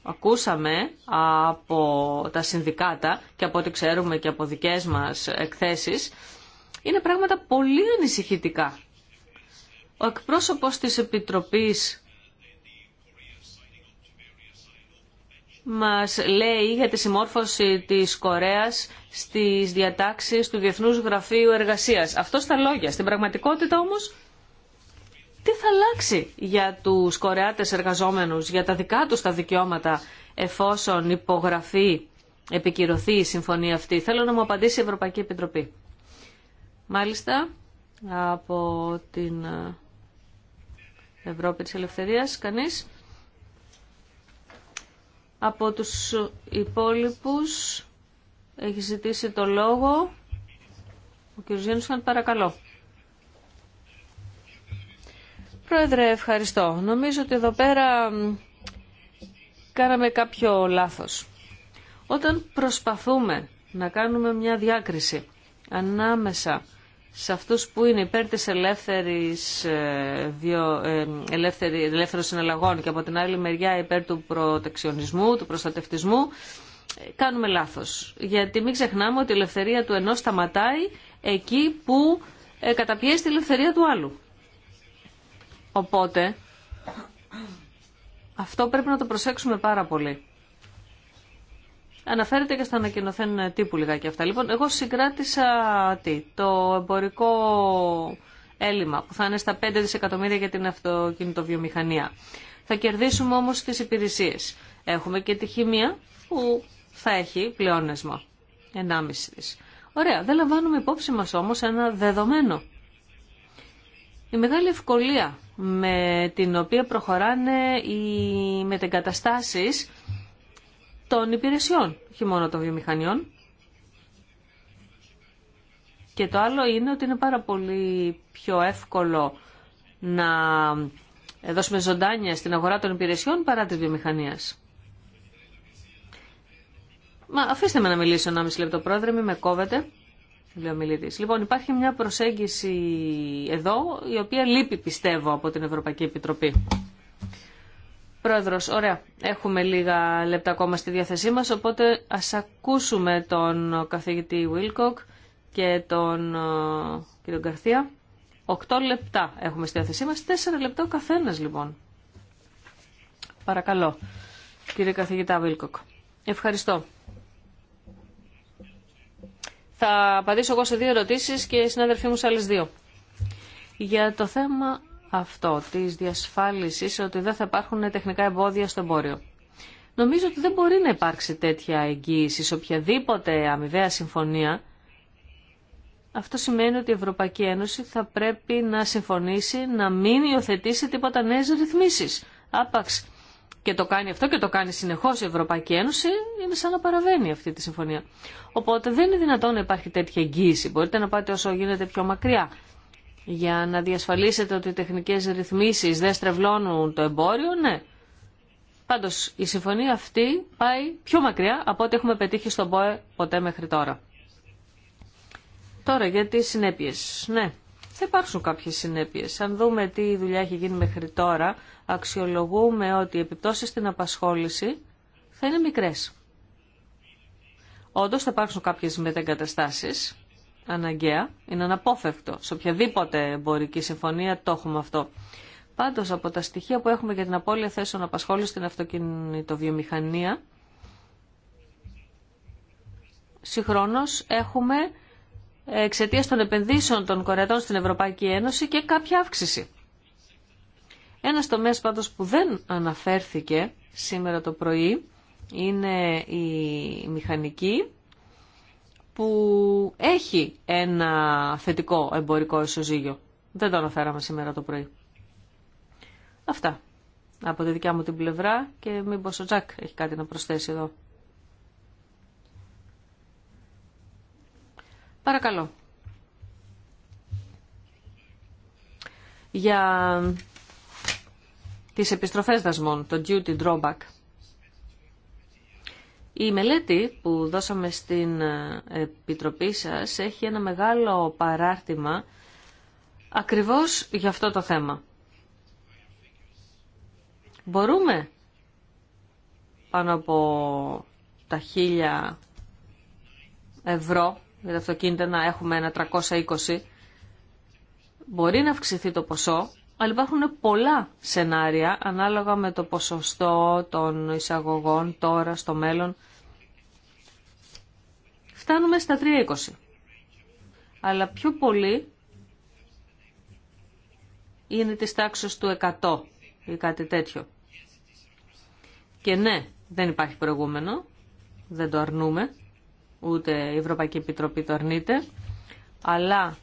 ακούσαμε από τα συνδικάτα και από ό,τι ξέρουμε και από δικές μας εκθέσεις, είναι πράγματα πολύ ανησυχητικά. Ο εκπρόσωπος της Επιτροπής μας λέει για τη συμμόρφωση της Κορέας στις διατάξεις του Διεθνούς Γραφείου Εργασίας. Αυτό στα λόγια. Στην πραγματικότητα όμως, τι θα αλλάξει για τους Κορεάτες εργαζόμενους, για τα δικά τους τα δικαιώματα, εφόσον υπογραφεί, επικυρωθεί η συμφωνία αυτή. Θέλω να μου απαντήσει η Ευρωπαϊκή Επιτροπή. Μάλιστα, από την ε, Ευρώπη της Ελευθερίας, κανείς. Από τους υπόλοιπους έχει ζητήσει το λόγο ο κ. Γιάννουσαν, παρακαλώ. Πρόεδρε, ευχαριστώ. Νομίζω ότι εδώ πέρα κάναμε κάποιο λάθος. Όταν προσπαθούμε να κάνουμε μια διάκριση ανάμεσα σε αυτούς που είναι υπέρ της ελεύθερης, ε, ε, ελεύθερη, συναλλαγών και από την άλλη μεριά υπέρ του προτεξιονισμού, του προστατευτισμού, ε, κάνουμε λάθος. Γιατί μην ξεχνάμε ότι η ελευθερία του ενός σταματάει εκεί που καταπιέζει τη ελευθερία του άλλου. Οπότε, αυτό πρέπει να το προσέξουμε πάρα πολύ. Αναφέρεται και στα ανακοινωθέν τύπου λιγάκι αυτά. Λοιπόν, εγώ συγκράτησα το εμπορικό έλλειμμα που θα είναι στα 5 δισεκατομμύρια για την αυτοκινητοβιομηχανία. Θα κερδίσουμε όμως τις υπηρεσίες. Έχουμε και τη χημεία που θα έχει πλεόνεσμα 1,5 Ωραία, δεν λαμβάνουμε υπόψη μας όμως ένα δεδομένο. Η μεγάλη ευκολία με την οποία προχωράνε οι μετεγκαταστάσεις των υπηρεσιών, όχι μόνο των βιομηχανιών. Και το άλλο είναι ότι είναι πάρα πολύ πιο εύκολο να δώσουμε ζωντάνια στην αγορά των υπηρεσιών παρά της βιομηχανίας. Μα αφήστε με να μιλήσω ένα μισή λεπτό πρόεδρε, μην με κόβετε. Λέω Λοιπόν, υπάρχει μια προσέγγιση εδώ, η οποία λείπει πιστεύω από την Ευρωπαϊκή Επιτροπή. Πρόεδρος, ωραία. Έχουμε λίγα λεπτά ακόμα στη διάθεσή μας, οπότε ας ακούσουμε τον καθηγητή Βίλκοκ και τον ε, κύριο Γκαρθία. Οκτώ λεπτά έχουμε στη διάθεσή μας, τέσσερα λεπτά ο καθένας λοιπόν. Παρακαλώ, κύριε καθηγητά Βίλκοκ. Ευχαριστώ. Θα απαντήσω εγώ σε δύο ερωτήσεις και οι συνάδελφοί μου σε άλλε δύο. Για το θέμα αυτό της διασφάλισης ότι δεν θα υπάρχουν τεχνικά εμπόδια στο εμπόριο. Νομίζω ότι δεν μπορεί να υπάρξει τέτοια εγγύηση σε οποιαδήποτε αμοιβαία συμφωνία. Αυτό σημαίνει ότι η Ευρωπαϊκή Ένωση θα πρέπει να συμφωνήσει να μην υιοθετήσει τίποτα νέε ρυθμίσει. Άπαξ και το κάνει αυτό και το κάνει συνεχώ η Ευρωπαϊκή Ένωση, είναι σαν να παραβαίνει αυτή τη συμφωνία. Οπότε δεν είναι δυνατόν να υπάρχει τέτοια εγγύηση. Μπορείτε να πάτε όσο γίνεται πιο μακριά για να διασφαλίσετε ότι οι τεχνικές ρυθμίσεις δεν στρεβλώνουν το εμπόριο, ναι. Πάντως η συμφωνία αυτή πάει πιο μακριά από ό,τι έχουμε πετύχει στον ΠΟΕ ποτέ μέχρι τώρα. Τώρα για τις συνέπειες. Ναι, θα υπάρξουν κάποιες συνέπειες. Αν δούμε τι δουλειά έχει γίνει μέχρι τώρα, αξιολογούμε ότι οι επιπτώσεις στην απασχόληση θα είναι μικρές. Όντως θα υπάρξουν κάποιες μετεγκαταστάσεις, αναγκαία, είναι αναπόφευκτο. Σε οποιαδήποτε εμπορική συμφωνία το έχουμε αυτό. Πάντως από τα στοιχεία που έχουμε για την απώλεια θέσεων απασχόληση στην αυτοκινητοβιομηχανία, Συγχρόνω έχουμε εξαιτία των επενδύσεων των Κορεατών στην Ευρωπαϊκή Ένωση και κάποια αύξηση. Ένα τομέα πάντως που δεν αναφέρθηκε σήμερα το πρωί είναι η μηχανική που έχει ένα θετικό εμπορικό ισοζύγιο. Δεν το αναφέραμε σήμερα το πρωί. Αυτά από τη δικιά μου την πλευρά και μήπως ο Τζακ έχει κάτι να προσθέσει εδώ. Παρακαλώ. Για τις επιστροφές δασμών, το duty drawback. Η μελέτη που δώσαμε στην ε, Επιτροπή σας έχει ένα μεγάλο παράρτημα ακριβώς για αυτό το θέμα. Μπορούμε πάνω από τα χίλια ευρώ για τα αυτοκίνητα να έχουμε ένα 320. Μπορεί να αυξηθεί το ποσό αλλά υπάρχουν πολλά σενάρια ανάλογα με το ποσοστό των εισαγωγών τώρα στο μέλλον. Φτάνουμε στα 3,20. Αλλά πιο πολύ είναι της τάξης του 100 ή κάτι τέτοιο. Και ναι, δεν υπάρχει προηγούμενο, δεν το αρνούμε, ούτε η Ευρωπαϊκή Επιτροπή το αρνείται, αλλά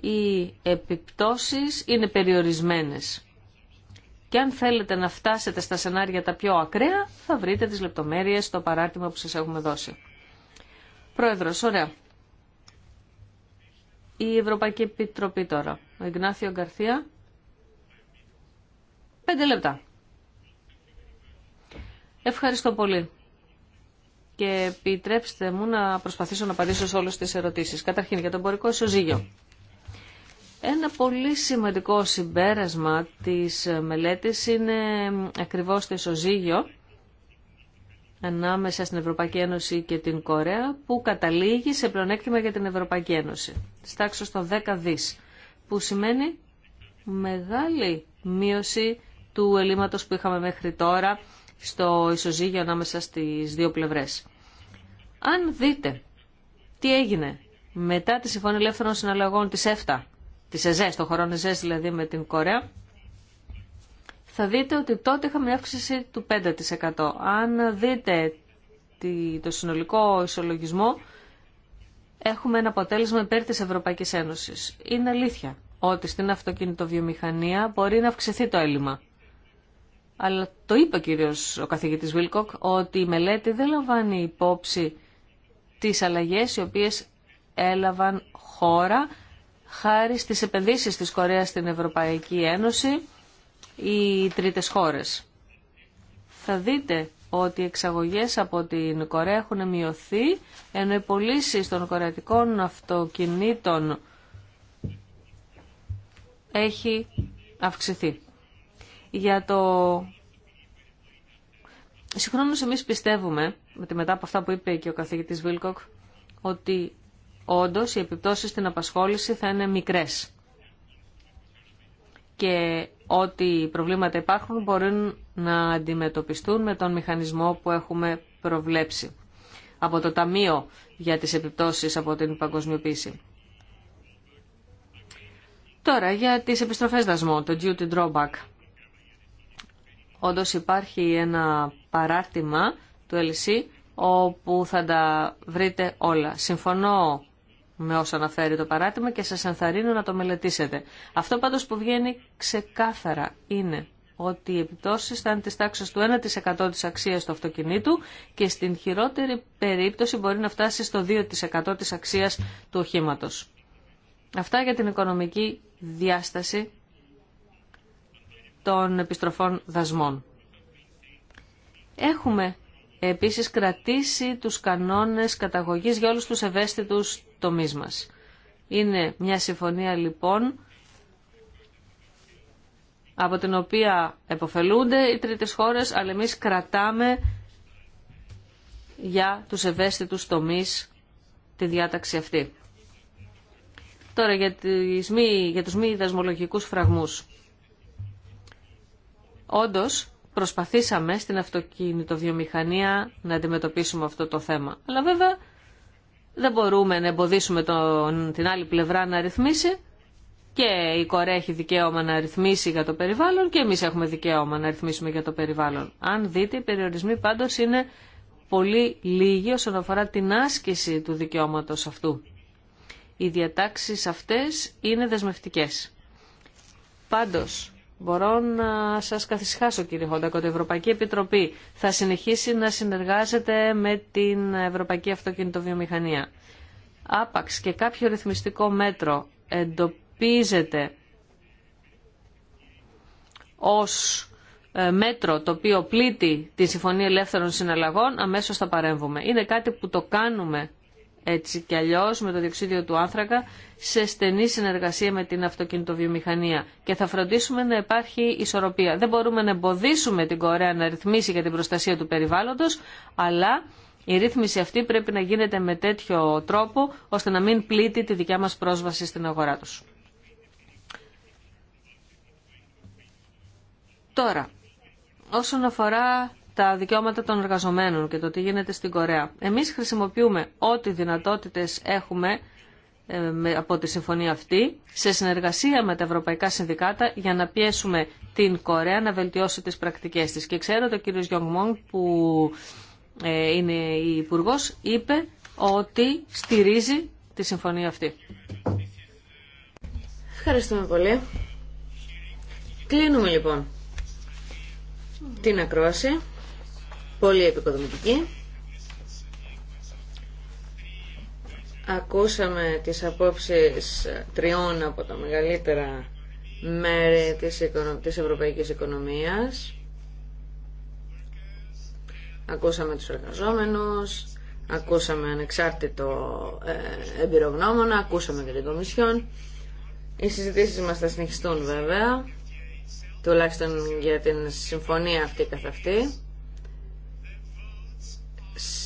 οι επιπτώσεις είναι περιορισμένες. Και αν θέλετε να φτάσετε στα σενάρια τα πιο ακραία, θα βρείτε τις λεπτομέρειες στο παράρτημα που σας έχουμε δώσει. Πρόεδρος, ωραία. Η Ευρωπαϊκή Επιτροπή τώρα. Ο Ιγνάθιο Γκαρθία. Πέντε λεπτά. Ευχαριστώ πολύ. Και επιτρέψτε μου να προσπαθήσω να απαντήσω σε όλες τις ερωτήσεις. Καταρχήν για το εμπορικό ισοζύγιο. Ένα πολύ σημαντικό συμπέρασμα της μελέτης είναι ακριβώς το ισοζύγιο ανάμεσα στην Ευρωπαϊκή Ένωση και την Κορέα που καταλήγει σε πλεονέκτημα για την Ευρωπαϊκή Ένωση. Στάξω στο 10 δις που σημαίνει μεγάλη μείωση του ελλείμματος που είχαμε μέχρι τώρα στο ισοζύγιο ανάμεσα στις δύο πλευρές. Αν δείτε τι έγινε μετά τη Συμφωνία Ελεύθερων Συναλλαγών της ΕΦΤΑ τι ΕΖΕΣ, των χωρό ΕΖΕΣ δηλαδή με την Κορέα, θα δείτε ότι τότε είχαμε αύξηση του 5%. Αν δείτε το συνολικό ισολογισμό, έχουμε ένα αποτέλεσμα υπέρ της Ευρωπαϊκής Ένωσης. Είναι αλήθεια ότι στην αυτοκινητοβιομηχανία μπορεί να αυξηθεί το έλλειμμα. Αλλά το είπε ο κύριος ο καθηγητής Βίλκοκ ότι η μελέτη δεν λαμβάνει υπόψη τις αλλαγές οι οποίες έλαβαν χώρα χάρη στις επενδύσεις της Κορέας στην Ευρωπαϊκή Ένωση οι τρίτες χώρες. Θα δείτε ότι οι εξαγωγές από την Κορέα έχουν μειωθεί, ενώ οι πωλήσει των κορεατικών αυτοκινήτων έχει αυξηθεί. Για το... Συγχρόνως εμείς πιστεύουμε, με μετά από αυτά που είπε και ο καθηγητής Βίλκοκ, ότι Όντω οι επιπτώσεις στην απασχόληση θα είναι μικρές και ό,τι προβλήματα υπάρχουν μπορούν να αντιμετωπιστούν με τον μηχανισμό που έχουμε προβλέψει από το Ταμείο για τις επιπτώσεις από την παγκοσμιοποίηση. Τώρα για τις επιστροφές δασμό, το duty drawback. Όντως υπάρχει ένα παράρτημα του LC όπου θα τα βρείτε όλα. Συμφωνώ με όσα αναφέρει το παράτημα και σας ενθαρρύνω να το μελετήσετε. Αυτό πάντως που βγαίνει ξεκάθαρα είναι ότι οι επιπτώσει θα είναι τη τάξη του 1% τη αξία του αυτοκινήτου και στην χειρότερη περίπτωση μπορεί να φτάσει στο 2% τη αξία του οχήματο. Αυτά για την οικονομική διάσταση των επιστροφών δασμών. Έχουμε επίσης κρατήσει τους κανόνες καταγωγής για όλους τους ευαίσθητους τομείς Είναι μια συμφωνία λοιπόν από την οποία εποφελούνται οι τρίτες χώρες, αλλά εμείς κρατάμε για τους ευαίσθητους τομείς τη διάταξη αυτή. Τώρα για, τις μη, για τους μη δασμολογικούς φραγμούς. Όντως, προσπαθήσαμε στην αυτοκίνητοβιομηχανία να αντιμετωπίσουμε αυτό το θέμα. Αλλά βέβαια δεν μπορούμε να εμποδίσουμε τον, την άλλη πλευρά να ρυθμίσει και η Κορέα έχει δικαίωμα να ρυθμίσει για το περιβάλλον και εμείς έχουμε δικαίωμα να ρυθμίσουμε για το περιβάλλον. Αν δείτε, οι περιορισμοί πάντως είναι πολύ λίγοι όσον αφορά την άσκηση του δικαιώματος αυτού. Οι διατάξεις αυτές είναι δεσμευτικές. Πάντως, Μπορώ να σας καθισχάσω κύριε Χόντακο ότι η Ευρωπαϊκή Επιτροπή θα συνεχίσει να συνεργάζεται με την Ευρωπαϊκή Αυτοκινητοβιομηχανία. Άπαξ και κάποιο ρυθμιστικό μέτρο εντοπίζεται ως ε, μέτρο το οποίο πλήττει τη Συμφωνία Ελεύθερων Συναλλαγών, αμέσως θα παρέμβουμε. Είναι κάτι που το κάνουμε έτσι κι αλλιώς με το διοξίδιο του άνθρακα σε στενή συνεργασία με την αυτοκινητοβιομηχανία και θα φροντίσουμε να υπάρχει ισορροπία. Δεν μπορούμε να εμποδίσουμε την Κορέα να ρυθμίσει για την προστασία του περιβάλλοντος, αλλά η ρύθμιση αυτή πρέπει να γίνεται με τέτοιο τρόπο ώστε να μην πλήττει τη δικιά μας πρόσβαση στην αγορά τους. Τώρα, όσον αφορά τα δικαιώματα των εργαζομένων και το τι γίνεται στην Κορέα. Εμείς χρησιμοποιούμε ό,τι δυνατότητες έχουμε ε, από τη συμφωνία αυτή σε συνεργασία με τα ευρωπαϊκά συνδικάτα για να πιέσουμε την Κορέα να βελτιώσει τις πρακτικές της. Και ξέρω ότι ο κύριος Γιονγμόν που ε, είναι η υπουργό, είπε ότι στηρίζει τη συμφωνία αυτή. Ευχαριστούμε πολύ. Κλείνουμε λοιπόν την ακρόαση πολύ επικοδομητική. Ακούσαμε τις απόψεις τριών από τα μεγαλύτερα μέρη της ευρωπαϊκής οικονομίας. Ακούσαμε τους εργαζόμενους, ακούσαμε ανεξάρτητο ε, εμπειρογνώμονα, ακούσαμε και την Κομισιόν. Οι συζητήσεις μας θα συνεχιστούν βέβαια, τουλάχιστον για την συμφωνία αυτή καθ' αυτή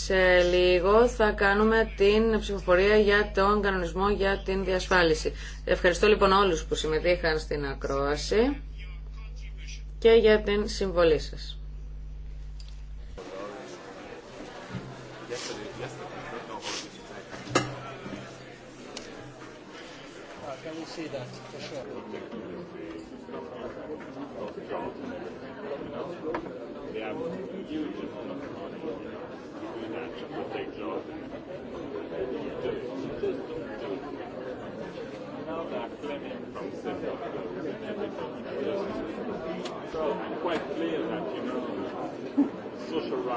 σε λίγο θα κάνουμε την ψηφοφορία για τον κανονισμό για την διασφάλιση. Ευχαριστώ λοιπόν όλους που συμμετείχαν στην ακρόαση και για την συμβολή σας.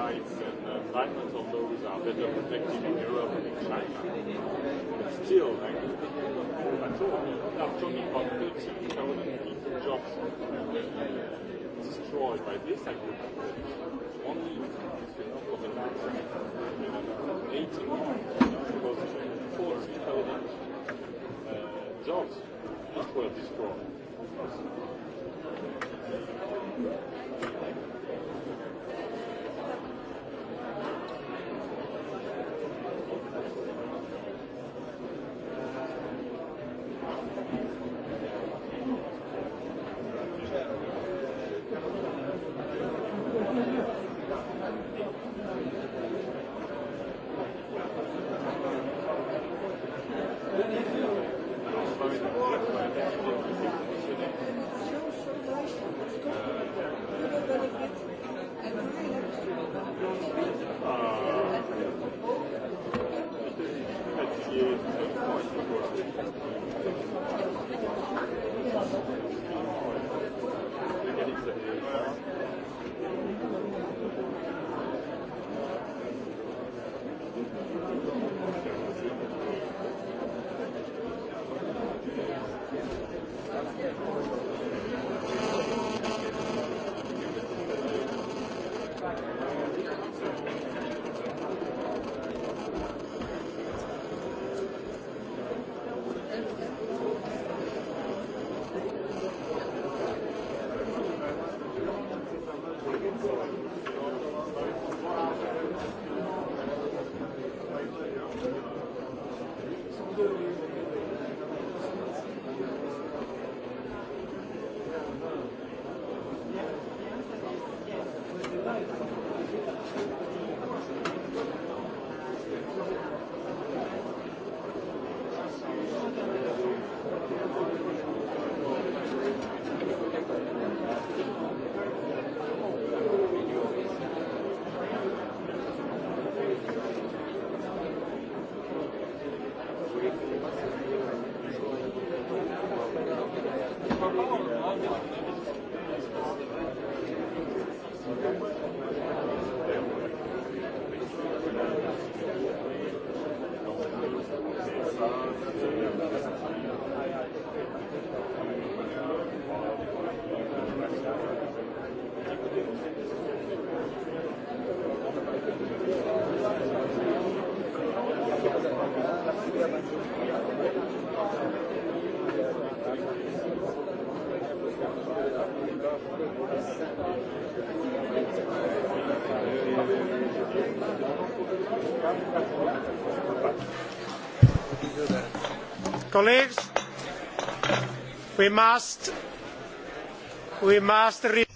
rights and fragments of those are better protected in Europe than in China. But still, I at all, I'm talking about 13,000 jobs destroyed by this agriculture. Only for the last 80 months, it was 40,000 jobs that were destroyed.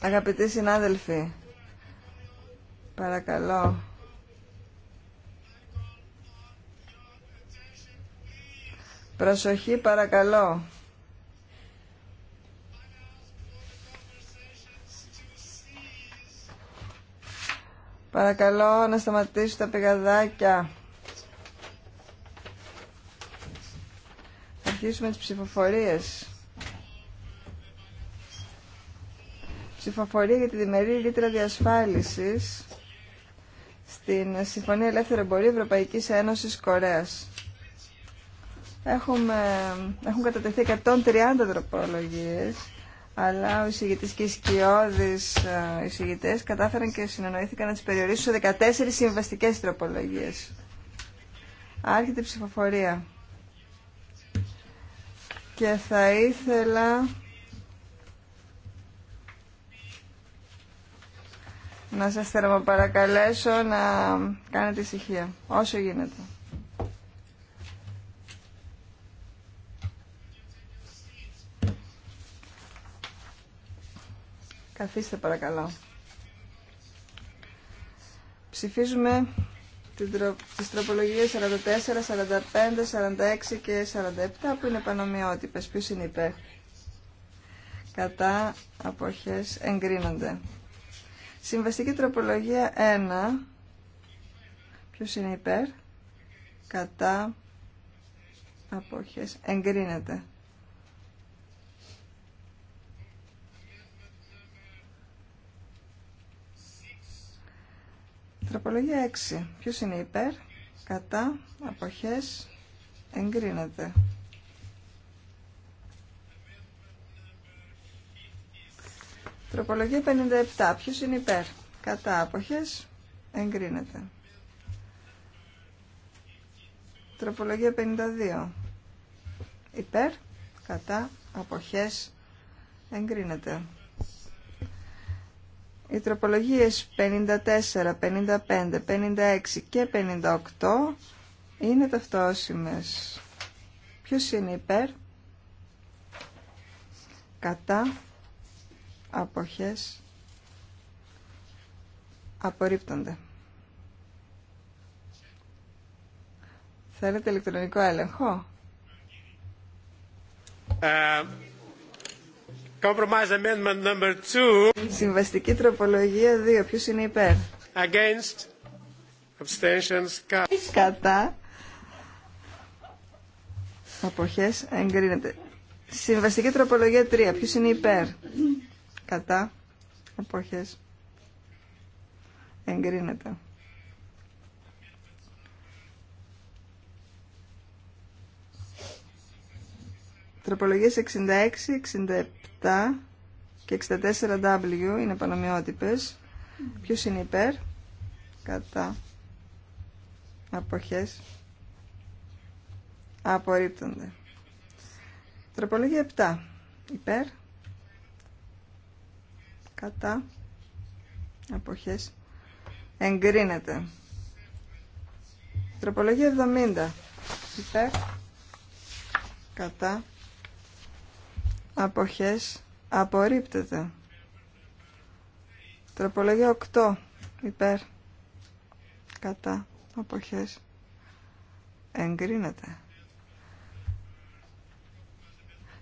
Αγαπητοί συνάδελφοι, παρακαλώ. Προσοχή παρακαλώ. Παρακαλώ να σταματήσω τα πηγαδάκια. αρχίσουμε τις ψηφοφορίες. Ψηφοφορία για τη δημερή ρήτρα διασφάλισης στην Συμφωνία Ελεύθερη Εμπορίου Ευρωπαϊκής Ένωσης Κορέας. Έχουμε, έχουν κατατεθεί 130 τροπολογίες, αλλά ο εισηγητής και οι σκιώδεις ε, εισηγητές κατάφεραν και συνεννοήθηκαν να τις περιορίσουν σε 14 συμβαστικές τροπολογίες. Άρχεται η ψηφοφορία και θα ήθελα να σας θερμοπαρακαλέσω να κάνετε ησυχία όσο γίνεται. Καθίστε παρακαλώ. Ψηφίζουμε τις τροπολογίες 44, 45, 46 και 47 που είναι πανομοιότυπες. Ποιος είναι υπέρ. Κατά αποχές εγκρίνονται. Συμβαστική τροπολογία 1. Ποιος είναι υπέρ. Κατά αποχές εγκρίνεται. Τροπολογία 6. Ποιος είναι υπέρ, κατά, αποχές, εγκρίνεται. Τροπολογία 57. Ποιος είναι υπέρ, κατά, αποχές, εγκρίνεται. Τροπολογία 52. Υπέρ, κατά, αποχές, εγκρίνεται. Οι τροπολογίες 54, 55, 56 και 58 είναι ταυτόσιμες. Ποιος είναι υπέρ, κατά, αποχές, απορρίπτονται. Θέλετε ηλεκτρονικό έλεγχο. Ε, Compromise amendment number two. Συμβαστική τροπολογία 2. Ποιος είναι υπέρ. Against. Abstentions. Κατά. Αποχές. Εγκρίνεται. Συμβαστική τροπολογία 3. Ποιος είναι υπέρ. Κατά. Αποχές. Εγκρίνεται. Τροπολογίες 66, 67 και 64W είναι πανομοιότυπες. Ποιος είναι υπέρ, κατά, αποχές, απορρίπτονται. Τροπολογία 7, υπέρ, κατά, αποχές, εγκρίνεται. Τροπολογία 70, υπέρ, κατά, αποχές απορρίπτεται. Τροπολογία 8 υπέρ κατά αποχές εγκρίνεται.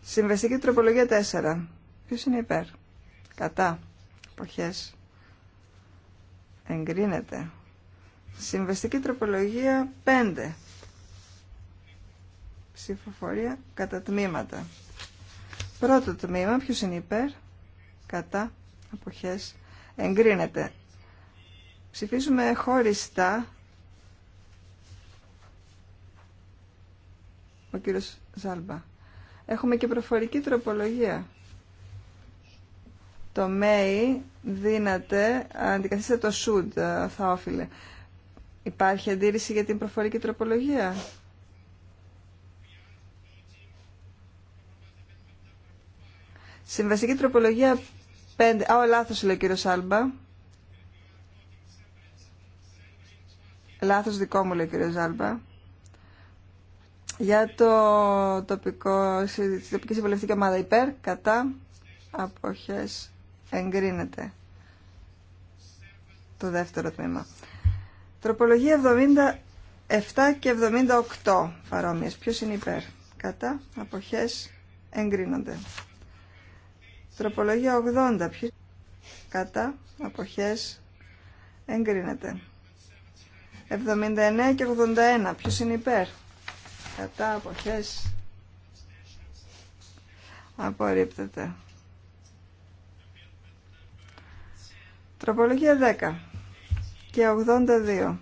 Συμβεστική τροπολογία 4. Ποιος είναι υπέρ. Κατά. Αποχές. Εγκρίνεται. Συμβεστική τροπολογία 5. Ψηφοφορία κατά τμήματα. Πρώτο τμήμα, ποιο είναι υπέρ, κατά, αποχές, εγκρίνεται. Ψηφίζουμε χωριστά. Ο κύριος Ζάλμπα. Έχουμε και προφορική τροπολογία. Το ΜΕΙ δύναται, αντικαθίστε το ΣΟΥΝΤ ε, θα όφιλε. Υπάρχει αντίρρηση για την προφορική τροπολογία. Συμβαστική τροπολογία 5. Α, ο λάθο λέει ο κύριο Άλμπα. Λάθος δικό μου λέει ο κύριο Άλμπα. Για το τοπικό, τη τοπική συμβουλευτική ομάδα υπέρ, κατά, αποχές, εγκρίνεται το δεύτερο τμήμα. Τροπολογία 77 και 78 παρόμοιε. Ποιος είναι υπέρ. Κατά, αποχές, εγκρίνονται. Τροπολογία 80. κατά αποχές εγκρίνεται. 79 και 81. Ποιος είναι υπέρ. Κατά αποχές απορρίπτεται. Τροπολογία 10 και 82.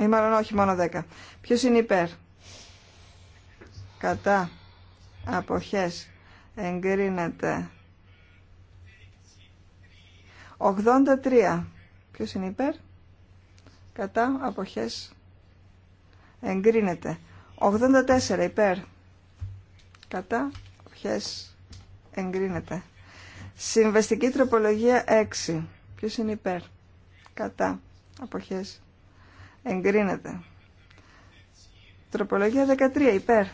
Ή μάλλον όχι μόνο 10. Ποιος είναι υπέρ. Κατά αποχές εγκρίνεται. 83. Ποιος είναι υπέρ? Κατά αποχές εγκρίνεται. 84 υπέρ. Κατά αποχές εγκρίνεται. Συμβαστική τροπολογία 6. Ποιος είναι υπέρ? Κατά αποχές εγκρίνεται. Τροπολογία 13 υπέρ.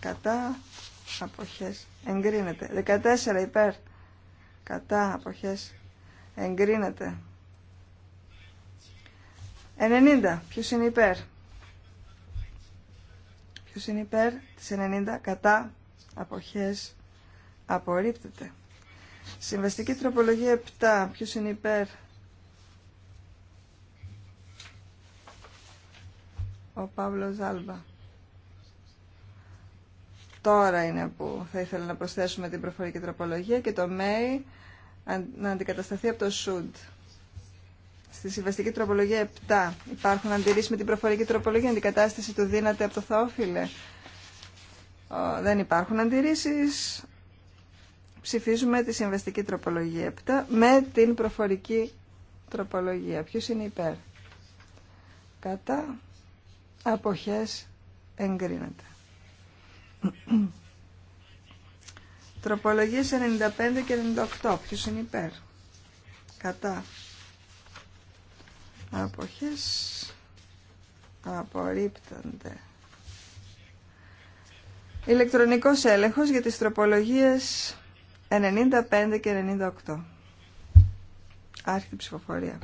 Κατά αποχές εγκρίνεται 14 υπέρ κατά αποχές εγκρίνεται 90 ποιος είναι υπέρ ποιος είναι υπέρ της 90 κατά αποχές απορρίπτεται συμβαστική τροπολογία 7 ποιος είναι υπέρ ο Παύλος Ζάλβα τώρα είναι που θα ήθελα να προσθέσουμε την προφορική τροπολογία και το May να αντικατασταθεί από το should. Στη συμβαστική τροπολογία 7 υπάρχουν αντιρρήσεις με την προφορική τροπολογία, αντικατάσταση του δύναται από το θαόφιλε. Δεν υπάρχουν αντιρρήσεις. Ψηφίζουμε τη συμβαστική τροπολογία 7 με την προφορική τροπολογία. Ποιο είναι υπέρ. Κατά αποχές εγκρίνεται. Τροπολογίες 95 και 98. Ποιος είναι υπέρ. Κατά. Αποχές. Απορρίπτονται. Ηλεκτρονικός έλεγχος για τις τροπολογίες 95 και 98. Άρχιτη ψηφοφορία.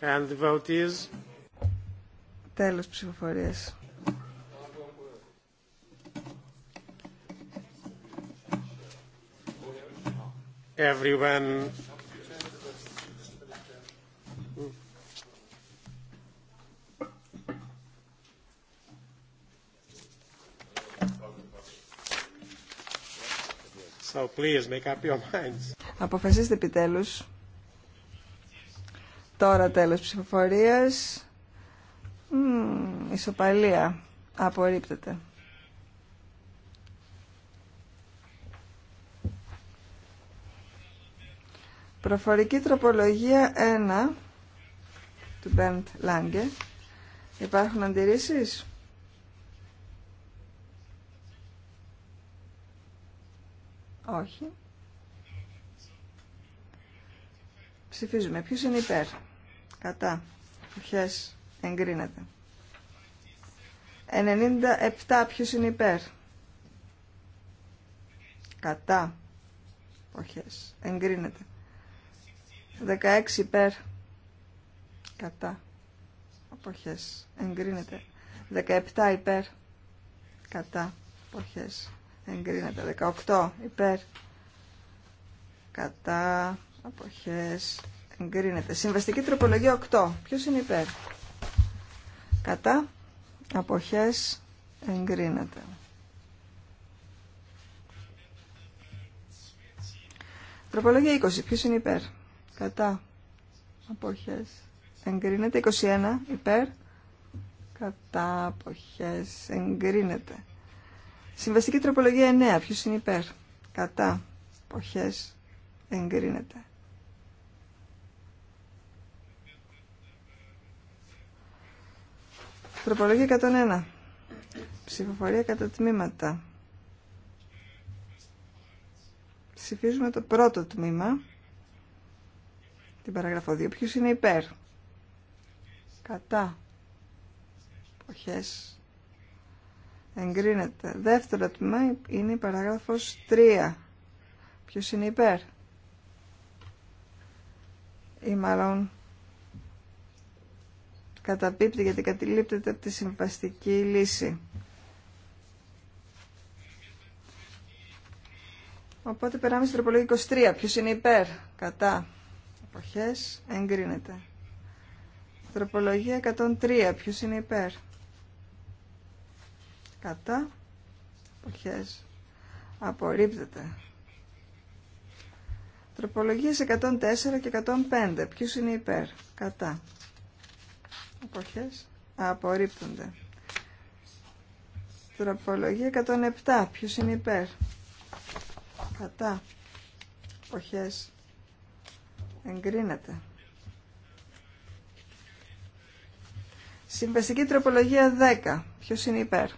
And the vote is... Τέλος ψηφοφορίας. Everyone. So please make up your minds. Αποφασίστε επιτέλους. Τώρα τέλος ψηφοφορίας. Μ, ισοπαλία. Απορρίπτεται. Προφορική τροπολογία 1 του Μπέντ Λάγκε. Υπάρχουν αντιρρήσεις? Όχι. Ψηφίζουμε. Ποιος είναι υπέρ. Κατά. Ποιες Εγκρίνεται. 97. ποιο είναι υπέρ. Κατά. όχι. Εγκρίνεται. 16 υπέρ. Κατά. Αποχές. Εγκρίνεται. 17 υπέρ. Κατά. Αποχές. Εγκρίνεται. 18 υπέρ. Κατά. Αποχές. Εγκρίνεται. Συμβαστική τροπολογία 8. Ποιος είναι υπέρ. Κατά αποχές εγκρίνεται. Τροπολογία 20. Ποιος είναι υπέρ. Κατά αποχές εγκρίνεται. 21 υπέρ. Κατά αποχές εγκρίνεται. Συμβαστική τροπολογία 9. Ποιος είναι υπέρ. Κατά αποχές εγκρίνεται. Τροπολογία 101. Ψηφοφορία κατά τμήματα. Ψηφίζουμε το πρώτο τμήμα. Την παραγραφό 2. Ποιος είναι υπέρ. Κατά. Ποχές. Εγκρίνεται. Δεύτερο τμήμα είναι η παράγραφος 3. Ποιος είναι υπέρ. Ή μάλλον καταπίπτει γιατί κατηλείπτεται από τη συμβαστική λύση. Οπότε περάμε στην τροπολογία 23. Ποιος είναι υπέρ, κατά, εποχές, εγκρίνεται. Τροπολογία 103. Ποιος είναι υπέρ, κατά, εποχές, απορρίπτεται. Τροπολογίες 104 και 105. Ποιος είναι υπέρ, κατά, Αποχές. Απορρίπτονται. Τροπολογία 107. Ποιος είναι υπέρ. Κατά. Αποχές. Εγκρίνεται. Συμβαστική τροπολογία 10. Ποιος είναι υπέρ.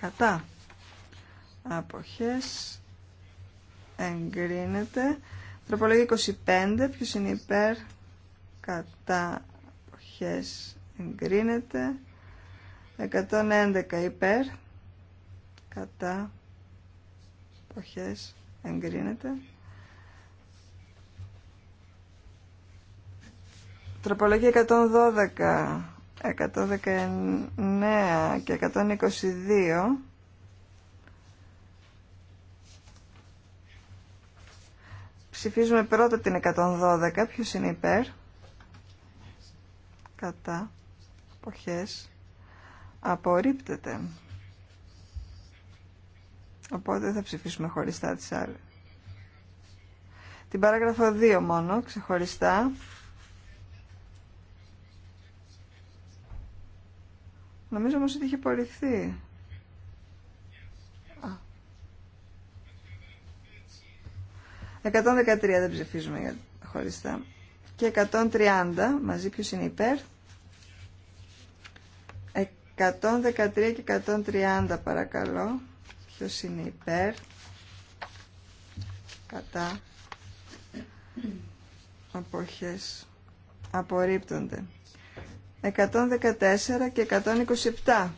Κατά. Αποχές. Εγκρίνεται. Τροπολογία 25. Ποιος είναι υπέρ κατά εποχές εγκρίνεται 111 υπέρ κατά εποχές εγκρίνεται Τροπολογία 112 119 και 122 ψηφίζουμε πρώτα την 112 ποιος είναι υπέρ κατά αποχές απορρίπτεται. Οπότε θα ψηφίσουμε χωριστά τις άλλες. Την παράγραφο 2 μόνο, ξεχωριστά. Νομίζω όμως ότι είχε απορριφθεί. Α. 113 δεν ψηφίζουμε για χωριστά και 130 μαζί ποιος είναι υπέρ 113 και 130 παρακαλώ ποιος είναι υπέρ κατά αποχές απορρίπτονται 114 και 127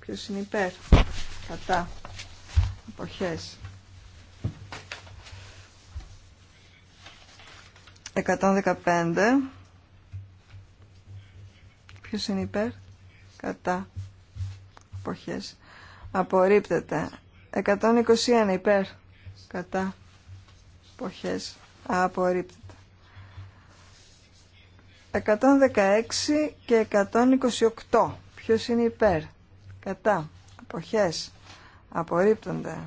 ποιος είναι υπέρ κατά αποχές 115. Ποιος είναι υπέρ. Κατά. Αποχές. Απορρίπτεται. 121 υπέρ. Κατά. Αποχές. Απορρίπτεται. 116 και 128. Ποιος είναι υπέρ. Κατά. Αποχές. Απορρίπτονται.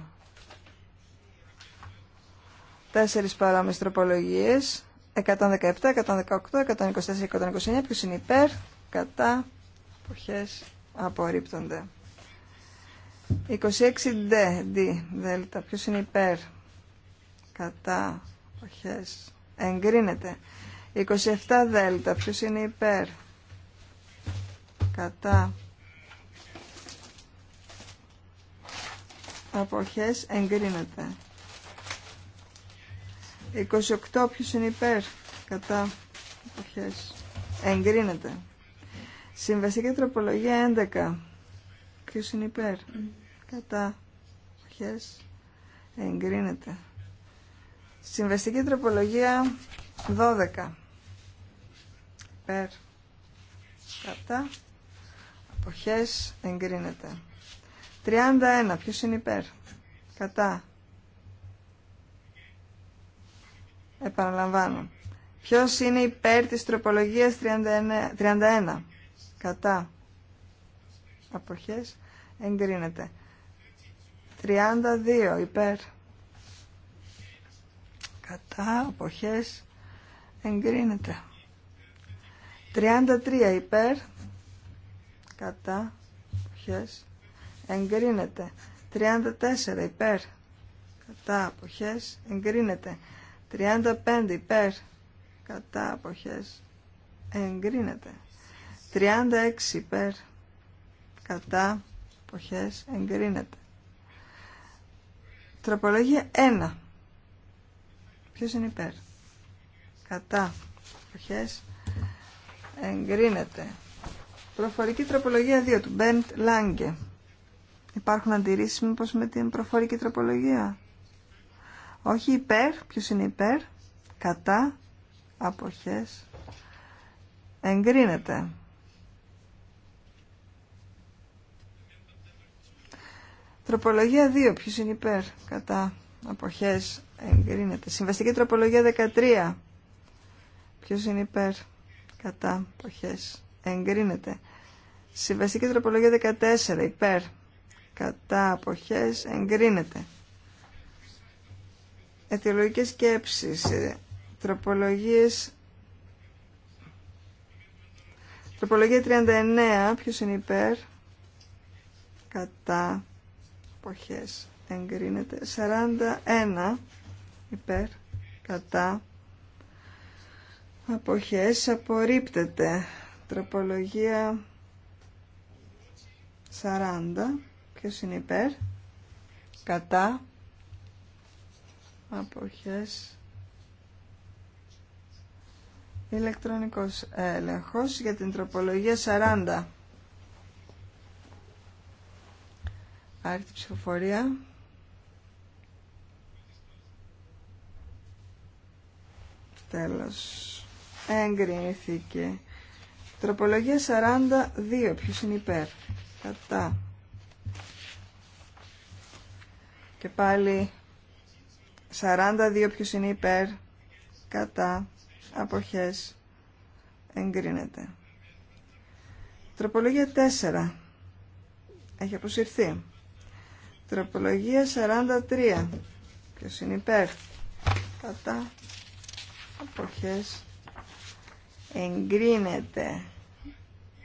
Τέσσερις παραμεστροπολογίες. 117, 118, 124, 129. Ποιος είναι υπέρ, κατά, αποχές, απορρίπτονται. 26D, D, δέλτα. Ποιος είναι υπέρ, κατά, αποχές, εγκρίνεται. 27 δ. Ποιος είναι υπέρ, κατά, αποχές, εγκρίνεται. 28 ποιος είναι υπέρ κατά εποχές εγκρίνεται συμβαστική τροπολογία 11 ποιος είναι υπέρ κατά εποχές εγκρίνεται συμβαστική τροπολογία 12 περ κατά αποχές εγκρίνεται 31 ποιος είναι υπέρ κατά Επαναλαμβάνω. Ποιο είναι υπέρ τη τροπολογία 31. Κατά. Αποχέ. Εγκρίνεται. 32 υπέρ. Κατά. απόχέ. Εγκρίνεται. 33 υπέρ. Κατά. Αποχές. Εγκρίνεται. 34 υπέρ. Κατά. αποχέ, Εγκρίνεται. 35 υπέρ κατά αποχές εγκρίνεται 36 υπέρ κατά αποχές εγκρίνεται τροπολογία 1 ποιος είναι υπέρ κατά αποχές εγκρίνεται προφορική τροπολογία 2 του Μπέντ Λάγκε υπάρχουν αντιρρήσεις μήπως με την προφορική τροπολογία όχι υπέρ. Ποιος είναι υπέρ. Κατά. Αποχές. Εγκρίνεται. Τροπολογία 2. Ποιος είναι υπέρ. Κατά. Αποχές. Εγκρίνεται. Συμβαστική τροπολογία 13. Ποιος είναι υπέρ. Κατά. Αποχές. Εγκρίνεται. Συμβαστική τροπολογία 14. Υπέρ. Κατά. Αποχές. Εγκρίνεται αιτιολογικές σκέψεις, ε, τροπολογίες... Τροπολογία 39, ποιος είναι υπέρ, κατά, εποχές, εγκρίνεται. 41, υπέρ, κατά, αποχές, απορρίπτεται. Τροπολογία 40, ποιος είναι υπέρ, κατά, αποχές ηλεκτρονικός έλεγχος για την τροπολογία 40 άρτη ψηφοφορία τέλος εγκρινήθηκε τροπολογία 42 ποιος είναι υπέρ κατά και πάλι 42 ποιος είναι υπέρ, κατά, αποχές, εγκρίνεται. Τροπολογία 4. Έχει αποσυρθεί. Τροπολογία 43. Ποιος είναι υπέρ, κατά, αποχές, εγκρίνεται.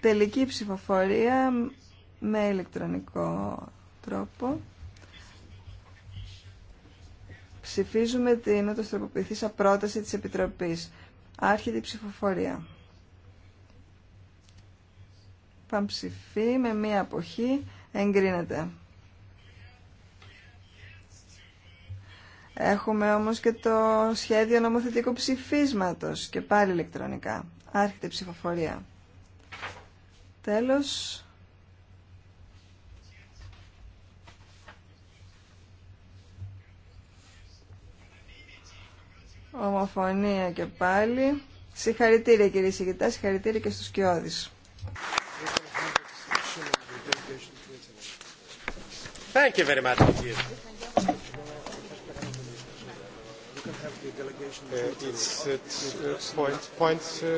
Τελική ψηφοφορία με ηλεκτρονικό τρόπο. Ψηφίζουμε την ούτως τροποποιηθήσα πρόταση της Επιτροπής. Άρχεται η ψηφοφορία. Πανψηφί με μία αποχή εγκρίνεται. Έχουμε όμως και το σχέδιο νομοθετικού ψηφίσματος και πάλι ηλεκτρονικά. Άρχεται η ψηφοφορία. Τέλος. Ομοφωνία και πάλι. Συγχαρητήρια κύριε Σιγητά, συγχαρητήρια και στους Κιώδης. Thank you very much. Uh, it's uh, point, point uh, uh,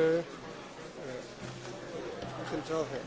you can tell her.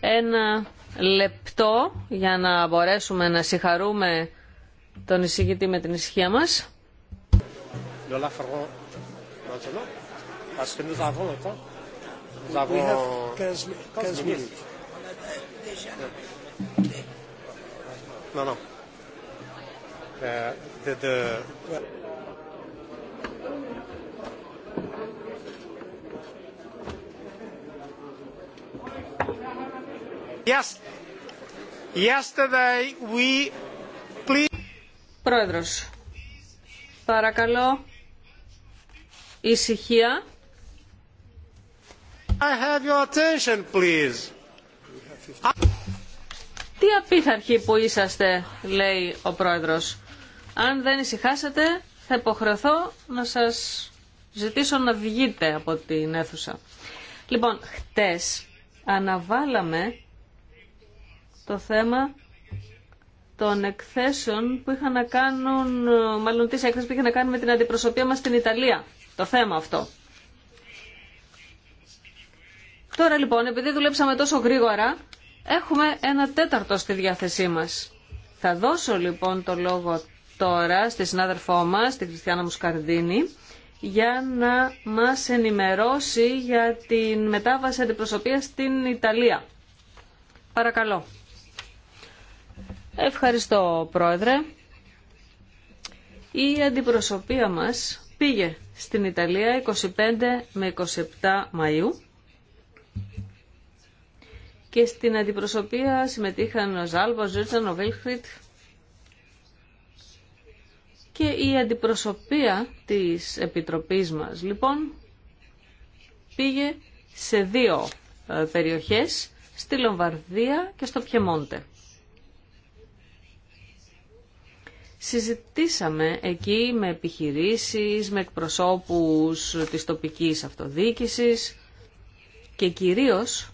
Ένα λεπτό για να μπορέσουμε να συγχαρούμε τον εισηγητή με την ησυχία μας. de, de... Yes. Yesterday we... Please... Πρόεδρος, παρακαλώ ησυχία. I have your attention, please. Τι απίθαρχοι που είσαστε, λέει ο πρόεδρος. Αν δεν ησυχάσετε, θα υποχρεωθώ να σας ζητήσω να βγείτε από την αίθουσα. Λοιπόν, χτες αναβάλαμε το θέμα των εκθέσεων που είχαν να κάνουν, μάλλον τις εκθέσεις που είχαν να κάνουν με την αντιπροσωπεία μας στην Ιταλία. Το θέμα αυτό. Τώρα λοιπόν, επειδή δουλέψαμε τόσο γρήγορα, έχουμε ένα τέταρτο στη διάθεσή μας. Θα δώσω λοιπόν το λόγο τώρα στη συνάδελφό μας, τη Χριστιάνα Μουσκαρδίνη, για να μας ενημερώσει για την μετάβαση αντιπροσωπείας στην Ιταλία. Παρακαλώ. Ευχαριστώ, Πρόεδρε. Η αντιπροσωπεία μας πήγε στην Ιταλία 25 με 27 Μαΐου και στην αντιπροσωπεία συμμετείχαν ο Ζάλβα, ο Ζούτσαν, ο Βίλχριτ και η αντιπροσωπεία της Επιτροπής μας λοιπόν πήγε σε δύο ε, περιοχές στη Λομβαρδία και στο Πιεμόντε. Συζητήσαμε εκεί με επιχειρήσεις, με εκπροσώπους της τοπικής αυτοδιοίκησης και κυρίως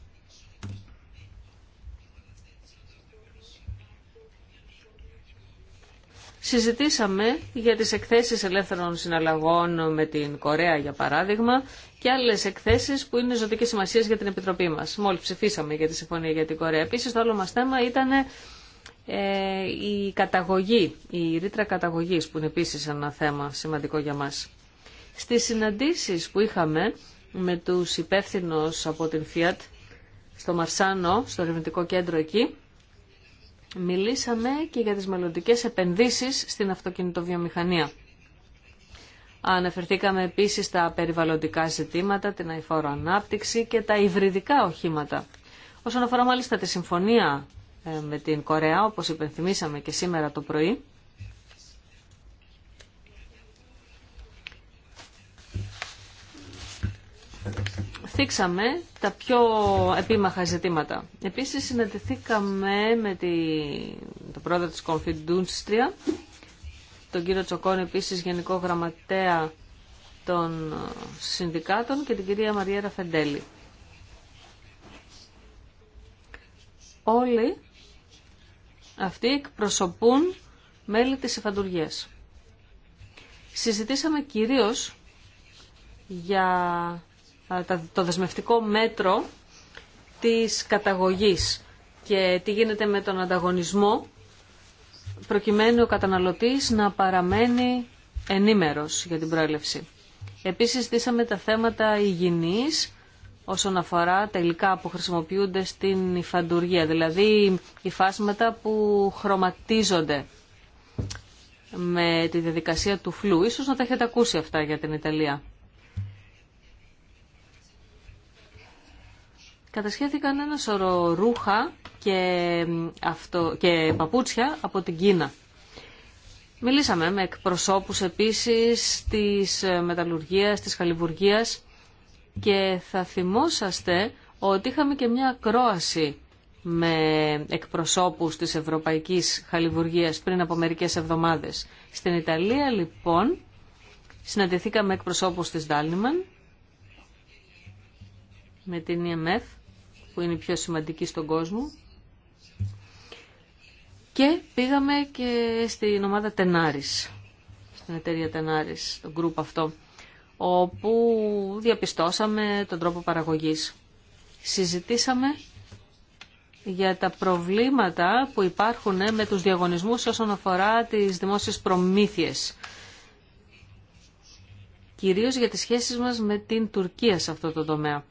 συζητήσαμε για τις εκθέσεις ελεύθερων συναλλαγών με την Κορέα για παράδειγμα και άλλες εκθέσεις που είναι ζωτική σημασίας για την Επιτροπή μας. Μόλις ψηφίσαμε για τη Συμφωνία για την Κορέα. Επίσης το άλλο μας θέμα ήταν ε, η καταγωγή, η ρήτρα καταγωγής που είναι επίσης ένα θέμα σημαντικό για μας. Στις συναντήσεις που είχαμε με τους υπεύθυνου από την Fiat στο Μαρσάνο, στο ερευνητικό κέντρο εκεί, μιλήσαμε και για τις μελλοντικές επενδύσεις στην αυτοκινητοβιομηχανία. Αναφερθήκαμε επίσης στα περιβαλλοντικά ζητήματα, την αηφόρο ανάπτυξη και τα υβριδικά οχήματα. Όσον αφορά μάλιστα τη συμφωνία ε, με την Κορέα, όπως υπενθυμίσαμε και σήμερα το πρωί. θίξαμε τα πιο επίμαχα ζητήματα. Επίσης συναντηθήκαμε με τη, το πρόεδρο της Κομφιντούνστρια, τον κύριο Τσοκόν επίσης Γενικό Γραμματέα των Συνδικάτων και την κυρία Μαριέρα Φεντέλη. Όλοι αυτοί εκπροσωπούν μέλη της εφαντουργίας. Συζητήσαμε κυρίως για το δεσμευτικό μέτρο της καταγωγής και τι γίνεται με τον ανταγωνισμό προκειμένου ο καταναλωτής να παραμένει ενήμερος για την προέλευση. Επίσης, στήσαμε τα θέματα υγιεινής όσον αφορά τα υλικά που χρησιμοποιούνται στην υφαντουργία, δηλαδή υφάσματα που χρωματίζονται με τη διαδικασία του φλού. Ίσως να τα έχετε ακούσει αυτά για την Ιταλία. Κατασχέθηκαν ένα σωρό ρούχα και, αυτό, και παπούτσια από την Κίνα. Μιλήσαμε με εκπροσώπους επίσης της μεταλλουργίας, της χαλιβουργίας και θα θυμόσαστε ότι είχαμε και μια ακρόαση με εκπροσώπους της Ευρωπαϊκής Χαλιβουργίας πριν από μερικές εβδομάδες. Στην Ιταλία λοιπόν συναντηθήκαμε εκπροσώπους της Ντάλνιμαν, με την EMF που είναι η πιο σημαντική στον κόσμο και πήγαμε και στην ομάδα Τενάρης, στην εταιρεία Τενάρης, τον γκρουπ αυτό όπου διαπιστώσαμε τον τρόπο παραγωγής. Συζητήσαμε για τα προβλήματα που υπάρχουν με τους διαγωνισμούς όσον αφορά τις δημόσιες προμήθειες. Κυρίως για τις σχέσεις μας με την Τουρκία σε αυτό το τομέα.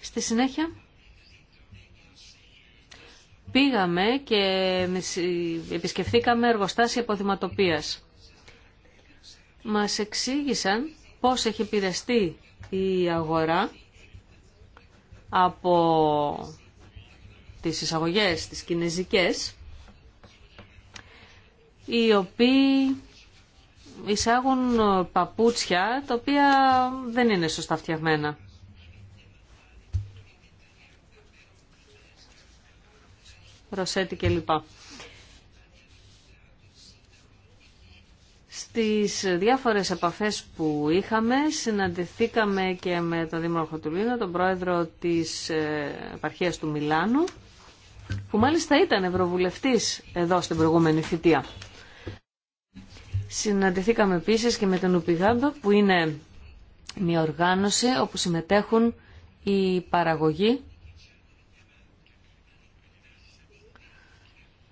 Στη συνέχεια πήγαμε και επισκεφθήκαμε εργοστάσια αποδηματοποίησης μας εξήγησαν πώς έχει επηρεαστεί η αγορά από τις εισαγωγές, τις κινέζικες, οι οποίοι εισάγουν παπούτσια τα οποία δεν είναι σωστά φτιαγμένα. Ρωσέτη κλπ. τις διάφορες επαφές που είχαμε συναντηθήκαμε και με τον Δήμαρχο του Λίνα, τον πρόεδρο της ε, επαρχίας του Μιλάνου, που μάλιστα ήταν ευρωβουλευτής εδώ στην προηγούμενη θητεία. Συναντηθήκαμε επίσης και με τον Ουπιγάντο, που είναι μια οργάνωση όπου συμμετέχουν οι παραγωγοί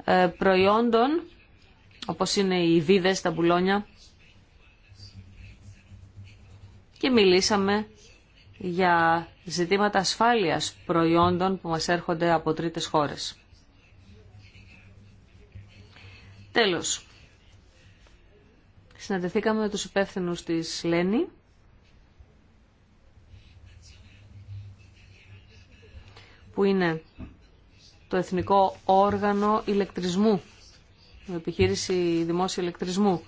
ε, προϊόντων όπως είναι οι βίδες, τα μπουλόνια και μιλήσαμε για ζητήματα ασφάλειας προϊόντων που μας έρχονται από τρίτες χώρες. Τέλος, συναντηθήκαμε με τους υπεύθυνους της Λένη που είναι το Εθνικό Όργανο Ηλεκτρισμού, η επιχείρηση δημόσιου ηλεκτρισμού.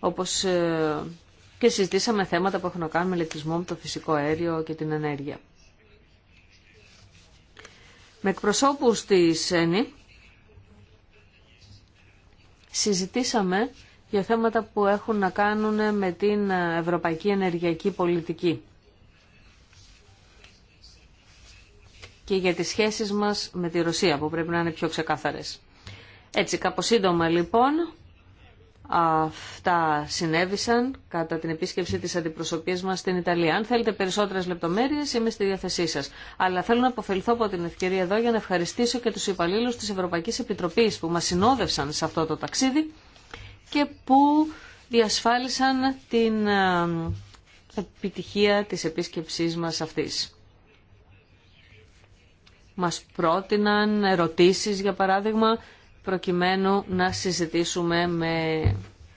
Όπως ε, και συζητήσαμε θέματα που έχουν να κάνουν με ηλεκτρισμό, με το φυσικό αέριο και την ενέργεια. Με εκπροσώπους της ΕΝΗ συζητήσαμε για θέματα που έχουν να κάνουν με την ευρωπαϊκή ενεργειακή πολιτική και για τις σχέσεις μας με τη Ρωσία που πρέπει να είναι πιο ξεκάθαρες. Έτσι κάπως σύντομα λοιπόν Αυτά συνέβησαν κατά την επίσκεψη της αντιπροσωπείας μας στην Ιταλία. Αν θέλετε περισσότερες λεπτομέρειες είμαι στη διάθεσή σας. Αλλά θέλω να αποφελθώ από την ευκαιρία εδώ για να ευχαριστήσω και τους υπαλλήλους της Ευρωπαϊκής Επιτροπής που μας συνόδευσαν σε αυτό το ταξίδι και που διασφάλισαν την ε, επιτυχία της επίσκεψής μας αυτής. Μας πρότειναν ερωτήσεις για παράδειγμα προκειμένου να συζητήσουμε με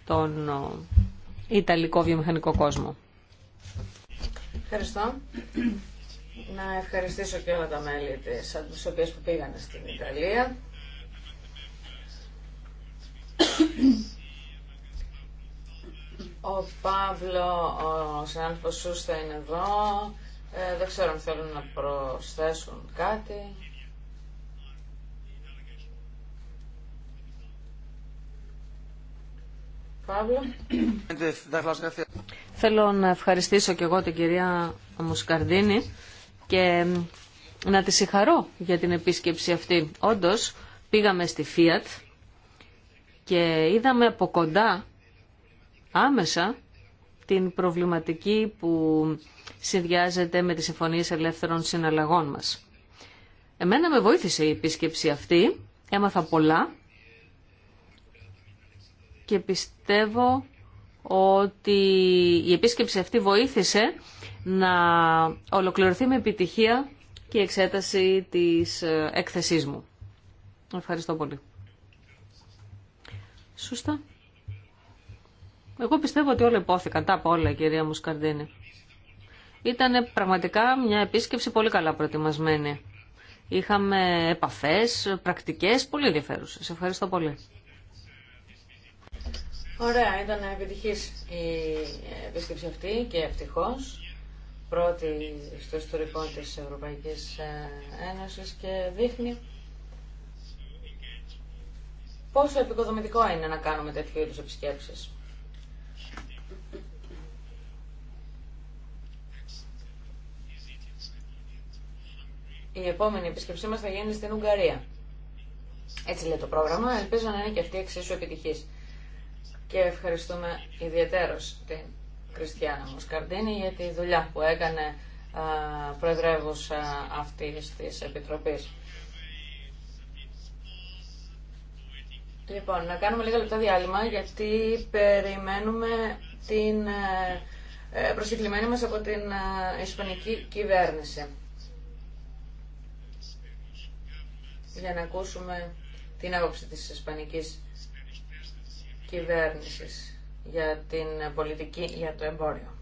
τον Ιταλικό βιομηχανικό κόσμο. Ευχαριστώ. Να ευχαριστήσω και όλα τα μέλη της, από που πήγαν στην Ιταλία. Ο Παύλο, ο συνάδελφος Σούστα είναι εδώ. Ε, δεν ξέρω αν θέλουν να προσθέσουν κάτι. Θέλω να ευχαριστήσω και εγώ την κυρία Μουσκαρδίνη και να τη συγχαρώ για την επίσκεψη αυτή. Όντως, πήγαμε στη Fiat και είδαμε από κοντά άμεσα την προβληματική που συνδυάζεται με τις συμφωνίες ελεύθερων συναλλαγών μας. Εμένα με βοήθησε η επίσκεψη αυτή, έμαθα πολλά και πιστεύω ότι η επίσκεψη αυτή βοήθησε να ολοκληρωθεί με επιτυχία και η εξέταση της ε, έκθεσής μου. Ευχαριστώ πολύ. Σωστά. Εγώ πιστεύω ότι όλα υπόθηκαν. Τα από όλα, κυρία Μουσκαρδίνη. Ήταν πραγματικά μια επίσκεψη πολύ καλά προετοιμασμένη. Είχαμε επαφές, πρακτικές, πολύ ενδιαφέρουσες. Ευχαριστώ πολύ. Ωραία, ήταν επιτυχής η επίσκεψη αυτή και ευτυχώ, πρώτη στο ιστορικό τη Ευρωπαϊκής ε, Ένωση και δείχνει πόσο επικοδομητικό είναι να κάνουμε τέτοιου είδου επισκέψει. Η επόμενη επίσκεψή μας θα γίνει στην Ουγγαρία. Έτσι λέει το πρόγραμμα, ελπίζω να είναι και αυτή εξίσου επιτυχής και ευχαριστούμε ιδιαίτερως την Κριστιάνα Μοσκαρντίνη για τη δουλειά που έκανε προεδρεύουσα αυτή της επιτροπή. Λοιπόν, να κάνουμε λίγα λεπτά διάλειμμα γιατί περιμένουμε την ε, ε, προσκεκλημένη μας από την ε, Ισπανική κυβέρνηση. Για να ακούσουμε την άποψη της Ισπανικής κυβέρνησης για την πολιτική για το εμπόριο.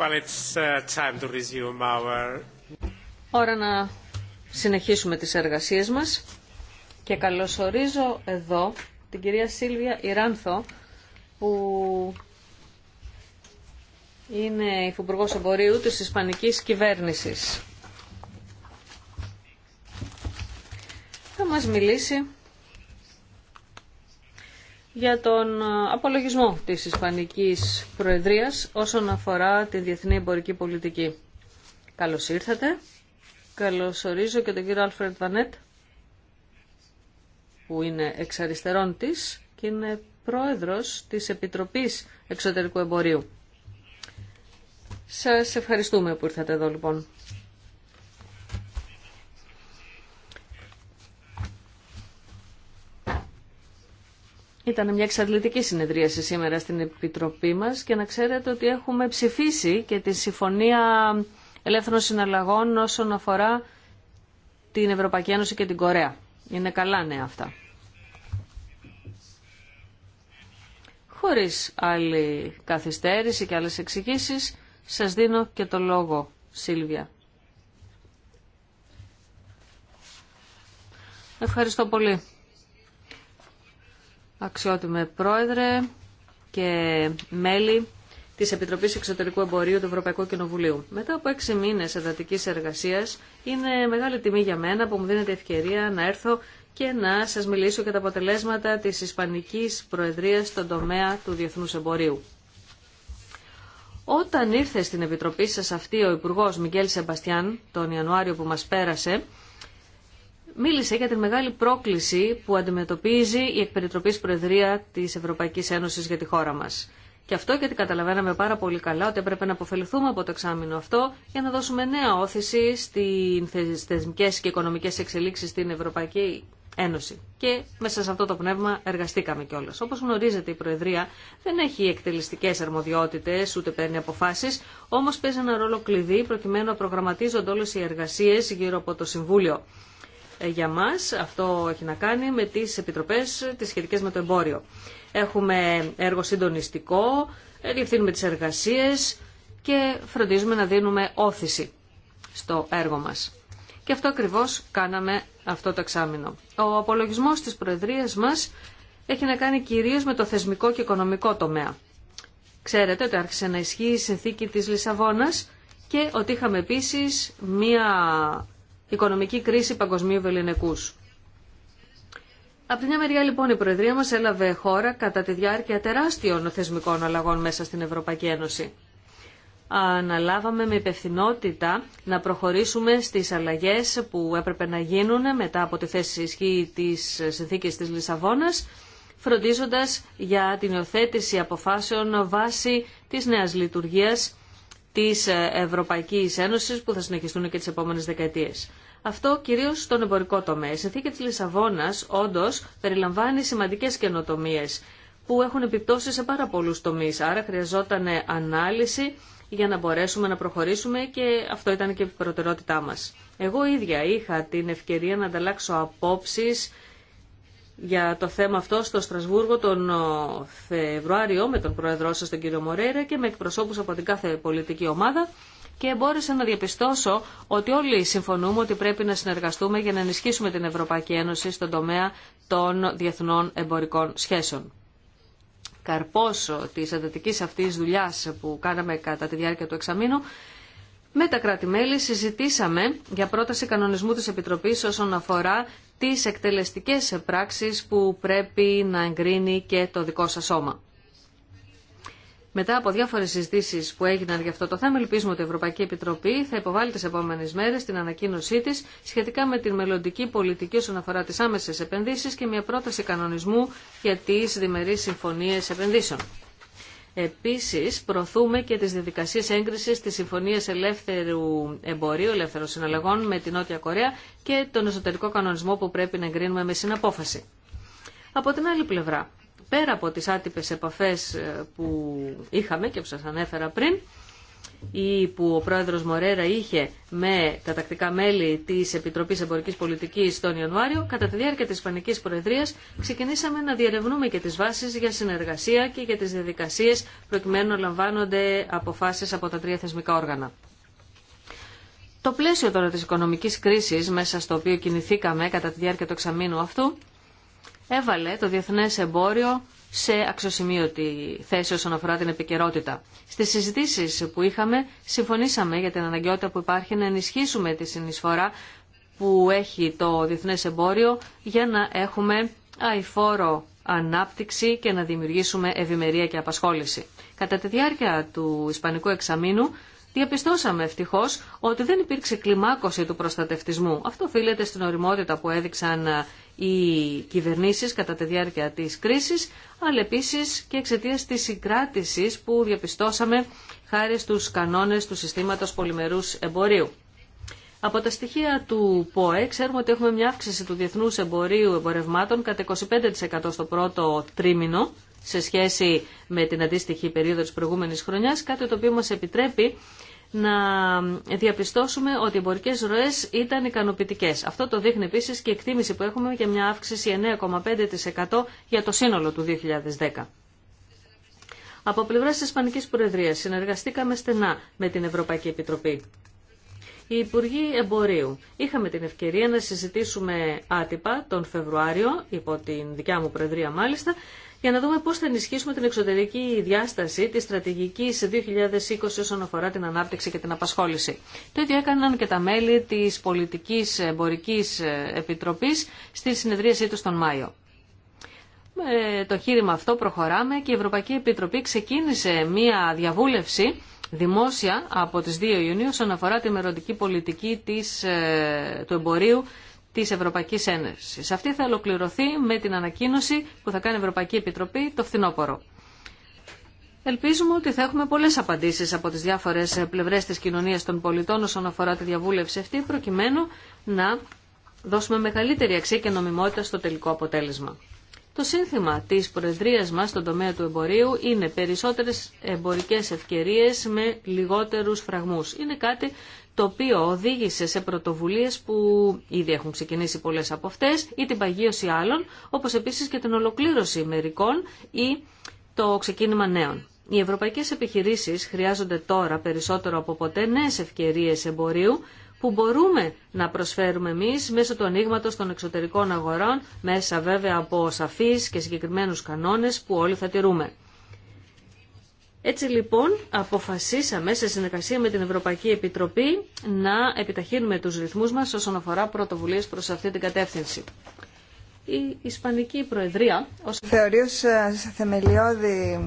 Well, uh, Ώρα να συνεχίσουμε τις εργασίες μας και καλωσορίζω εδώ την κυρία Σίλβια Ιράνθο που είναι υφυπουργό εμπορίου της Ισπανικής κυβέρνησης. Θα μας μιλήσει για τον ε, απολογισμό της Ισπανικής Προεδρίας όσον αφορά τη διεθνή εμπορική πολιτική. Καλώς ήρθατε. Καλώς ορίζω και τον κύριο Άλφρεντ Βανέτ που είναι εξ αριστερών της και είναι πρόεδρος της Επιτροπής Εξωτερικού Εμπορίου. Σας ευχαριστούμε που ήρθατε εδώ λοιπόν. Ήταν μια εξαντλητική συνεδρίαση σήμερα στην Επιτροπή μας και να ξέρετε ότι έχουμε ψηφίσει και τη Συμφωνία Ελεύθερων Συναλλαγών όσον αφορά την Ευρωπαϊκή Ένωση και την Κορέα. Είναι καλά νέα αυτά. Χωρίς άλλη καθυστέρηση και άλλες εξηγήσεις, σας δίνω και το λόγο, Σίλβια. Ευχαριστώ πολύ αξιότιμε πρόεδρε και μέλη τη Επιτροπή Εξωτερικού Εμπορίου του Ευρωπαϊκού Κοινοβουλίου. Μετά από έξι μήνε εντατική εργασία, είναι μεγάλη τιμή για μένα που μου δίνεται ευκαιρία να έρθω και να σα μιλήσω για τα αποτελέσματα τη Ισπανική Προεδρία στον τομέα του Διεθνού Εμπορίου. Όταν ήρθε στην Επιτροπή σα αυτή ο υπουργό Μιγγέλ Σεμπαστιάν τον Ιανουάριο που μα πέρασε, μίλησε για τη μεγάλη πρόκληση που αντιμετωπίζει η εκπεριτροπής Προεδρία της Ευρωπαϊκής Ένωσης για τη χώρα μας. Και αυτό γιατί καταλαβαίναμε πάρα πολύ καλά ότι έπρεπε να αποφεληθούμε από το εξάμεινο αυτό για να δώσουμε νέα όθηση στις θεσμικές και οικονομικές εξελίξεις στην Ευρωπαϊκή Ένωση. Και μέσα σε αυτό το πνεύμα εργαστήκαμε κιόλα. Όπω γνωρίζετε, η Προεδρία δεν έχει εκτελεστικέ αρμοδιότητε, ούτε παίρνει αποφάσει, όμω παίζει ένα ρόλο κλειδί προκειμένου να προγραμματίζονται όλε οι εργασίε γύρω από το Συμβούλιο για μας. Αυτό έχει να κάνει με τις επιτροπές, τις σχετικές με το εμπόριο. Έχουμε έργο συντονιστικό, ε, διευθύνουμε τις εργασίες και φροντίζουμε να δίνουμε όθηση στο έργο μας. Και αυτό ακριβώς κάναμε αυτό το εξάμεινο. Ο απολογισμός της Προεδρίας μας έχει να κάνει κυρίως με το θεσμικό και οικονομικό τομέα. Ξέρετε ότι άρχισε να ισχύει η συνθήκη της Λισαβόνας και ότι είχαμε επίσης μία οικονομική κρίση παγκοσμίου ελληνικού. Από τη μια μεριά λοιπόν η Προεδρία μας έλαβε χώρα κατά τη διάρκεια τεράστιων θεσμικών αλλαγών μέσα στην Ευρωπαϊκή Ένωση. Αναλάβαμε με υπευθυνότητα να προχωρήσουμε στις αλλαγές που έπρεπε να γίνουν μετά από τη θέση ισχύ της συνθήκης της Λισαβόνας, φροντίζοντας για την υιοθέτηση αποφάσεων βάσει της νέας λειτουργίας της Ευρωπαϊκής Ένωσης που θα συνεχιστούν και τις επόμενες δεκαετίες. Αυτό κυρίως στον εμπορικό τομέα. Η συνθήκη της Λισαβόνας όντως περιλαμβάνει σημαντικές καινοτομίες που έχουν επιπτώσει σε πάρα πολλούς τομείς. Άρα χρειαζόταν ανάλυση για να μπορέσουμε να προχωρήσουμε και αυτό ήταν και η προτεραιότητά μας. Εγώ ίδια είχα την ευκαιρία να ανταλλάξω απόψεις για το θέμα αυτό στο Στρασβούργο τον ε, Φεβρουάριο με τον Πρόεδρό σας τον κύριο Μορέιρα και με εκπροσώπους από την κάθε πολιτική ομάδα και μπόρεσα να διαπιστώσω ότι όλοι συμφωνούμε ότι πρέπει να συνεργαστούμε για να ενισχύσουμε την Ευρωπαϊκή Ένωση στον τομέα των διεθνών εμπορικών σχέσεων. Καρπός της εντατικής αυτής δουλειάς που κάναμε κατά τη διάρκεια του εξαμήνου με τα κράτη-μέλη συζητήσαμε για πρόταση κανονισμού της Επιτροπής όσον αφορά τις εκτελεστικές πράξεις που πρέπει να εγκρίνει και το δικό σας σώμα. Μετά από διάφορε συζητήσει που έγιναν για αυτό το θέμα, ελπίζουμε ότι η Ευρωπαϊκή Επιτροπή θα υποβάλει τι επόμενε μέρε την ανακοίνωσή τη σχετικά με την μελλοντική πολιτική όσον αφορά τι άμεσε επενδύσει και μια πρόταση κανονισμού για τι διμερεί συμφωνίε επενδύσεων. Επίσης, προωθούμε και τις διαδικασίες έγκρισης της Συμφωνίας Ελεύθερου Εμπορίου, Ελεύθερων Συναλλαγών με την Νότια Κορέα και τον εσωτερικό κανονισμό που πρέπει να εγκρίνουμε με συναπόφαση. Από την άλλη πλευρά, πέρα από τις άτυπες επαφές ε, που είχαμε και που σας ανέφερα πριν, ή που ο πρόεδρος Μορέρα είχε με τα τακτικά μέλη της Επιτροπής Εμπορικής Πολιτικής τον Ιανουάριο, κατά τη διάρκεια της Ισπανικής Προεδρίας ξεκινήσαμε να διερευνούμε και τις βάσεις για συνεργασία και για τις διαδικασίες προκειμένου να λαμβάνονται αποφάσεις από τα τρία θεσμικά όργανα. Το πλαίσιο τώρα της οικονομικής κρίσης μέσα στο οποίο κινηθήκαμε κατά τη διάρκεια του εξαμήνου αυτού έβαλε το διεθνές εμπόριο σε αξιοσημείωτη θέση όσον αφορά την επικαιρότητα. Στις συζητήσεις που είχαμε συμφωνήσαμε για την αναγκαιότητα που υπάρχει να ενισχύσουμε τη συνεισφορά που έχει το διεθνέ εμπόριο για να έχουμε αηφόρο ανάπτυξη και να δημιουργήσουμε ευημερία και απασχόληση. Κατά τη διάρκεια του Ισπανικού εξαμήνου Διαπιστώσαμε ευτυχώ ότι δεν υπήρξε κλιμάκωση του προστατευτισμού. Αυτό οφείλεται στην οριμότητα που έδειξαν ε, οι κυβερνήσει κατά τη διάρκεια τη κρίση, αλλά επίση και εξαιτία τη συγκράτηση που διαπιστώσαμε χάρη στου κανόνε του συστήματο πολυμερού εμπορίου. Από τα στοιχεία του ΠΟΕ ξέρουμε ότι έχουμε μια αύξηση του διεθνούς εμπορίου εμπορευμάτων κατά 25% στο πρώτο τρίμηνο σε σχέση με την αντίστοιχη περίοδο της προηγούμενης χρονιάς, κάτι το οποίο μας επιτρέπει να διαπιστώσουμε ότι οι εμπορικέ ροέ ήταν ικανοποιητικέ. Αυτό το δείχνει επίση και η εκτίμηση που έχουμε για μια αύξηση 9,5% για το σύνολο του 2010. Από πλευρά τη ισπανική προεδρία συνεργαστήκαμε στενά με την Ευρωπαϊκή Επιτροπή. Οι Υπουργοί Εμπορίου. Είχαμε την ευκαιρία να συζητήσουμε άτυπα τον Φεβρουάριο, υπό την δικιά μου Προεδρία μάλιστα, για να δούμε πώς θα ενισχύσουμε την εξωτερική διάσταση της στρατηγικής 2020 όσον αφορά την ανάπτυξη και την απασχόληση. Το ίδιο έκαναν και τα μέλη της Πολιτικής Εμπορικής Επιτροπής στη συνεδρίασή του τον Μάιο. Με το χείρημα αυτό προχωράμε και η Ευρωπαϊκή Επιτροπή ξεκίνησε μία διαβούλευση δημόσια από τις 2 Ιουνίου όσον αφορά τη μεροντική πολιτική της, ε, του εμπορίου της Ευρωπαϊκής Ένωση. Αυτή θα ολοκληρωθεί με την ανακοίνωση που θα κάνει η Ευρωπαϊκή Επιτροπή το φθινόπωρο. Ελπίζουμε ότι θα έχουμε πολλές απαντήσεις από τις διάφορες πλευρέ της κοινωνίας των πολιτών όσον αφορά τη διαβούλευση αυτή, προκειμένου να δώσουμε μεγαλύτερη αξία και νομιμότητα στο τελικό αποτέλεσμα. Το σύνθημα τη Προεδρίας μα στον τομέα του εμπορίου είναι περισσότερε εμπορικέ ευκαιρίε με λιγότερου φραγμού. Είναι κάτι το οποίο οδήγησε σε πρωτοβουλίες που ήδη έχουν ξεκινήσει πολλές από αυτές ή την παγίωση άλλων, όπως επίσης και την ολοκλήρωση μερικών ή το ξεκίνημα νέων. Οι ευρωπαϊκές επιχειρήσεις χρειάζονται τώρα περισσότερο από ποτέ νέες ευκαιρίες εμπορίου που μπορούμε να προσφέρουμε εμείς μέσω του ανοίγματο των εξωτερικών αγορών, μέσα βέβαια από σαφείς και συγκεκριμένους κανόνες που όλοι θα τηρούμε. Έτσι λοιπόν αποφασίσαμε σε συνεργασία με την Ευρωπαϊκή Επιτροπή να επιταχύνουμε τους ρυθμούς μας όσον αφορά πρωτοβουλίες προς αυτή την κατεύθυνση. Η Ισπανική Προεδρία... Ως... Θεωρεί ως ε, θεμελιώδη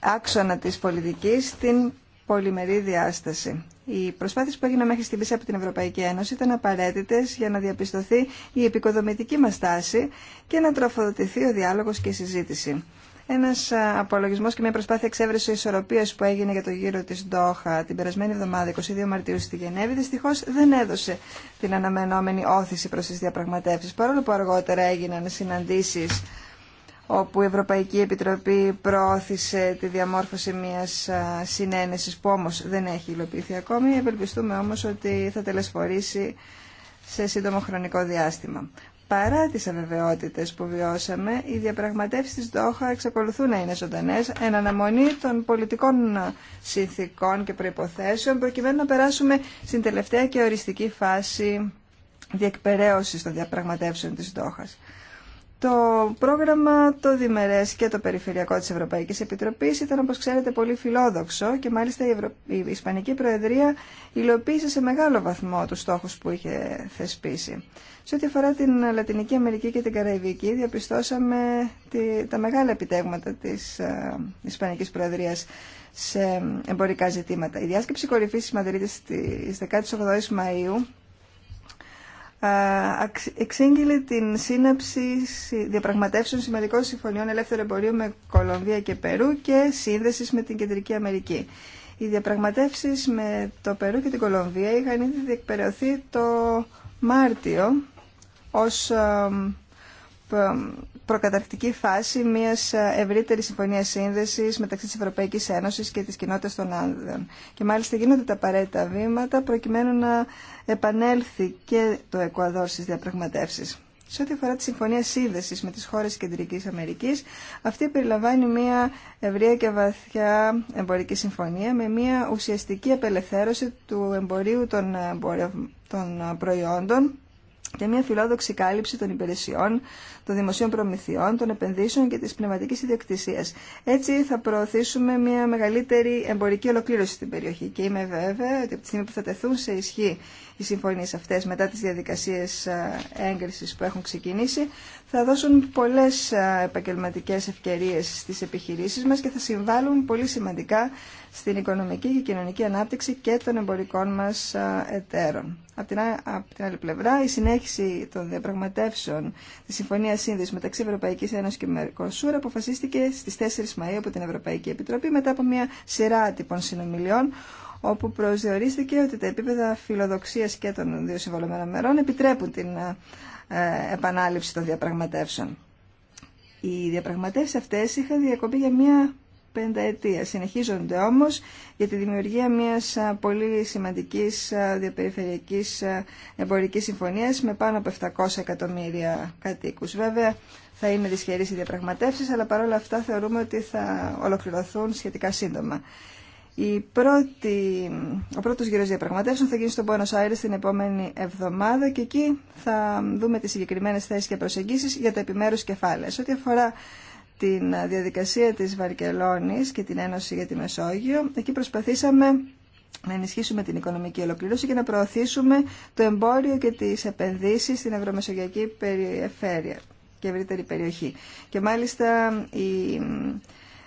άξονα της πολιτικής την πολυμερή διάσταση. Οι προσπάθειες που έγιναν μέχρι στιγμή από την Ευρωπαϊκή Ένωση ήταν απαραίτητε για να διαπιστωθεί η επικοδομητική μα τάση και να τροφοδοτηθεί ο διάλογος και η συζήτηση. Ένας απολογισμό και μια προσπάθεια εξέβρεση ισορροπίας που έγινε για το γύρο της Ντόχα την περασμένη εβδομάδα 22 Μαρτίου στη Γενέβη Δυστυχώ δεν έδωσε την αναμενόμενη όθηση προς τι διαπραγματεύσεις παρόλο που αργότερα έγιναν συναντήσει όπου η Ευρωπαϊκή Επιτροπή προώθησε τη διαμόρφωση μιας συνένεσης που όμως δεν έχει υλοποιηθεί ακόμη. Ευελπιστούμε όμως ότι θα τελεσφορήσει σε σύντομο χρονικό διάστημα. Παρά τις αβεβαιότητες που βιώσαμε, οι διαπραγματεύσεις της Δόχα εξακολουθούν να είναι ζωντανές, εν αναμονή των πολιτικών συνθήκων και προϋποθέσεων, προκειμένου να περάσουμε στην τελευταία και οριστική φάση διεκπαιρέωσης των διαπραγματεύσεων της Δόχας. Το πρόγραμμα το διμερές και το περιφερειακό της Ευρωπαϊκής Επιτροπής ήταν όπως ξέρετε πολύ φιλόδοξο και μάλιστα η, Ισπανική Προεδρία υλοποίησε σε μεγάλο βαθμό τους στόχους που είχε θεσπίσει. Σε ό,τι αφορά την Λατινική Αμερική και την Καραϊβική διαπιστώσαμε τα μεγάλα επιτέγματα της ε, Ισπανικής Προεδρίας σε εμπορικά ζητήματα. Η διάσκεψη κορυφής της Μαδρίτης στις 18 Μαΐου εξήγηλε την σύναψη διαπραγματεύσεων σημαντικών συμφωνιών ελεύθερου εμπορίου με Κολομβία και Περού και σύνδεση με την Κεντρική Αμερική. Οι διαπραγματεύσει με το Περού και την Κολομβία είχαν ήδη διεκπαιρεωθεί το Μάρτιο ως προκαταρκτική φάση μιας ευρύτερης συμφωνίας σύνδεση μεταξύ της Ευρωπαϊκής Ένωσης και της κοινότητα των Άνδρων. Και μάλιστα γίνονται τα απαραίτητα βήματα προκειμένου να επανέλθει και το Εκουαδόρ στι διαπραγματεύσεις. Σε ό,τι αφορά τη Συμφωνία Σύνδεση με τι χώρε τη Κεντρική Αμερική, αυτή περιλαμβάνει μια ευρεία και βαθιά εμπορική συμφωνία με μια ουσιαστική απελευθέρωση του εμπορίου των προϊόντων και μια φιλόδοξη κάλυψη των υπηρεσιών, των δημοσίων προμηθειών, των επενδύσεων και της πνευματικής ιδιοκτησία. Έτσι θα προωθήσουμε μια μεγαλύτερη εμπορική ολοκλήρωση στην περιοχή και είμαι βέβαια ότι από τη στιγμή που θα τεθούν σε ισχύ οι συμφωνίες αυτές μετά τις διαδικασίες ε, έγκρισης που έχουν ξεκινήσει, θα δώσουν πολλές επαγγελματικές ευκαιρίες στις επιχειρήσεις μας και θα συμβάλλουν πολύ σημαντικά στην οικονομική και κοινωνική ανάπτυξη και των εμπορικών μας εταίρων. Από την, την άλλη πλευρά, η συνέχιση των διαπραγματεύσεων της Συμφωνίας Σύνδεσης μεταξύ Ευρωπαϊκής Ένωσης και Μερικοσούρ αποφασίστηκε στις 4 Μαΐου από την Ευρωπαϊκή Επιτροπή μετά από μια σειρά τύπων συνομιλιών όπου προσδιορίστηκε ότι τα επίπεδα φιλοδοξίας και των δύο συμβολωμένων μερών επιτρέπουν την ε, επανάληψη των διαπραγματεύσεων. Οι διαπραγματεύσεις αυτές είχαν διακοπεί για μία πενταετία. Συνεχίζονται όμως για τη δημιουργία μιας ε, πολύ σημαντικής ε, διαπεριφερειακής εμπορικής συμφωνίας με πάνω από 700 εκατομμύρια κατοίκους. Βέβαια θα είναι δυσχερείς οι διαπραγματεύσεις, αλλά παρόλα αυτά θεωρούμε ότι θα ολοκληρωθούν σχετικά σύντομα. Η πρώτη, ο πρώτος γύρος διαπραγματεύσεων θα γίνει στον Buenos Aires την επόμενη εβδομάδα και εκεί θα δούμε τις συγκεκριμένες θέσεις και προσεγγίσεις για τα επιμέρους κεφάλαια. Σε ό,τι αφορά την διαδικασία της Βαρκελόνης και την Ένωση για τη Μεσόγειο, εκεί προσπαθήσαμε να ενισχύσουμε την οικονομική ολοκλήρωση και να προωθήσουμε το εμπόριο και τις επενδύσεις στην ευρωμεσογειακή περιφέρεια και ευρύτερη περιοχή. Και μάλιστα η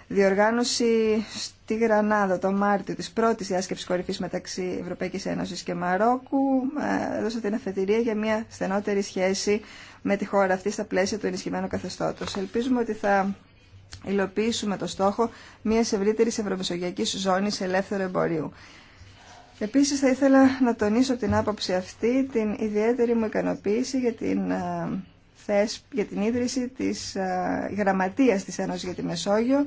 διοργάνωση τη Γρανάδα το Μάρτιο της πρώτης διάσκεψης κορυφής μεταξύ Ευρωπαϊκής Ένωσης και Μαρόκου ε, έδωσε την αφετηρία για μια στενότερη σχέση με τη χώρα αυτή στα πλαίσια του ενισχυμένου καθεστώτος. Ελπίζουμε ότι θα υλοποιήσουμε το στόχο μιας ευρύτερης ευρωμεσογειακής ζώνης ελεύθερου εμπορίου. Επίσης θα ήθελα να τονίσω την άποψη αυτή την ιδιαίτερη μου ικανοποίηση για την ε, για την ίδρυση της ε, γραμματείας της Ένωσης για τη Μεσόγειο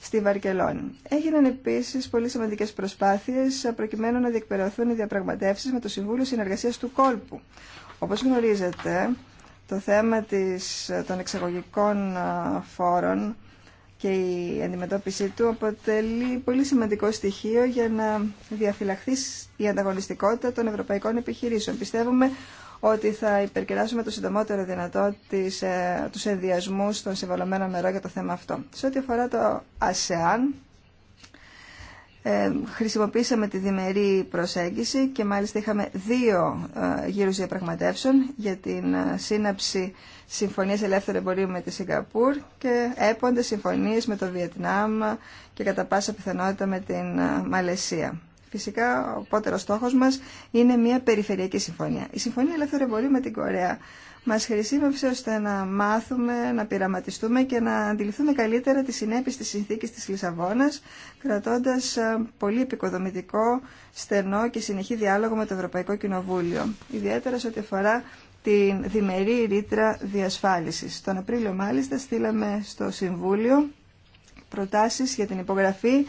στη Βαρκελόνη. Έγιναν επίση πολύ σημαντικέ προσπάθειες προκειμένου να διεκπαιρεωθούν οι διαπραγματεύσεις με το Συμβούλιο Συνεργασίας του Κόλπου. Όπως γνωρίζετε, το θέμα της, των εξαγωγικών φόρων και η αντιμετώπιση του αποτελεί πολύ σημαντικό στοιχείο για να διαφυλαχθεί η ανταγωνιστικότητα των ευρωπαϊκών επιχειρήσεων. Πιστεύουμε ότι θα υπερκεράσουμε το συντομότερο δυνατό τις, ε, τους ενδιασμούς των συμβαλωμένων μερών για το θέμα αυτό. Σε ό,τι αφορά το ΑΣΕΑΝ, ε, χρησιμοποίησαμε τη διμερή προσέγγιση και μάλιστα είχαμε δύο ε, γύρους διαπραγματεύσεων για την ε, σύναψη συμφωνίας ελεύθερου εμπορίου με τη Σιγκαπούρ και έπονται συμφωνίες με το Βιετνάμ και κατά πάσα πιθανότητα με την ε, Μαλαισία. Φυσικά, ο πότερος στόχος μας είναι μια περιφερειακή συμφωνία. Η Συμφωνία ελεύθερη Εμπορίου με την Κορέα μας χρησιμεύσε ώστε να μάθουμε, να πειραματιστούμε και να αντιληφθούμε καλύτερα τις συνέπειες της συνθήκης της Λισαβόνας, κρατώντας ε, πολύ επικοδομητικό, στενό και συνεχή διάλογο με το Ευρωπαϊκό Κοινοβούλιο, ιδιαίτερα σε ό,τι αφορά την διμερή ρήτρα διασφάλισης. Τον Απρίλιο, μάλιστα, στείλαμε στο Συμβούλιο προτάσεις για την υπογραφή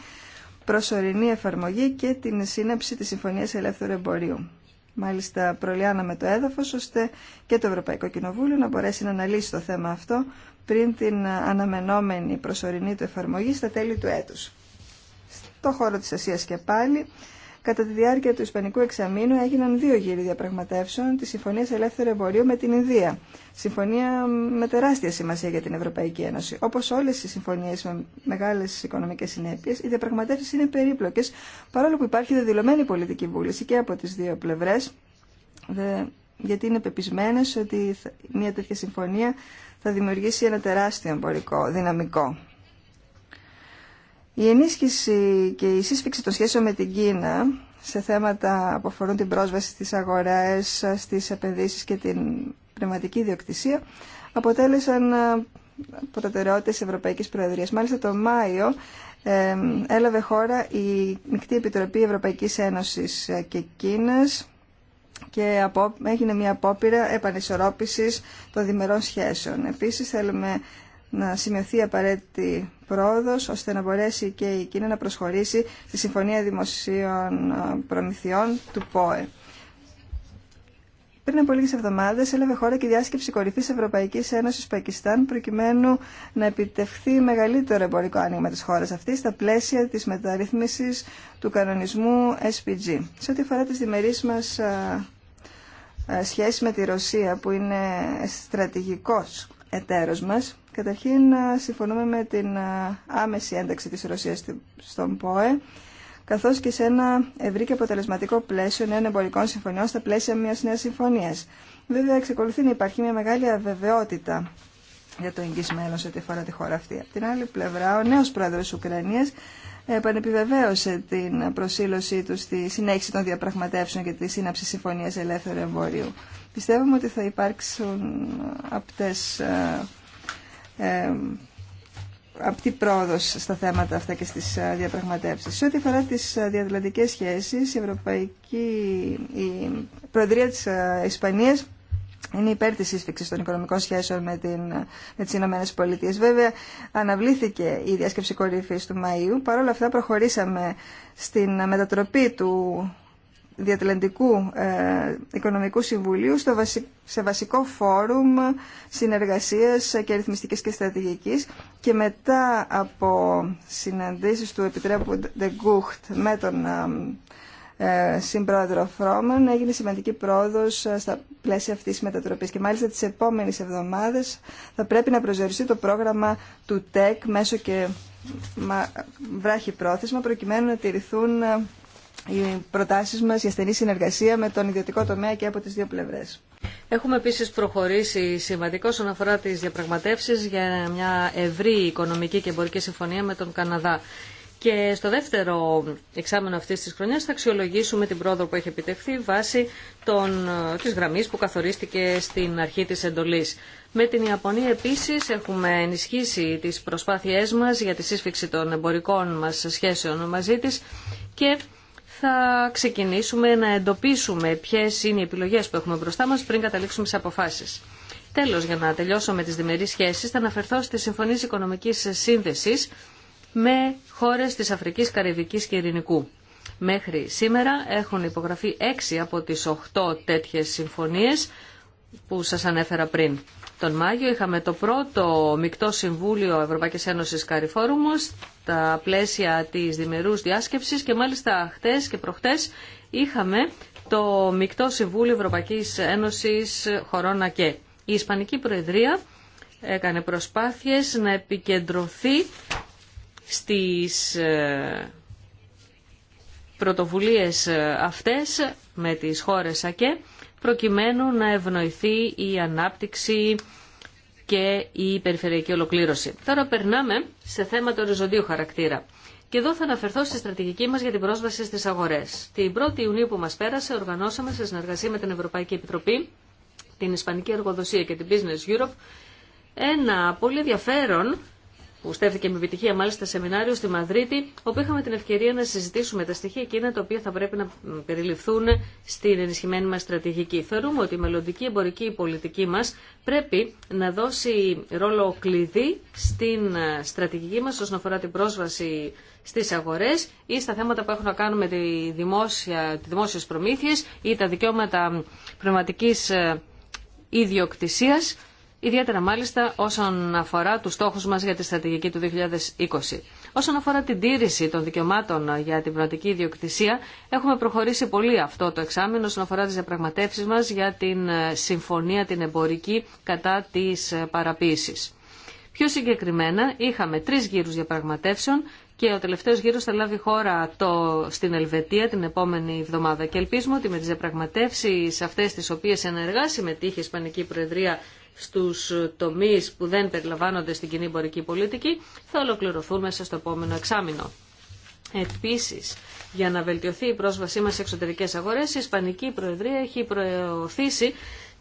προσωρινή εφαρμογή και την σύναψη της Συμφωνίας Ελεύθερου Εμπορίου. Μάλιστα προλιάναμε το έδαφος ώστε και το Ευρωπαϊκό Κοινοβούλιο να μπορέσει να αναλύσει το θέμα αυτό πριν την αναμενόμενη προσωρινή του εφαρμογή στα τέλη του έτους. Στο χώρο της Ασίας και πάλι Κατά τη διάρκεια του Ισπανικού εξαμήνου έγιναν δύο γύροι διαπραγματεύσεων τη Συμφωνία Ελεύθερου Εμπορίου με την Ινδία. Συμφωνία με τεράστια σημασία για την Ευρωπαϊκή Ένωση. Όπω όλε οι συμφωνίε με μεγάλε οικονομικέ συνέπειε, οι διαπραγματεύσει είναι περίπλοκε, παρόλο που υπάρχει δεδηλωμένη πολιτική βούληση και από τι δύο πλευρέ, γιατί είναι πεπισμένε ότι μια τέτοια συμφωνία θα δημιουργήσει ένα τεράστιο εμπορικό δυναμικό. Η ενίσχυση και η σύσφυξη των σχέσεων με την Κίνα σε θέματα που αφορούν την πρόσβαση στις αγορές, στις επενδύσεις και την πνευματική ιδιοκτησία αποτέλεσαν ε, προτεραιότητες Ευρωπαϊκής Προεδρίας. Μάλιστα το Μάιο ε, έλαβε χώρα η Μικτή Επιτροπή Ευρωπαϊκής Ένωσης ε, και Κίνας και έγινε μια απόπειρα επανισορρόπησης των διμερών σχέσεων. Επίσης θέλουμε να σημειωθεί απαραίτητη πρόοδος ώστε να μπορέσει και η Κίνα να προσχωρήσει στη Συμφωνία Δημοσίων ε, Προμηθειών του ΠΟΕ. Πριν από λίγε εβδομάδες έλαβε χώρα και διάσκεψη κορυφή Ευρωπαϊκή Ένωση Πακιστάν προκειμένου να επιτευχθεί μεγαλύτερο εμπορικό άνοιγμα τη χώρα, αυτή στα πλαίσια της μεταρρύθμιση του κανονισμού SPG. Σε ό,τι αφορά τι διμερείς μα ε, ε, σχέσει με τη Ρωσία που είναι στρατηγικό εταίρος μα. Καταρχήν, συμφωνούμε με την άμεση ένταξη της Ρωσίας στον ΠΟΕ, καθώς και σε ένα ευρύ και αποτελεσματικό πλαίσιο νέων εμπορικών συμφωνιών στα πλαίσια μιας νέας συμφωνίας. Βέβαια, εξακολουθεί να υπάρχει μια μεγάλη αβεβαιότητα για το εγγύς σε ό,τι αφορά τη χώρα αυτή. Από την άλλη πλευρά, ο νέος πρόεδρος Ουκρανίας ε, επανεπιβεβαίωσε την προσήλωσή του στη συνέχιση των διαπραγματεύσεων και τη σύναψη συμφωνίας ελεύθερου εμπορίου. Πιστεύουμε ότι θα υπάρξουν ε, απτές ε, ε, την πρόοδο στα θέματα αυτά και στις ε, διαπραγματεύσεις. Σε ό,τι αφορά τις ε, διατλαντικές σχέσεις, η, Ευρωπαϊκή, η Προεδρία της ε, Ισπανίας είναι υπέρ τη σύσφυξη των οικονομικών σχέσεων με, την, με τι Ηνωμένε Πολιτείε. Βέβαια, αναβλήθηκε η διάσκεψη κορυφή του Μαΐου. Παρ' όλα αυτά, προχωρήσαμε στην μετατροπή του Διατλαντικού ε, Οικονομικού Συμβουλίου στο σε βασικό φόρουμ συνεργασίας και αριθμιστικής και στρατηγικής και μετά από συναντήσεις του Επιτρέπου Ντεγκούχτ με τον ε, ε, συμπρόεδρο Φρόμαν έγινε σημαντική πρόοδος στα πλαίσια αυτής της μετατροπής και μάλιστα τις επόμενες εβδομάδες θα πρέπει να προσδιοριστεί το πρόγραμμα του ΤΕΚ μέσω και βράχη πρόθεσμα προκειμένου να τηρηθούν οι προτάσεις μας για στενή συνεργασία με τον ιδιωτικό τομέα και από τις δύο πλευρές. Έχουμε επίσης προχωρήσει σημαντικό όσον αφορά τις διαπραγματεύσεις για μια ευρύ οικονομική και εμπορική συμφωνία με τον Καναδά. Και στο δεύτερο εξάμενο αυτής της χρονιάς θα αξιολογήσουμε την πρόοδο που έχει επιτευχθεί βάσει των, της γραμμής που καθορίστηκε στην αρχή της εντολής. Με την Ιαπωνία επίσης έχουμε ενισχύσει τις προσπάθειές μας για τη σύσφυξη των εμπορικών μας σχέσεων μαζί της και θα ξεκινήσουμε να εντοπίσουμε ποιες είναι οι επιλογές που έχουμε μπροστά μας πριν καταλήξουμε σε αποφάσεις. Τέλος, για να τελειώσω με τις διμερείς σχέσεις, θα αναφερθώ στι συμφωνίες οικονομικής σύνδεσης με χώρες της Αφρικής, Καρυβικής και Ειρηνικού. Μέχρι σήμερα έχουν υπογραφεί 6 από τις 8 τέτοιες συμφωνίες που σας ανέφερα πριν τον Μάγιο είχαμε το πρώτο μεικτό Συμβούλιο Ευρωπαϊκής Ένωσης Καριφόρουμος στα πλαίσια της διμερούς διάσκεψης και μάλιστα χτες και προχτές είχαμε το μεικτό Συμβούλιο Ευρωπαϊκής Ένωσης χωρών ΑΚΕ. Η Ισπανική Προεδρία έκανε προσπάθειες να επικεντρωθεί στις ε, πρωτοβουλίες αυτές με τις χώρες ΑΚΕ προκειμένου να ευνοηθεί η ανάπτυξη και η περιφερειακή ολοκλήρωση. Τώρα περνάμε σε θέματα οριζοντίου χαρακτήρα. Και εδώ θα αναφερθώ στη στρατηγική μα για την πρόσβαση στι αγορέ. Την 1η Ιουνίου που μα πέρασε, οργανώσαμε σε συνεργασία με την Ευρωπαϊκή Επιτροπή, την Ισπανική Εργοδοσία και την Business Europe ένα πολύ ενδιαφέρον που στέφθηκε με επιτυχία μάλιστα σεμινάριο στη Μαδρίτη, όπου είχαμε την ευκαιρία να συζητήσουμε τα στοιχεία εκείνα τα οποία θα πρέπει να περιληφθούν στην ενισχυμένη μα στρατηγική. Θεωρούμε ότι η μελλοντική εμπορική πολιτική μα πρέπει να δώσει ρόλο κλειδί στην ε, στρατηγική μα όσον αφορά την πρόσβαση στι αγορέ ή στα θέματα που έχουν να κάνουν με τη δημόσια, τις δημόσιες προμήθειες ή τα δικαιώματα πνευματική ε, ιδιοκτησίας ιδιαίτερα μάλιστα όσον αφορά τους στόχους μας για τη στρατηγική του 2020. Όσον αφορά την τήρηση των δικαιωμάτων για την πνευματική ιδιοκτησία, έχουμε προχωρήσει πολύ αυτό το εξάμεινο όσον αφορά τις διαπραγματεύσεις μας για την ε, συμφωνία την εμπορική κατά της ε, παραποίησης. Πιο συγκεκριμένα, είχαμε τρεις γύρους διαπραγματεύσεων και ο τελευταίος γύρος θα λάβει χώρα το, στην Ελβετία την επόμενη εβδομάδα. Και ελπίζουμε ότι με τις διαπραγματεύσεις αυτές τις οποίες ενεργά συμμετείχε η Ισπανική Προεδρία στους τομείς που δεν περιλαμβάνονται στην κοινή εμπορική πολιτική θα ολοκληρωθούν μέσα στο επόμενο εξάμεινο. Επίσης, για να βελτιωθεί η πρόσβασή μας σε εξωτερικές αγορές, η Ισπανική Προεδρία έχει προωθήσει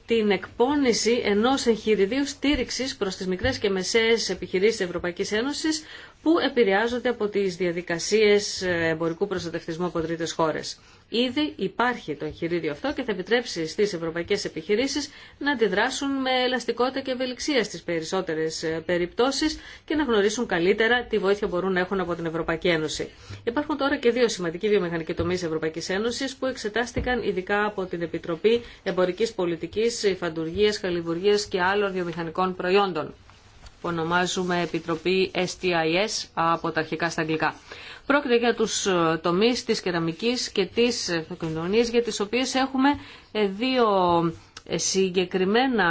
την εκπόνηση ενός εγχειριδίου στήριξης προς τις μικρές και μεσαίες επιχειρήσεις της Ευρωπαϊκής Ένωσης που επηρεάζονται από τις διαδικασίες εμπορικού προστατευτισμού από τρίτες χώρες. Ήδη υπάρχει το εγχειρίδιο αυτό και θα επιτρέψει στι ευρωπαϊκέ επιχειρήσει να αντιδράσουν με ελαστικότητα και ευελιξία στι περισσότερε ε, περιπτώσει και να γνωρίσουν καλύτερα τι βοήθεια μπορούν να έχουν από την Ευρωπαϊκή Ένωση. Υπάρχουν τώρα και δύο σημαντικοί βιομηχανικοί τομείς Ευρωπαϊκή Ένωση που εξετάστηκαν ειδικά από την Επιτροπή εμπορική πολιτική, φαντουργία, Χαλιβουργία και άλλων βιομηχανικών προϊόντων που ονομάζουμε Επιτροπή STIS από τα αρχικά στα αγγλικά. Πρόκειται για τους ε, τομείς της κεραμικής και της επικοινωνίας για τις οποίες έχουμε ε, δύο ε, συγκεκριμένα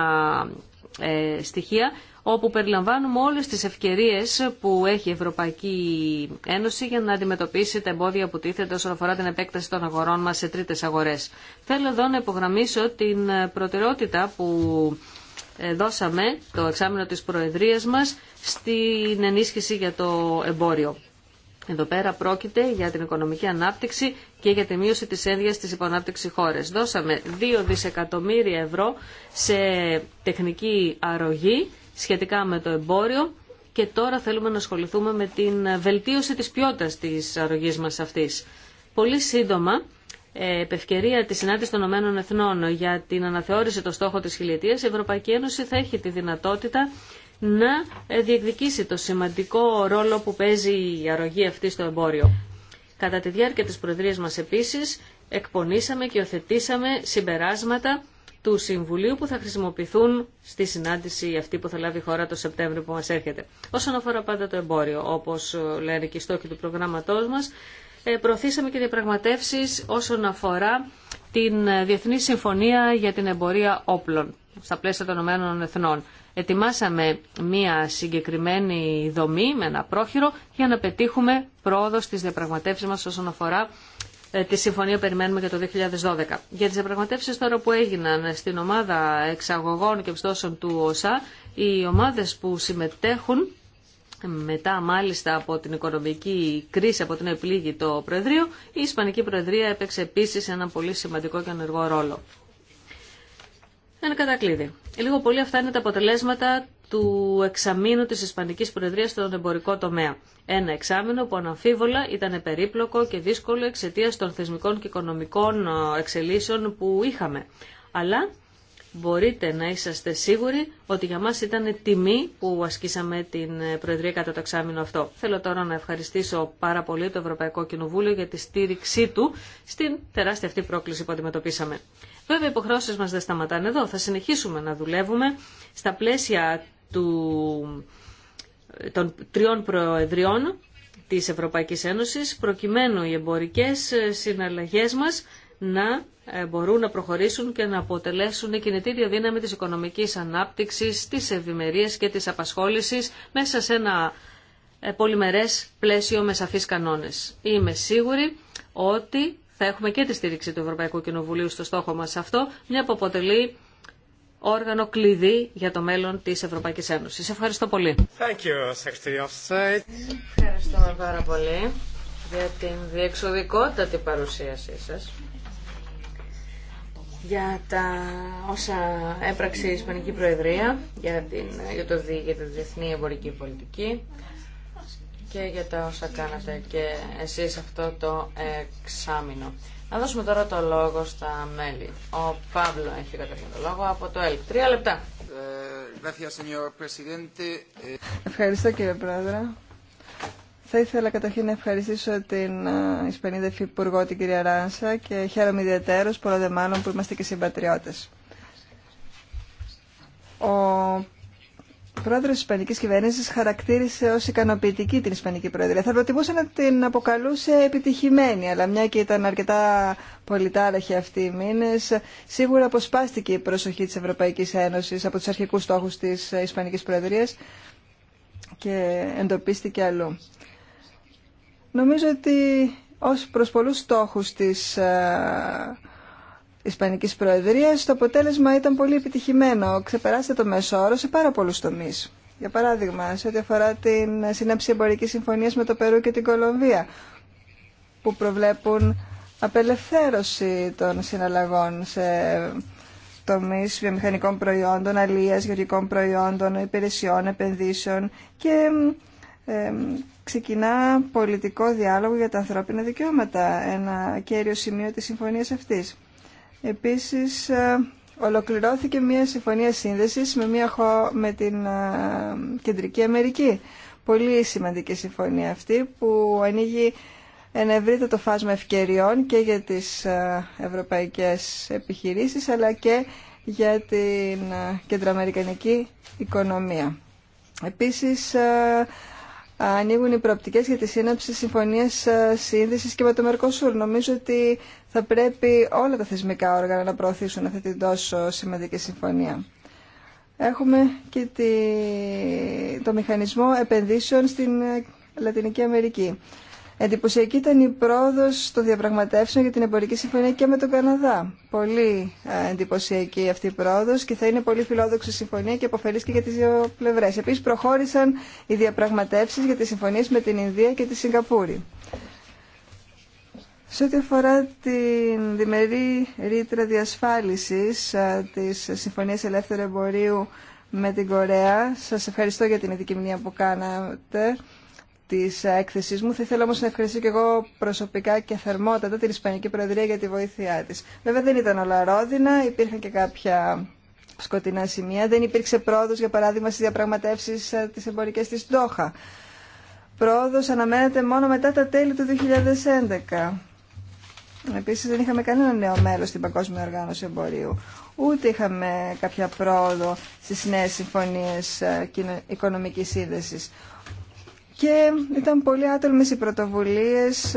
στοιχεία όπου περιλαμβάνουμε όλες τις ευκαιρίες που έχει η Ευρωπαϊκή Ένωση για να αντιμετωπίσει τα εμπόδια που τίθεται όσον αφορά την επέκταση των αγορών μας σε τρίτες αγορές. Θέλω εδώ να υπογραμμίσω την προτεραιότητα που δώσαμε το εξάμεινο της Προεδρίας μας στην ενίσχυση για το εμπόριο. Εδώ πέρα πρόκειται για την οικονομική ανάπτυξη και για τη μείωση της ένδυας στις υπονάπτυξη χώρες. Δώσαμε 2 δισεκατομμύρια ευρώ σε τεχνική αρρωγή σχετικά με το εμπόριο και τώρα θέλουμε να ασχοληθούμε με την βελτίωση της ποιότητας της αρρωγής μας αυτής. Πολύ σύντομα, ε, επευκαιρία της συνάντησης των Ηνωμένων Εθνών για την αναθεώρηση των στόχων της χιλιετίας, η Ευρωπαϊκή Ένωση θα έχει τη δυνατότητα να διεκδικήσει το σημαντικό ρόλο που παίζει η αρρωγή αυτή στο εμπόριο. Κατά τη διάρκεια της Προεδρίας μας επίσης εκπονήσαμε και οθετήσαμε συμπεράσματα του Συμβουλίου που θα χρησιμοποιηθούν στη συνάντηση αυτή που θα λάβει η χώρα το Σεπτέμβριο που μας έρχεται. Όσον αφορά πάντα το εμπόριο, όπως λένε και οι στόχοι του προγράμματός μας, ε, προωθήσαμε και διαπραγματεύσεις όσον αφορά την Διεθνή Συμφωνία για την Εμπορία Όπλων στα πλαίσια των Ηνωμένων Εθνών ετοιμάσαμε μία συγκεκριμένη δομή με ένα πρόχειρο για να πετύχουμε πρόοδο στις διαπραγματεύσεις μας όσον αφορά ε, τη συμφωνία που περιμένουμε για το 2012. Για τις διαπραγματεύσεις τώρα που έγιναν στην ομάδα εξαγωγών και πιστώσεων του ΟΣΑ, οι ομάδες που συμμετέχουν μετά μάλιστα από την οικονομική κρίση από την επλήγη το Προεδρείο, η Ισπανική Προεδρία έπαιξε επίσης ένα πολύ σημαντικό και ενεργό ρόλο. Ένα κατακλείδι. Λίγο πολύ αυτά είναι τα αποτελέσματα του εξαμήνου της Ισπανικής Προεδρίας στον εμπορικό τομέα. Ένα εξάμεινο που αναμφίβολα ήταν περίπλοκο και δύσκολο εξαιτία των θεσμικών και οικονομικών ε, εξελίσεων που είχαμε. Αλλά μπορείτε να είσαστε σίγουροι ότι για μας ήταν τιμή που ασκήσαμε την ε, Προεδρία κατά το εξάμεινο αυτό. Θέλω τώρα να ευχαριστήσω πάρα πολύ το Ευρωπαϊκό Κοινοβούλιο για τη στήριξή του στην τεράστια αυτή πρόκληση που αντιμετωπίσαμε. Βέβαια, οι υποχρεώσει μα δεν σταματάνε εδώ. Θα συνεχίσουμε να δουλεύουμε στα πλαίσια του, των τριών προεδριών της Ευρωπαϊκής Ένωσης προκειμένου οι εμπορικές συναλλαγές μας να ε, μπορούν να προχωρήσουν και να αποτελέσουν κινητήριο δύναμη της οικονομικής ανάπτυξης, της ευημερίας και της απασχόλησης μέσα σε ένα ε, πολυμερές πλαίσιο με σαφείς κανόνες. Είμαι σίγουρη ότι θα έχουμε και τη στήριξη του Ευρωπαϊκού Κοινοβουλίου στο στόχο μας αυτό, μια που αποτελεί όργανο κλειδί για το μέλλον της Ευρωπαϊκής Ένωσης. Ευχαριστώ πολύ. Thank Ευχαριστούμε πάρα πολύ για την διεξοδικότατη παρουσίασή σας για τα όσα έπραξε η Ισπανική Προεδρία για, την, για, το, για τη διεθνή εμπορική πολιτική και για τα όσα κάνατε και εσείς αυτό το εξάμεινο. Να δώσουμε τώρα το λόγο στα μέλη. Ο Παύλο έχει καταρχήν το λόγο από το ΕΛΚ. Τρία λεπτά. Ευχαριστώ κύριε Πρόεδρε. Θα ήθελα καταρχήν να ευχαριστήσω την ε, Ισπανίδα Υφυπουργό, την κυρία Ράνσα και χαίρομαι ιδιαίτερω πολλών δεμάνων που είμαστε και συμπατριώτες. Ο πρόεδρο τη Ισπανική κυβέρνηση χαρακτήρισε ω ικανοποιητική την Ισπανική Προεδρία. Θα προτιμούσε να την αποκαλούσε επιτυχημένη, αλλά μια και ήταν αρκετά πολυτάραχη αυτή η μήνε, σίγουρα αποσπάστηκε η προσοχή τη Ευρωπαϊκή Ένωση από του αρχικού στόχου τη Ισπανική Προεδρία και εντοπίστηκε αλλού. Νομίζω ότι ω προ πολλού στόχου τη ε, Ισπανικής Προεδρίας, το αποτέλεσμα ήταν πολύ επιτυχημένο. Ξεπεράσετε το μέσο όρο σε πάρα πολλού τομεί. Για παράδειγμα, σε ό,τι αφορά την σύναψη εμπορική συμφωνία με το Περού και την Κολομβία, που προβλέπουν απελευθέρωση των συναλλαγών σε τομεί βιομηχανικών προϊόντων, αλληλεία γεωργικών προϊόντων, υπηρεσιών, επενδύσεων και ε, ξεκινά πολιτικό διάλογο για τα ανθρώπινα δικαιώματα, ένα κέριο σημείο της συμφωνίας αυτής. Επίσης, ε, ολοκληρώθηκε μια συμφωνία σύνδεσης με, μια με την ε, Κεντρική Αμερική. Πολύ σημαντική συμφωνία αυτή που ανοίγει ένα το φάσμα ευκαιριών και για τις ε, ευρωπαϊκές επιχειρήσεις αλλά και για την κεντροαμερικανική οικονομία. Επίσης, ανοίγουν οι προοπτικέ για τη σύναψη συμφωνία ε, σύνδεση και με το Μερκοσούρ. Νομίζω ότι θα πρέπει όλα τα θεσμικά όργανα να προωθήσουν αυτή την τόσο σημαντική συμφωνία. Έχουμε και το μηχανισμό επενδύσεων στην ε, Λατινική Αμερική. Εντυπωσιακή ήταν η πρόοδο των διαπραγματεύσεων για την εμπορική συμφωνία και με τον Καναδά. Πολύ ε, εντυπωσιακή αυτή η πρόοδο και θα είναι πολύ φιλόδοξη συμφωνία και αποφελή και για τι δύο πλευρέ. Επίση, προχώρησαν οι διαπραγματεύσει για τι συμφωνίε με την Ινδία και τη Σιγκαπούρη. Σε ό,τι αφορά την διμερή ρήτρα διασφάλιση ε, τη Συμφωνία Ελεύθερου Εμπορίου με την Κορέα, σα ευχαριστώ για την ειδική μνήμα που κάνατε Τη έκθεση μου. Θα ήθελα όμω να ευχαριστήσω και εγώ προσωπικά και θερμότατα την Ισπανική Προεδρία για τη βοήθειά τη. Βέβαια δεν ήταν όλα ρόδινα, υπήρχαν και κάποια σκοτεινά σημεία. Δεν υπήρξε πρόοδο, για παράδειγμα, στι διαπραγματεύσει ε, τη εμπορική τη Ντόχα. Πρόοδο αναμένεται μόνο μετά τα τέλη του 2011. Επίση, δεν είχαμε κανένα νέο μέλο στην Παγκόσμια Οργάνωση Εμπορίου. Ούτε είχαμε κάποια πρόοδο στι νέε συμφωνίε ε, οικονομική σύνδεση και ήταν πολύ άτολμες οι πρωτοβουλίες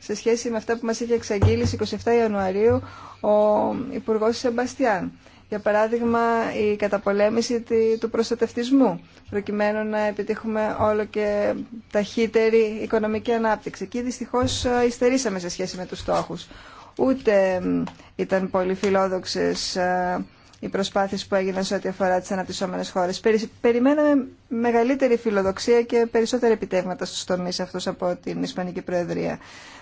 σε σχέση με αυτά που μας είχε εξαγγείλει στις 27 Ιανουαρίου ο Υπουργό Σεμπαστιάν. Για παράδειγμα, η καταπολέμηση του προστατευτισμού, προκειμένου να επιτύχουμε όλο και ταχύτερη οικονομική ανάπτυξη. Εκεί δυστυχώς υστερήσαμε σε σχέση με τους στόχους. Ούτε ήταν πολύ φιλόδοξες ε, οι προσπάθειες που έγιναν σε ό,τι αφορά τις αναπτυσσόμενες χώρες. Περιμέναμε μεγαλύτερη φιλοδοξία και περισσότερα επιτεύγματα στους τομείς αυτούς από την Ισπανική Προεδρία.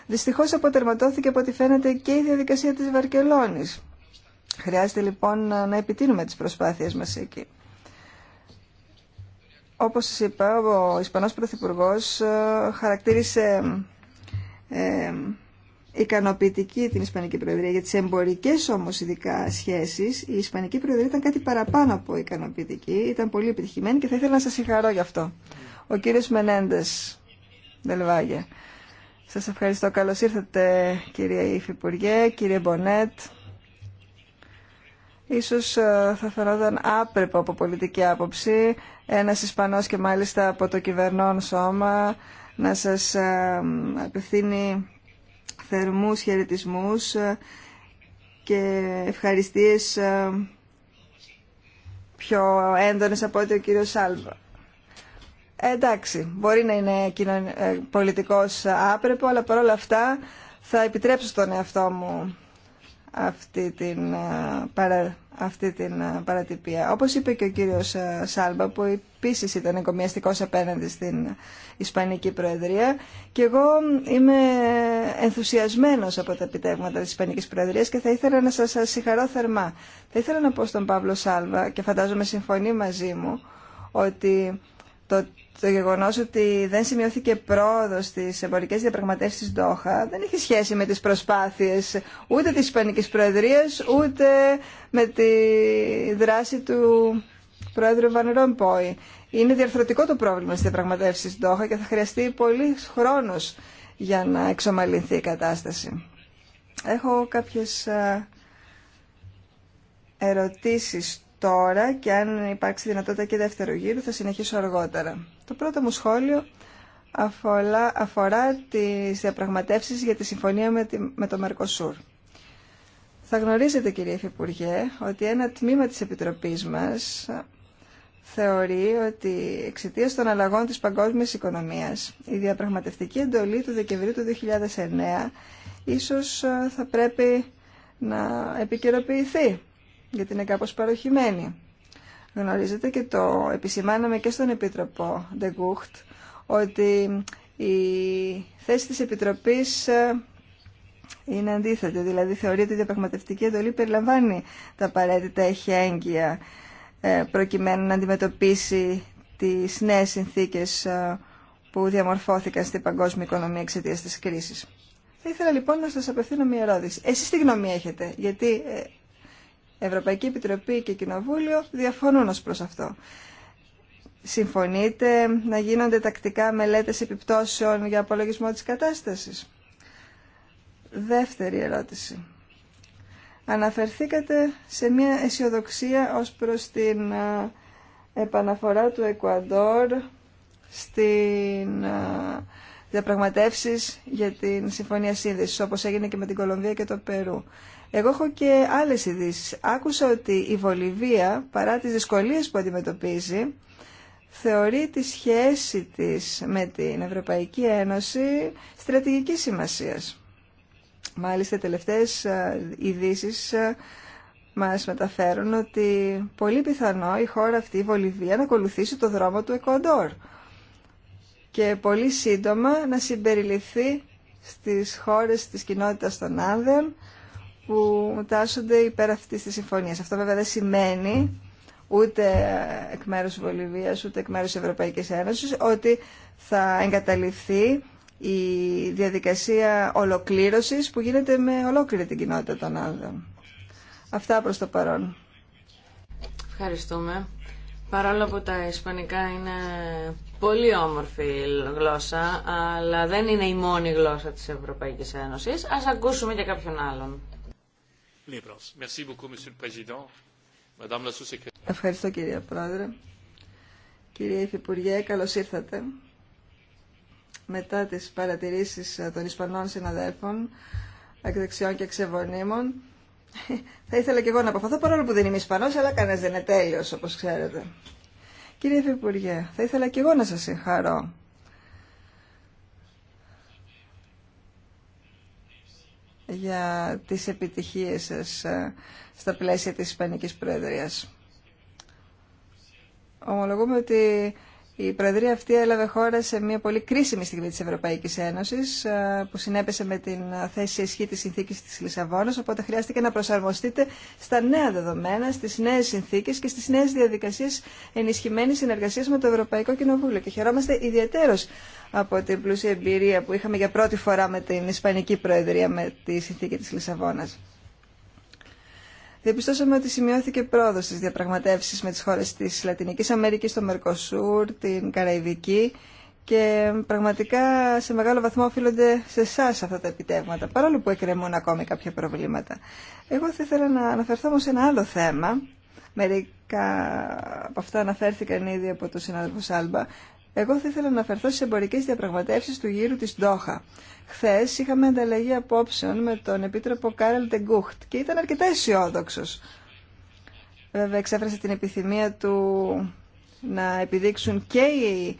Δυστυχώς αποτερματώθηκε από ό,τι φαίνεται και η διαδικασία της Βαρκελόνης. Χρειάζεται λοιπόν να επιτείνουμε τις προσπάθειες μας εκεί. Όπως σας είπα, ο Ισπανός Πρωθυπουργός ε, χαρακτήρισε ε, ικανοποιητική την Ισπανική Προεδρία. Για τις εμπορικές όμως ειδικά σχέσεις, η Ισπανική Προεδρία ήταν κάτι παραπάνω από ικανοποιητική, ήταν πολύ επιτυχημένη και θα ήθελα να σας συγχαρώ γι' αυτό. Ο κύριος Μενέντες, Δελβάγε. Σας ευχαριστώ. Καλώς ήρθατε κυρία Υφυπουργέ, κύριε Μπονέτ. Ίσως ε, θα φαινόταν άπρεπο από πολιτική άποψη ένας Ισπανός και μάλιστα από το κυβερνόν σώμα να σας ε, απευθύνει θερμούς χαιρετισμού ε, και ευχαριστίες ε, πιο έντονες από ό,τι ο κύριος Σάλβα. Εντάξει, μπορεί να είναι ε, πολιτικός άπρεπο, αλλά παρόλα αυτά θα επιτρέψω στον εαυτό μου αυτή την, αυτή την παρατυπία. Όπως είπε και ο κύριος Σάλβα που επίσης ήταν εγκομιαστικός απέναντι στην Ισπανική Προεδρία και εγώ είμαι ενθουσιασμένος από τα επιτεύγματα της Ισπανικής Προεδρίας και θα ήθελα να σας, συγχαρώ θερμά. Θα ήθελα να πω στον Παύλο Σάλβα και φαντάζομαι συμφωνεί μαζί μου ότι το, το γεγονός ότι δεν σημειώθηκε πρόοδος στις εμπορικές διαπραγματεύσεις Ντόχα δεν έχει σχέση με τις προσπάθειες ούτε της Ισπανικής Προεδρίας ούτε με τη δράση του Πρόεδρου Βαν Ρομπόη. Είναι διαρθρωτικό το πρόβλημα στις διαπραγματεύσεις Ντόχα και θα χρειαστεί πολύ χρόνος για να εξομαλυνθεί η κατάσταση. Έχω κάποιες ε, ερωτήσεις τώρα και αν υπάρξει δυνατότητα και δεύτερο γύρο θα συνεχίσω αργότερα. Το πρώτο μου σχόλιο αφορά, αφορά τις διαπραγματεύσεις για τη συμφωνία με, το Μερκοσούρ. Θα γνωρίζετε κύριε Υφυπουργέ ότι ένα τμήμα της Επιτροπής μας θεωρεί ότι εξαιτία των αλλαγών της παγκόσμιας οικονομίας η διαπραγματευτική εντολή του Δεκεμβρίου του 2009 ίσως ε, θα πρέπει να επικαιροποιηθεί γιατί είναι κάπως παροχημένη. Γνωρίζετε και το επισημάναμε και στον Επίτροπο Ντεγκούχτ ότι η θέση της Επιτροπής ε, είναι αντίθετη, δηλαδή θεωρεί ότι η διαπραγματευτική εντολή περιλαμβάνει τα απαραίτητα έγκυα, ε, προκειμένου να αντιμετωπίσει τις νέες συνθήκες ε, που διαμορφώθηκαν στην παγκόσμια οικονομία εξαιτία της κρίσης. Θα ήθελα λοιπόν να σας απευθύνω μια ερώτηση. Εσείς τι γνώμη έχετε, γιατί Ευρωπαϊκή Επιτροπή και Κοινοβούλιο διαφωνούν ως προς αυτό. Συμφωνείτε να γίνονται τακτικά μελέτες επιπτώσεων για απολογισμό της κατάστασης. Δεύτερη ερώτηση. Αναφερθήκατε σε μια αισιοδοξία ως προς την ε, επαναφορά του Εκουαντόρ στην ε, διαπραγματεύσεις για την Συμφωνία Σύνδεσης, όπως έγινε και με την Κολομβία και το Περού. Εγώ έχω και άλλε ειδήσει. Άκουσα ότι η Βολιβία, παρά τις δυσκολίες που αντιμετωπίζει, θεωρεί τη σχέση της με την Ευρωπαϊκή Ένωση στρατηγικής σημασίας. Μάλιστα, οι τελευταίες ε, ειδήσει ε, μα μεταφέρουν ότι πολύ πιθανό η χώρα αυτή, η Βολιβία, να ακολουθήσει το δρόμο του Εκοντόρ και πολύ σύντομα να συμπεριληφθεί στις χώρες της κοινότητας των Άνδεων που τάσσονται υπέρ αυτή τη συμφωνία. Αυτό βέβαια δεν σημαίνει ούτε εκ μέρους βολιβία, Βολιβίας, ούτε εκ μέρους Ευρωπαϊκή Ευρωπαϊκής ότι θα εγκαταλειφθεί η διαδικασία ολοκλήρωσης που γίνεται με ολόκληρη την κοινότητα των άνδρων. Αυτά προς το παρόν. Ευχαριστούμε. Παρόλο που τα ισπανικά είναι πολύ όμορφη γλώσσα, αλλά δεν είναι η μόνη γλώσσα της Ευρωπαϊκής Ένωσης, ας ακούσουμε και κάποιον άλλον. Ευχαριστώ κύριε Πρόεδρε. Κύριε Υφυπουργέ, καλώ ήρθατε. Μετά τις παρατηρήσεις των Ισπανών συναδέλφων, εκδεξιών και ξεβονίμων, θα ήθελα και εγώ να αποφαθώ, παρόλο που δεν είμαι Ισπανός, αλλά κανένας δεν είναι τέλειος, όπως ξέρετε. Κύριε Υφυπουργέ, θα ήθελα και εγώ να σας συγχαρώ για τις επιτυχίες σας ε, στα πλαίσια της Ισπανικής Προεδρίας. Ομολογούμε ότι η Προεδρία αυτή έλαβε χώρα σε μια πολύ κρίσιμη στιγμή της Ευρωπαϊκής Ένωσης που συνέπεσε με την θέση ισχύ της συνθήκης της Λισαβόνας οπότε χρειάστηκε να προσαρμοστείτε στα νέα δεδομένα, στις νέες συνθήκες και στις νέες διαδικασίες ενισχυμένης συνεργασίας με το Ευρωπαϊκό Κοινοβούλιο και χαιρόμαστε ιδιαίτερος από την πλούσια εμπειρία που είχαμε για πρώτη φορά με την Ισπανική Προεδρία με τη συνθήκη της Λισαβόνας διαπιστώσαμε ότι σημειώθηκε πρόοδο στι διαπραγματεύσει με τις χώρες της Λατινική Αμερικής, το Μερκοσούρ, την Καραϊβική και πραγματικά σε μεγάλο βαθμό οφείλονται σε εσά αυτά τα επιτεύγματα, παρόλο που εκκρεμούν ακόμη κάποια προβλήματα. Εγώ θα ήθελα να αναφερθώ όμως σε ένα άλλο θέμα, μερικά από αυτά αναφέρθηκαν ήδη από τον συνάδελφο Σάλμπα, εγώ θα ήθελα να αναφερθώ στι εμπορικέ διαπραγματεύσει του γύρου τη Ντόχα. Χθε είχαμε ανταλλαγή απόψεων με τον επίτροπο Κάρελ Τεγκούχτ και ήταν αρκετά αισιόδοξο. Βέβαια, εξέφρασε την επιθυμία του να επιδείξουν και οι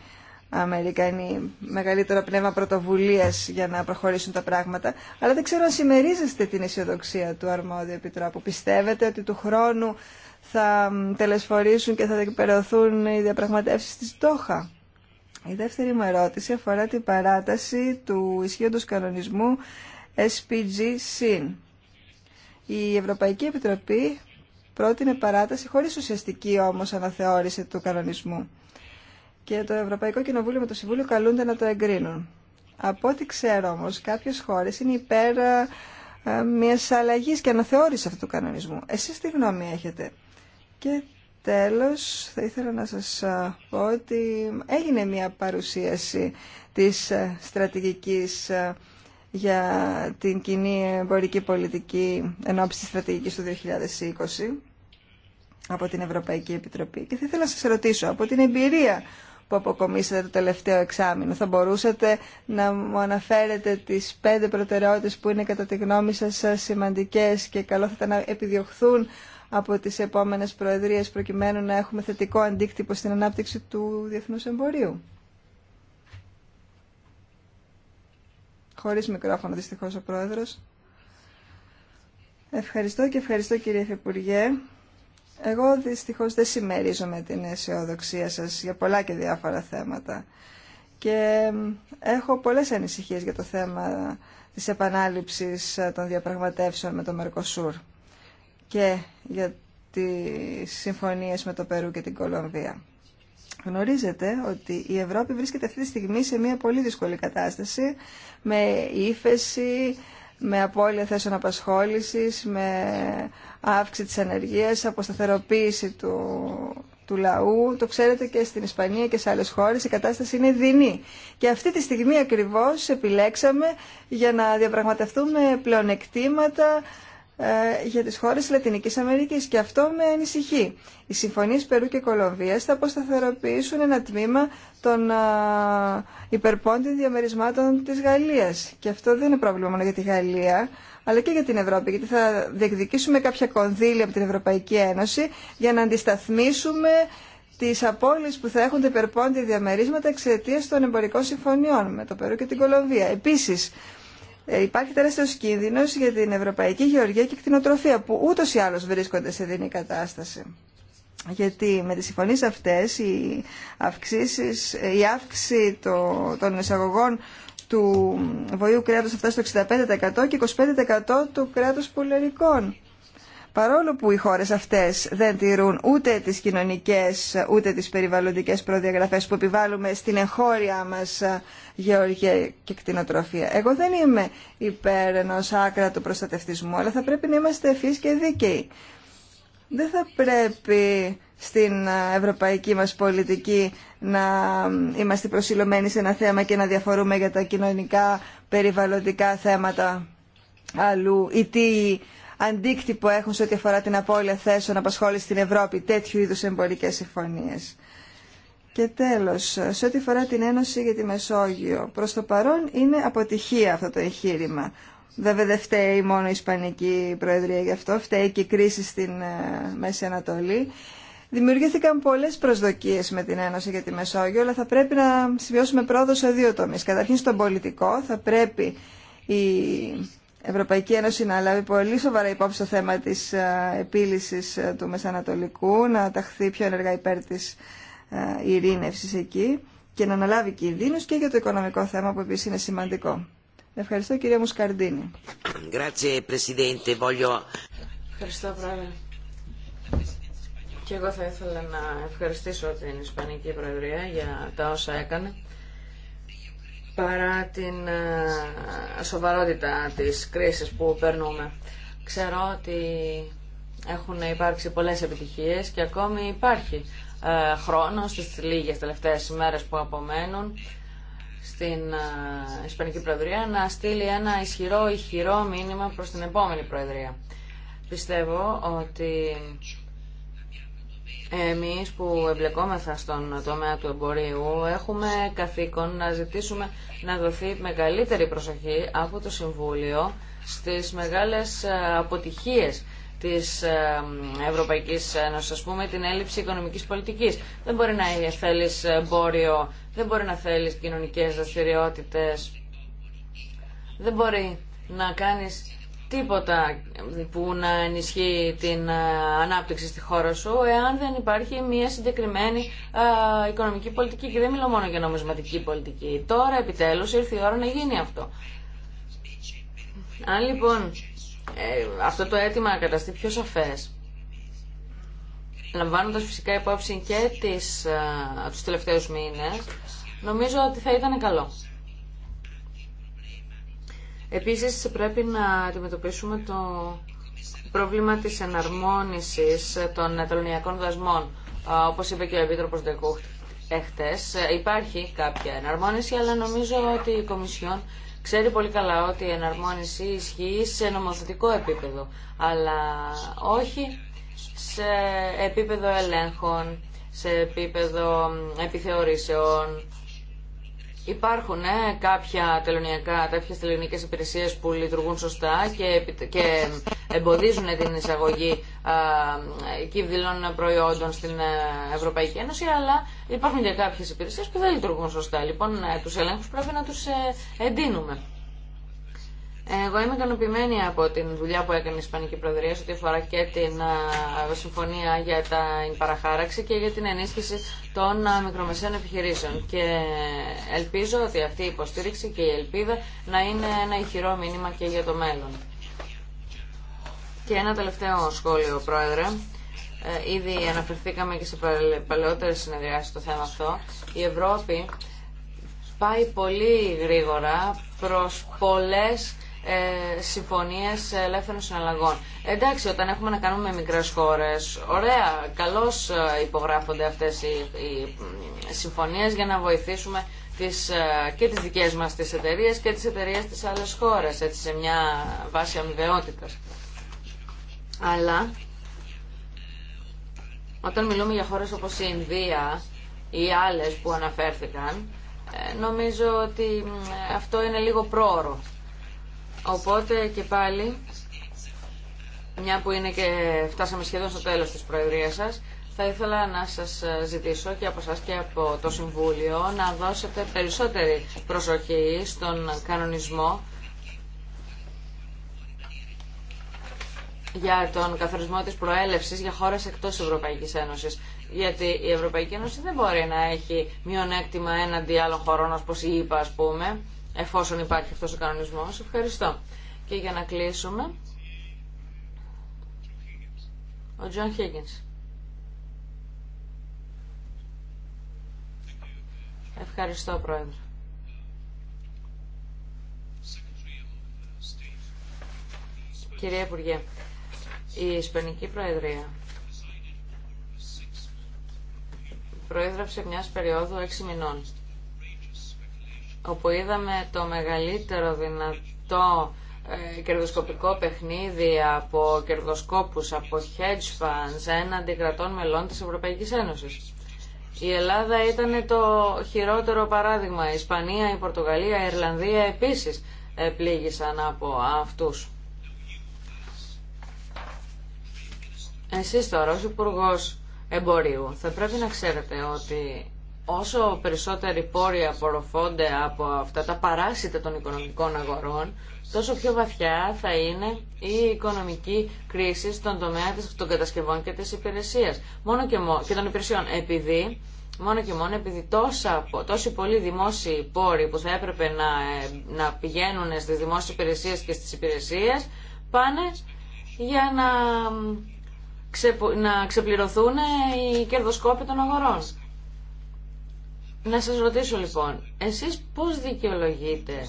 Αμερικανοί μεγαλύτερο πνεύμα πρωτοβουλία για να προχωρήσουν τα πράγματα. Αλλά δεν ξέρω αν συμμερίζεστε την αισιοδοξία του αρμόδιου επιτρόπου. Πιστεύετε ότι του χρόνου θα τελεσφορήσουν και θα δεκπεραιωθούν οι διαπραγματεύσει τη Ντόχα. Η δεύτερη μου ερώτηση αφορά την παράταση του ισχύοντος κανονισμού SPG-SIN. Η Ευρωπαϊκή Επιτροπή πρότεινε παράταση χωρίς ουσιαστική όμως αναθεώρηση του κανονισμού. Και το Ευρωπαϊκό Κοινοβούλιο με το Συμβούλιο καλούνται να το εγκρίνουν. Από ό,τι ξέρω όμως κάποιες χώρες είναι υπέρ ε, μιας αλλαγής και αναθεώρησης αυτού του κανονισμού. Εσείς τι γνώμη έχετε. Και Τέλος, θα ήθελα να σας πω ότι έγινε μια παρουσίαση της στρατηγικής για την κοινή εμπορική πολιτική ενόψη της στρατηγικής του 2020 από την Ευρωπαϊκή Επιτροπή. Και θα ήθελα να σας ρωτήσω, από την εμπειρία που αποκομίσατε το τελευταίο εξάμεινο, θα μπορούσατε να μου αναφέρετε τις πέντε προτεραιότητες που είναι κατά τη γνώμη σας σημαντικές και καλό θα ήταν να επιδιωχθούν από τις επόμενες προεδρίες προκειμένου να έχουμε θετικό αντίκτυπο στην ανάπτυξη του διεθνούς εμπορίου. Χωρίς μικρόφωνο δυστυχώς ο Πρόεδρος. Ευχαριστώ και ευχαριστώ κύριε Υφυπουργέ. Εγώ δυστυχώς δεν συμμερίζομαι την αισιοδοξία σας για πολλά και διάφορα θέματα. Και έχω πολλές ανησυχίες για το θέμα της επανάληψης ε, των διαπραγματεύσεων με το Μερκοσούρ και για τις συμφωνίες με το Περού και την Κολομβία. Γνωρίζετε ότι η Ευρώπη βρίσκεται αυτή τη στιγμή σε μια πολύ δύσκολη κατάσταση με ύφεση, με απώλεια θέσεων απασχόλησης, με αύξηση της ανεργίας, αποσταθεροποίηση του, του λαού. Το ξέρετε και στην Ισπανία και σε άλλες χώρες η κατάσταση είναι δεινή. Και αυτή τη στιγμή ακριβώς επιλέξαμε για να διαπραγματευτούμε πλεονεκτήματα ε, για τις χώρες Λατινικής Αμερικής και αυτό με ανησυχεί. Οι συμφωνίες Περού και Κολομβίας θα αποσταθεροποιήσουν ένα τμήμα των ε, υπερπόντιων διαμερισμάτων της Γαλλίας και αυτό δεν είναι πρόβλημα μόνο για τη Γαλλία αλλά και για την Ευρώπη γιατί θα διεκδικήσουμε κάποια κονδύλια από την Ευρωπαϊκή Ένωση για να αντισταθμίσουμε τις απώλειες που θα έχουν τα διαμερίσματα εξαιτία των εμπορικών συμφωνιών με το Περού και την Κολομβία. Επίση. Ε, υπάρχει τεράστιο κίνδυνο για την ευρωπαϊκή γεωργία και κτηνοτροφία που ούτως ή άλλως βρίσκονται σε δίνη κατάσταση. Γιατί με τις συμφωνίες αυτές η, αυξήσεις, ε, η αύξηση των εισαγωγών του βοήου κρέατος φτάσει στο 65% και 25% του κρέατος πουλερικών. Παρόλο που οι χώρες αυτές δεν τηρούν ούτε τις κοινωνικές ούτε τις περιβαλλοντικές προδιαγραφές που επιβάλλουμε στην εγχώρια μας ε, γεωργία και κτηνοτροφία. Εγώ δεν είμαι υπέρ άκρα του προστατευτισμού, αλλά θα πρέπει να είμαστε ευφύς και δίκαιοι. Δεν θα πρέπει στην ε, ευρωπαϊκή μας πολιτική να είμαστε προσιλωμένοι σε ένα θέμα και να διαφορούμε για τα κοινωνικά περιβαλλοντικά θέματα αλλού ή τι αντίκτυπο έχουν σε ό,τι αφορά την απώλεια θέσεων απασχόληση στην Ευρώπη τέτοιου είδου εμπορικέ συμφωνίε. Και τέλο, σε ό,τι αφορά την Ένωση για τη Μεσόγειο, προ το παρόν είναι αποτυχία αυτό το εγχείρημα. Βέβαια δεν φταίει μόνο η Ισπανική Προεδρία γι' αυτό, φταίει και η κρίση στην ε, Μέση Ανατολή. Δημιουργήθηκαν πολλές προσδοκίες με την Ένωση για τη Μεσόγειο, αλλά θα πρέπει να σημειώσουμε πρόοδο σε δύο τομεί. Καταρχήν στον πολιτικό, θα πρέπει η Ευρωπαϊκή Ένωση να λάβει πολύ σοβαρά υπόψη το θέμα της ε, επίλυσης ε, του Μεσανατολικού, να ταχθεί πιο ενεργά υπέρ της ε, ειρήνευσης εκεί και να αναλάβει κινδύνους και για το οικονομικό θέμα που επίσης είναι σημαντικό. Ευχαριστώ κυρία Μουσκαρντίνη. Ευχαριστώ πρόεδρε. Και εγώ θα ήθελα να ευχαριστήσω την Ισπανική Προεδρία για τα όσα έκανε παρά την ε, σοβαρότητα της κρίσης που περνούμε. Ξέρω ότι έχουν υπάρξει πολλές επιτυχίες και ακόμη υπάρχει ε, χρόνο στις λίγες τελευταίες μέρες που απομένουν στην ε, Ισπανική Προεδρία να στείλει ένα ισχυρό, ηχηρό μήνυμα προς την επόμενη Προεδρία. Πιστεύω ότι εμείς που εμπλεκόμεθα στον τομέα του εμπορίου έχουμε καθήκον να ζητήσουμε να δοθεί μεγαλύτερη προσοχή από το Συμβούλιο στις μεγάλες ε, αποτυχίες της ε, Ευρωπαϊκής Ένωσης, ας πούμε, την έλλειψη οικονομικής πολιτικής. Δεν μπορεί να θέλεις εμπόριο, δεν μπορεί να θέλεις κοινωνικές δραστηριότητε. δεν μπορεί να κάνεις τίποτα που να ενισχύει την ε, ανάπτυξη στη χώρα σου εάν δεν υπάρχει μια συγκεκριμένη ε, οικονομική πολιτική και δεν μιλώ μόνο για νομισματική πολιτική. Τώρα επιτέλους ήρθε η ώρα να γίνει αυτό. Αν λοιπόν ε, αυτό το αίτημα καταστεί πιο σαφές λαμβάνοντας φυσικά υπόψη και τις, α, τους τελευταίους μήνες νομίζω ότι θα ήταν καλό. Επίσης πρέπει να αντιμετωπίσουμε το πρόβλημα της εναρμόνισης των τελωνιακών δασμών. Όπως είπε και ο Επίτροπος Δεκούχτ εχθές, υπάρχει κάποια εναρμόνιση, αλλά νομίζω ότι η Κομισιόν ξέρει πολύ καλά ότι η εναρμόνιση ισχύει σε νομοθετικό επίπεδο, αλλά όχι σε επίπεδο ελέγχων, σε επίπεδο επιθεωρήσεων, Υπάρχουν ε, κάποια τελωνιακά, κάποιε τελωνιακέ υπηρεσίε που λειτουργούν σωστά και, και εμποδίζουν την εισαγωγή κύβδηλων προϊόντων στην ε, Ευρωπαϊκή Ένωση, αλλά υπάρχουν και κάποιε υπηρεσίε που δεν λειτουργούν σωστά. Λοιπόν, ε, του ελέγχου, πρέπει να τους εντείνουμε. Εγώ είμαι ικανοποιημένη από την δουλειά που έκανε η Ισπανική Προεδρία σε ό,τι αφορά και την συμφωνία για την παραχάραξη και για την ενίσχυση των μικρομεσαίων επιχειρήσεων. Και ελπίζω ότι αυτή η υποστήριξη και η ελπίδα να είναι ένα ηχηρό μήνυμα και για το μέλλον. Και ένα τελευταίο σχόλιο, Πρόεδρε. Ε, ήδη αναφερθήκαμε και σε παλαιότερε συνεδριάσει στο θέμα αυτό. Η Ευρώπη πάει πολύ γρήγορα προς πολλές ε, συμφωνίε ελεύθερων συναλλαγών. Εντάξει, όταν έχουμε να κάνουμε με μικρέ χώρε, ωραία, καλώ ε, υπογράφονται αυτέ οι, οι συμφωνίε για να βοηθήσουμε τις, ε, και τι δικέ μα τι εταιρείε και τι εταιρείε τη άλλε χώρε, έτσι σε μια βάση αμοιβαιότητα. Αλλά όταν μιλούμε για χώρες όπως η Ινδία ή άλλες που αναφέρθηκαν, ε, νομίζω ότι αυτό είναι λίγο πρόωρο. Οπότε και πάλι, μια που είναι και φτάσαμε σχεδόν στο τέλος της προεδρίας σας, θα ήθελα να σας ζητήσω και από σας και από το Συμβούλιο να δώσετε περισσότερη προσοχή στον κανονισμό για τον καθορισμό της προέλευσης για χώρες εκτός Ευρωπαϊκής Ένωσης. Γιατί η Ευρωπαϊκή Ένωση δεν μπορεί να έχει μειονέκτημα έναντι άλλων χωρών, όπως η ΕΠΑ, ας πούμε, εφόσον υπάρχει αυτός ο κανονισμός. Ευχαριστώ. Και για να κλείσουμε, ο Τζον Χίγγινς. Ευχαριστώ, Πρόεδρε. Κυρία Υπουργέ, η Ισπανική Προεδρία προέδρευσε μιας περίοδου 6 μηνών όπου είδαμε το μεγαλύτερο δυνατό ε, κερδοσκοπικό παιχνίδι από κερδοσκόπους, από hedge funds έναντι κρατών μελών της Ευρωπαϊκής Ένωσης. Η Ελλάδα ήταν το χειρότερο παράδειγμα. Η Ισπανία, η Πορτογαλία, η Ιρλανδία επίσης πλήγησαν από αυτούς. Εσείς τώρα ως υπουργό Εμπορίου θα πρέπει να ξέρετε ότι όσο περισσότεροι πόροι απορροφώνται από αυτά τα παράσιτα των οικονομικών αγορών, τόσο πιο βαθιά θα είναι η οικονομική κρίση στον τομέα των κατασκευών και της υπηρεσίας μόνο και, μόνο, και των υπηρεσιών, επειδή μόνο και μόνο επειδή τόσα, τόσοι πολλοί δημόσιοι πόροι που θα έπρεπε να, ε, να πηγαίνουν στις δημόσιες υπηρεσίες και στις υπηρεσίες πάνε για να, να ξεπληρωθούν ε, οι κερδοσκόποι των αγορών. Να σας ρωτήσω λοιπόν, εσείς πώς δικαιολογείτε,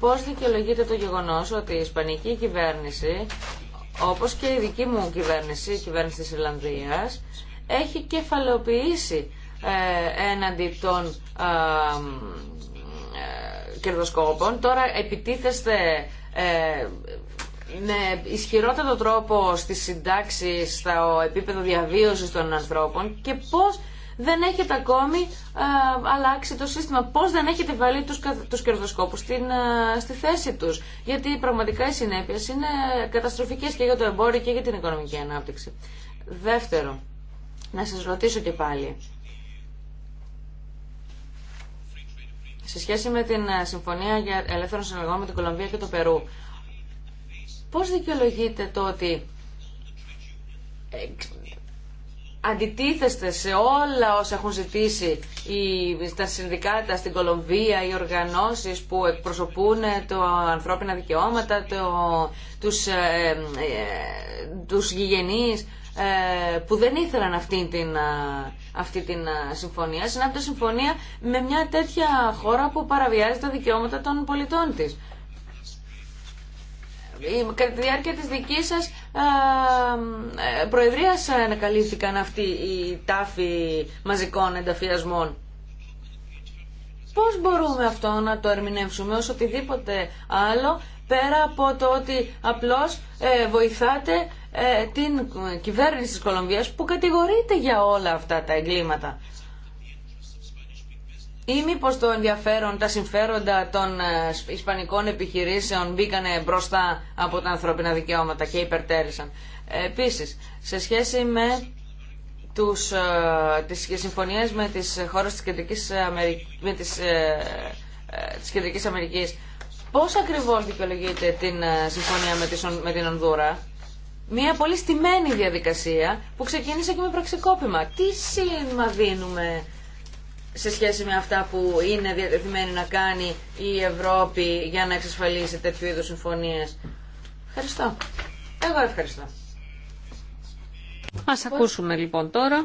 πώς δικαιολογείτε το γεγονός ότι η Ισπανική κυβέρνηση, όπως και η δική μου κυβέρνηση, η κυβέρνηση της Ιρλανδίας, έχει κεφαλαιοποιήσει ε, έναντι των ε, ε, κερδοσκόπων. Τώρα επιτίθεστε ε, με ισχυρότατο τρόπο στις συντάξεις, στο επίπεδο διαβίωσης των ανθρώπων και πώς δεν έχετε ακόμη ε, αλλάξει το σύστημα. Πώς δεν έχετε βάλει τους, τους κερδοσκόπους ε, στη θέση τους. Γιατί πραγματικά οι συνέπειε είναι καταστροφικές και για το εμπόριο και για την οικονομική ανάπτυξη. Δεύτερο, να σας ρωτήσω και πάλι. Σε σχέση με την ε, συμφωνία για ελεύθερο συνεργό με την Κολομβία και το Περού, πώς δικαιολογείτε το ότι αντιτίθεστε σε όλα όσα έχουν ζητήσει οι, τα συνδικάτα στην Κολομβία, οι οργανώσεις που εκπροσωπούν το ανθρώπινα δικαιώματα, το, τους, ε, ε, τους γηγενείς ε, που δεν ήθελαν αυτή την, αυτή την συμφωνία. Συνάπτω συμφωνία με μια τέτοια χώρα που παραβιάζει τα δικαιώματα των πολιτών της κατά τη διάρκεια της δικής σας ε, προεδρίας ανακαλύφθηκαν αυτοί οι τάφοι μαζικών ενταφιασμών. Πώς μπορούμε αυτό να το ερμηνεύσουμε ως οτιδήποτε άλλο πέρα από το ότι απλώς ε, βοηθάτε ε, την κυβέρνηση της Κολομβίας που κατηγορείται για όλα αυτά τα εγκλήματα ή μήπω το ενδιαφέρον, τα συμφέροντα των ε, ισπανικών επιχειρήσεων μπήκανε μπροστά από τα ανθρώπινα δικαιώματα και υπερτέρησαν. Ε, επίσης, σε σχέση με τους, ε, τις συμφωνίες με τις χώρες της Κεντρικής, Αμερική, με τις, της Κεντρικής Αμερικής, πώς ακριβώς δικαιολογείται την συμφωνία με, με την Ονδούρα, μια πολύ στημένη διαδικασία που ξεκίνησε και με πραξικόπημα. Τι σήμα δίνουμε σε σχέση με αυτά που είναι διατεθειμένη να κάνει η Ευρώπη για να εξασφαλίσει τέτοιου είδους συμφωνίες. Ευχαριστώ. Εγώ ευχαριστώ. Ας ακούσουμε λοιπόν τώρα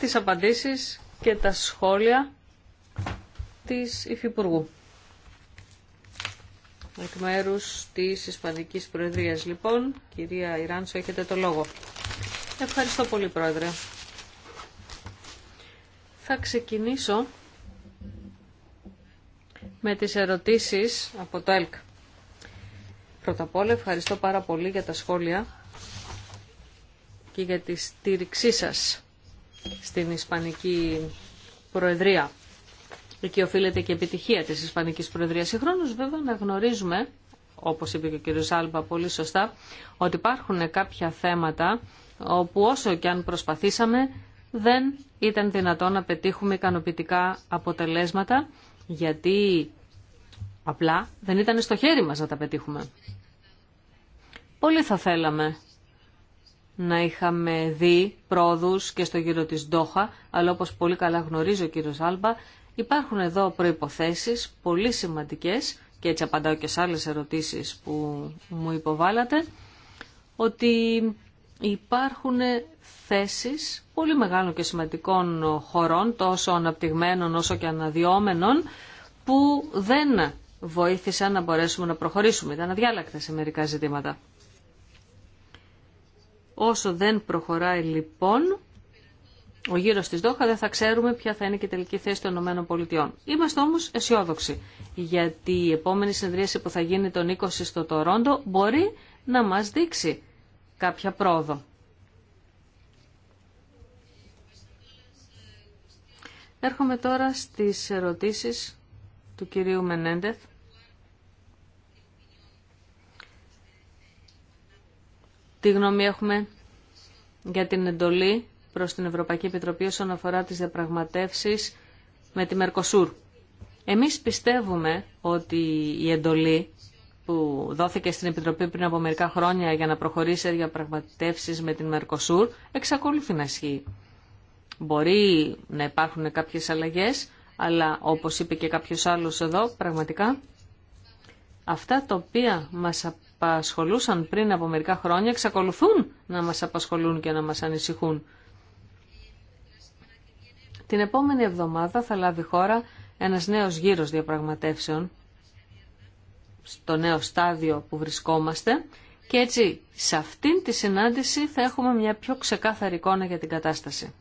τις απαντήσεις και τα σχόλια της Υφυπουργού. Εκ μέρου τη Ισπανική Προεδρία, λοιπόν, κυρία Ιράντσο, έχετε το λόγο. Ευχαριστώ πολύ, Πρόεδρε. Θα ξεκινήσω με τις ερωτήσεις από το ΕΛΚ. Πρώτα απ' όλα ευχαριστώ πάρα πολύ για τα σχόλια και για τη στήριξή σας στην Ισπανική Προεδρία. Εκεί οφείλεται και η επιτυχία της Ισπανικής Προεδρίας. Συγχρόνως βέβαια να γνωρίζουμε, όπως είπε και ο κ. Σάλμπα πολύ σωστά, ότι υπάρχουν κάποια θέματα όπου όσο και αν προσπαθήσαμε δεν ήταν δυνατόν να πετύχουμε ικανοποιητικά αποτελέσματα γιατί απλά δεν ήταν στο χέρι μας να τα πετύχουμε. Πολύ θα θέλαμε να είχαμε δει πρόδους και στο γύρο της Ντόχα, αλλά όπως πολύ καλά γνωρίζει ο κύριος Άλμπα, υπάρχουν εδώ προϋποθέσεις πολύ σημαντικές, και έτσι απαντάω και σε άλλες ερωτήσεις που μου υποβάλατε, ότι υπάρχουν θέσεις πολύ μεγάλων και σημαντικών χωρών, τόσο αναπτυγμένων όσο και αναδιόμενων, που δεν βοήθησαν να μπορέσουμε να προχωρήσουμε. Ήταν αδιάλακτα σε μερικά ζητήματα. Όσο δεν προχωράει λοιπόν ο γύρο τη Δόχα, δεν θα ξέρουμε ποια θα είναι και η τελική θέση των ΗΠΑ. Είμαστε όμω αισιόδοξοι, γιατί η επόμενη συνεδρίαση που θα γίνει τον 20 στο Τορόντο μπορεί να μα δείξει κάποια πρόοδο. Έρχομαι τώρα στις ερωτήσεις του κυρίου Μενέντεθ. Τι γνώμη έχουμε για την εντολή προς την Ευρωπαϊκή Επιτροπή όσον αφορά τις διαπραγματεύσεις με τη Μερκοσούρ. Εμείς πιστεύουμε ότι η εντολή που δόθηκε στην Επιτροπή πριν από μερικά χρόνια για να προχωρήσει σε με την Μερκοσούρ εξακολουθεί να ισχύει. Μπορεί να υπάρχουν κάποιες αλλαγέ, αλλά όπως είπε και κάποιο άλλο εδώ, πραγματικά αυτά τα οποία μα απασχολούσαν πριν από μερικά χρόνια εξακολουθούν να μα απασχολούν και να μα ανησυχούν. Την επόμενη εβδομάδα θα λάβει χώρα ένας νέος γύρος διαπραγματεύσεων στο νέο στάδιο που βρισκόμαστε και έτσι σε αυτήν τη συνάντηση θα έχουμε μια πιο ξεκάθαρη εικόνα για την κατάσταση.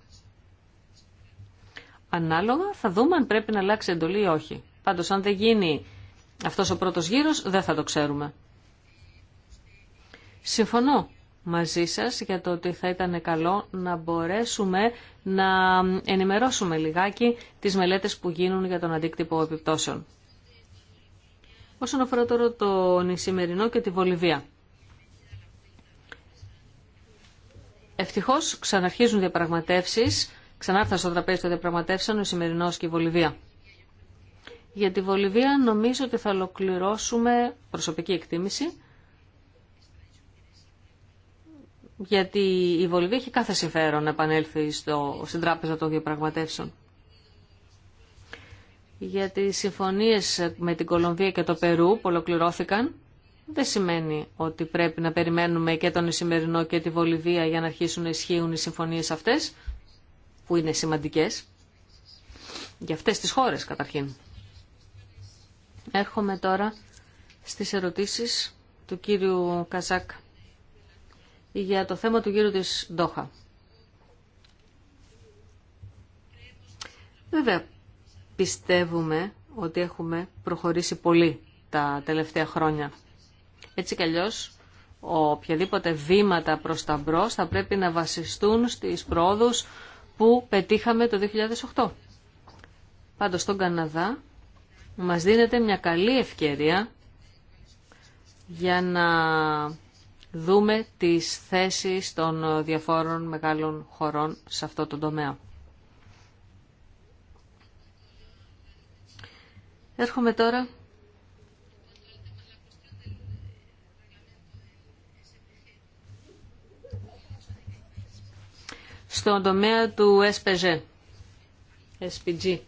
Ανάλογα θα δούμε αν πρέπει να αλλάξει εντολή ή όχι. Πάντως αν δεν γίνει αυτός ο πρώτος γύρος δεν θα το ξέρουμε. Συμφωνώ μαζί σας για το ότι θα ήταν καλό να μπορέσουμε να ενημερώσουμε λιγάκι τις μελέτες που γίνουν για τον αντίκτυπο επιπτώσεων. Όσον αφορά τώρα τον Ισημερινό και τη Βολιβία. Ευτυχώς ξαναρχίζουν διαπραγματεύσεις, Ξανάρθαν στο τραπέζι των διαπραγματεύσεων ο Ισημερινός και η Βολιβία. Για τη Βολιβία νομίζω ότι θα ολοκληρώσουμε προσωπική εκτίμηση, γιατί η Βολιβία έχει κάθε συμφέρον να επανέλθει στο, στην τράπεζα των διαπραγματεύσεων γιατί οι συμφωνίες με την Κολομβία και το Περού που ολοκληρώθηκαν δεν σημαίνει ότι πρέπει να περιμένουμε και τον Ισημερινό και τη Βολιβία για να αρχίσουν να ισχύουν οι συμφωνίες αυτές που είναι σημαντικές για αυτές τις χώρες καταρχήν. Έρχομαι τώρα στις ερωτήσεις του κύριου Καζάκ για το θέμα του γύρου της Ντόχα. Βέβαια, πιστεύουμε ότι έχουμε προχωρήσει πολύ τα τελευταία χρόνια. Έτσι κι αλλιώς, οποιαδήποτε βήματα προς τα μπρος θα πρέπει να βασιστούν στις πρόοδους που πετύχαμε το 2008. Πάντως στον Καναδά μας δίνεται μια καλή ευκαιρία για να δούμε τις θέσεις των διαφόρων μεγάλων χωρών σε αυτό το τομέα. Έρχομαι τώρα στον τομέα του SPG. SPG.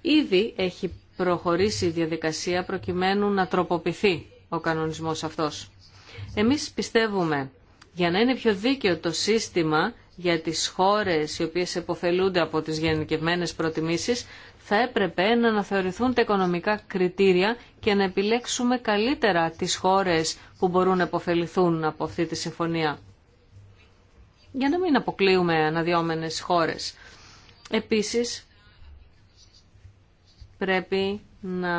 Ήδη έχει προχωρήσει η διαδικασία προκειμένου να τροποποιηθεί ο κανονισμός αυτός. Εμείς πιστεύουμε για να είναι πιο δίκαιο το σύστημα για τις χώρες οι οποίες εποφελούνται από τις γενικευμένες προτιμήσεις θα έπρεπε να αναθεωρηθούν τα οικονομικά κριτήρια και να επιλέξουμε καλύτερα τις χώρες που μπορούν να επωφεληθούν από αυτή τη συμφωνία. Για να μην αποκλείουμε αναδιόμενες χώρες. Επίσης, πρέπει να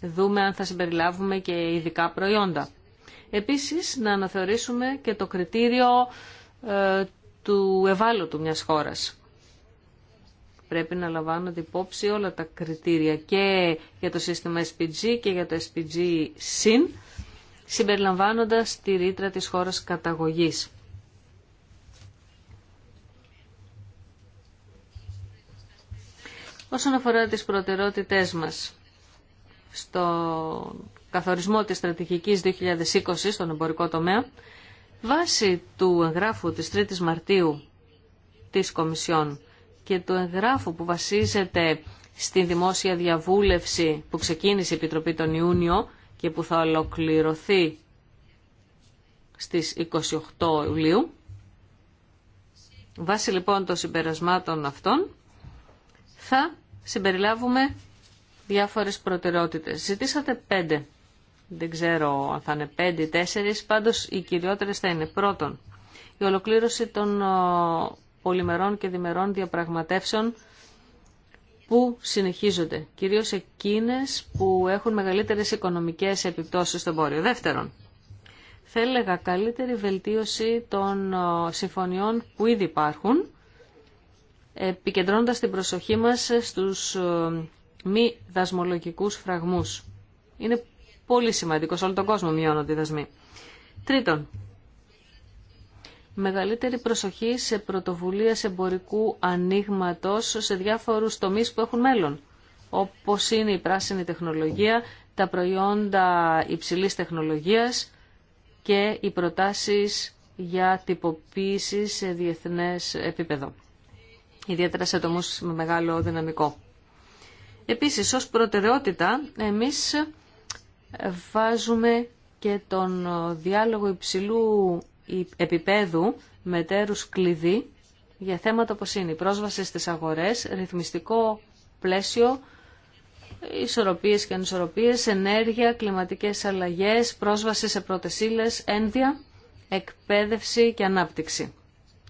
δούμε αν θα συμπεριλάβουμε και ειδικά προϊόντα. Επίσης, να αναθεωρήσουμε και το κριτήριο ε, του ευάλωτου μιας χώρας. Πρέπει να λαμβάνονται υπόψη όλα τα κριτήρια και για το σύστημα SPG και για το SPG-SYN, συμπεριλαμβάνοντας τη ρήτρα της χώρας καταγωγής. Όσον αφορά τις προτερότητές μας στο καθορισμό της στρατηγικής 2020 στον εμπορικό τομέα, Βάσει του εγγράφου της 3ης Μαρτίου της Κομισιόν και του εγγράφου που βασίζεται στη δημόσια διαβούλευση που ξεκίνησε η Επιτροπή τον Ιούνιο και που θα ολοκληρωθεί στις 28 Ιουλίου. Βάσει λοιπόν των συμπερασμάτων αυτών θα συμπεριλάβουμε διάφορες προτεραιότητες. Ζητήσατε πέντε δεν ξέρω αν θα είναι πέντε ή τέσσερις, πάντως οι κυριότερες θα είναι πρώτον η ολοκλήρωση των πολυμερών και διμερών διαπραγματεύσεων που συνεχίζονται, κυρίως εκείνες που έχουν μεγαλύτερες οικονομικές επιπτώσεις στον πόριο. Δεύτερον, θα έλεγα καλύτερη βελτίωση των συμφωνιών που ήδη υπάρχουν, επικεντρώνοντας την προσοχή μας στους μη δασμολογικούς φραγμούς. Είναι πολύ σημαντικό. Σε όλο τον κόσμο μειώνονται οι δασμοί. Τρίτον, μεγαλύτερη προσοχή σε πρωτοβουλίες εμπορικού ανοίγματο σε διάφορους τομείς που έχουν μέλλον, όπως είναι η πράσινη τεχνολογία, τα προϊόντα υψηλής τεχνολογίας και οι προτάσεις για τυποποίηση σε διεθνές επίπεδο, ιδιαίτερα σε τομούς με μεγάλο δυναμικό. Επίσης, ως προτεραιότητα, εμείς βάζουμε και τον διάλογο υψηλού επίπεδου μετέρους κλειδί για θέματα όπως είναι η πρόσβαση στις αγορές, ρυθμιστικό πλαίσιο, ισορροπίες και ανισορροπίες, ενέργεια, κλιματικές αλλαγές, πρόσβαση σε πρώτες ύλες, ένδια, εκπαίδευση και ανάπτυξη.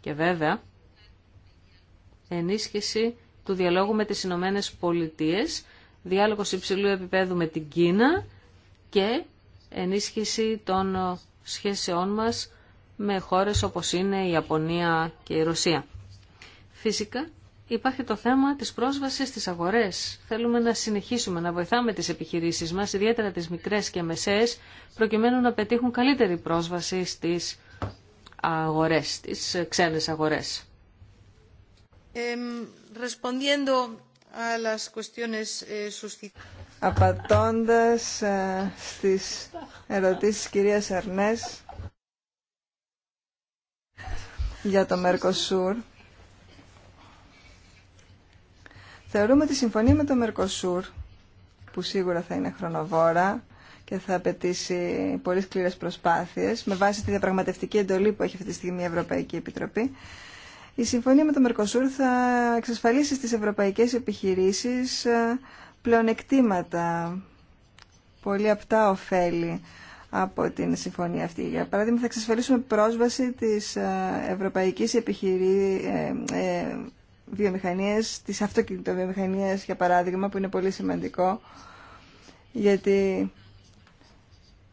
Και βέβαια, ενίσχυση του διαλόγου με τις Ηνωμένε Πολιτείες, διάλογος υψηλού επίπεδου με την Κίνα και ενίσχυση των σχέσεών μας με χώρες όπως είναι η Ιαπωνία και η Ρωσία. Φυσικά υπάρχει το θέμα της πρόσβασης στις αγορές. Θέλουμε να συνεχίσουμε να βοηθάμε τις επιχειρήσεις μας, ιδιαίτερα τις μικρές και μεσαίες, προκειμένου να πετύχουν καλύτερη πρόσβαση στις αγορές, στις ξένες αγορές. respondiendo a las cuestiones eh, απατώντας ε, στις ερωτήσεις της κυρίας Αρνές για το Μερκοσούρ. Θεωρούμε τη συμφωνία με το Μερκοσούρ, που σίγουρα θα είναι χρονοβόρα και θα απαιτήσει πολύ σκληρές προσπάθειες, με βάση τη διαπραγματευτική εντολή που έχει αυτή τη στιγμή η Ευρωπαϊκή Επιτροπή, η συμφωνία με το Μερκοσούρ θα εξασφαλίσει στις ευρωπαϊκές επιχειρήσεις ε, πλεονεκτήματα, πολύ απτά ωφέλη από την συμφωνία αυτή. Για παράδειγμα, θα εξασφαλίσουμε πρόσβαση της ε, ευρωπαϊκής επιχειρή... Ε, ε, βιομηχανίας, της αυτοκινητοβιομηχανίας, για παράδειγμα, που είναι πολύ σημαντικό, γιατί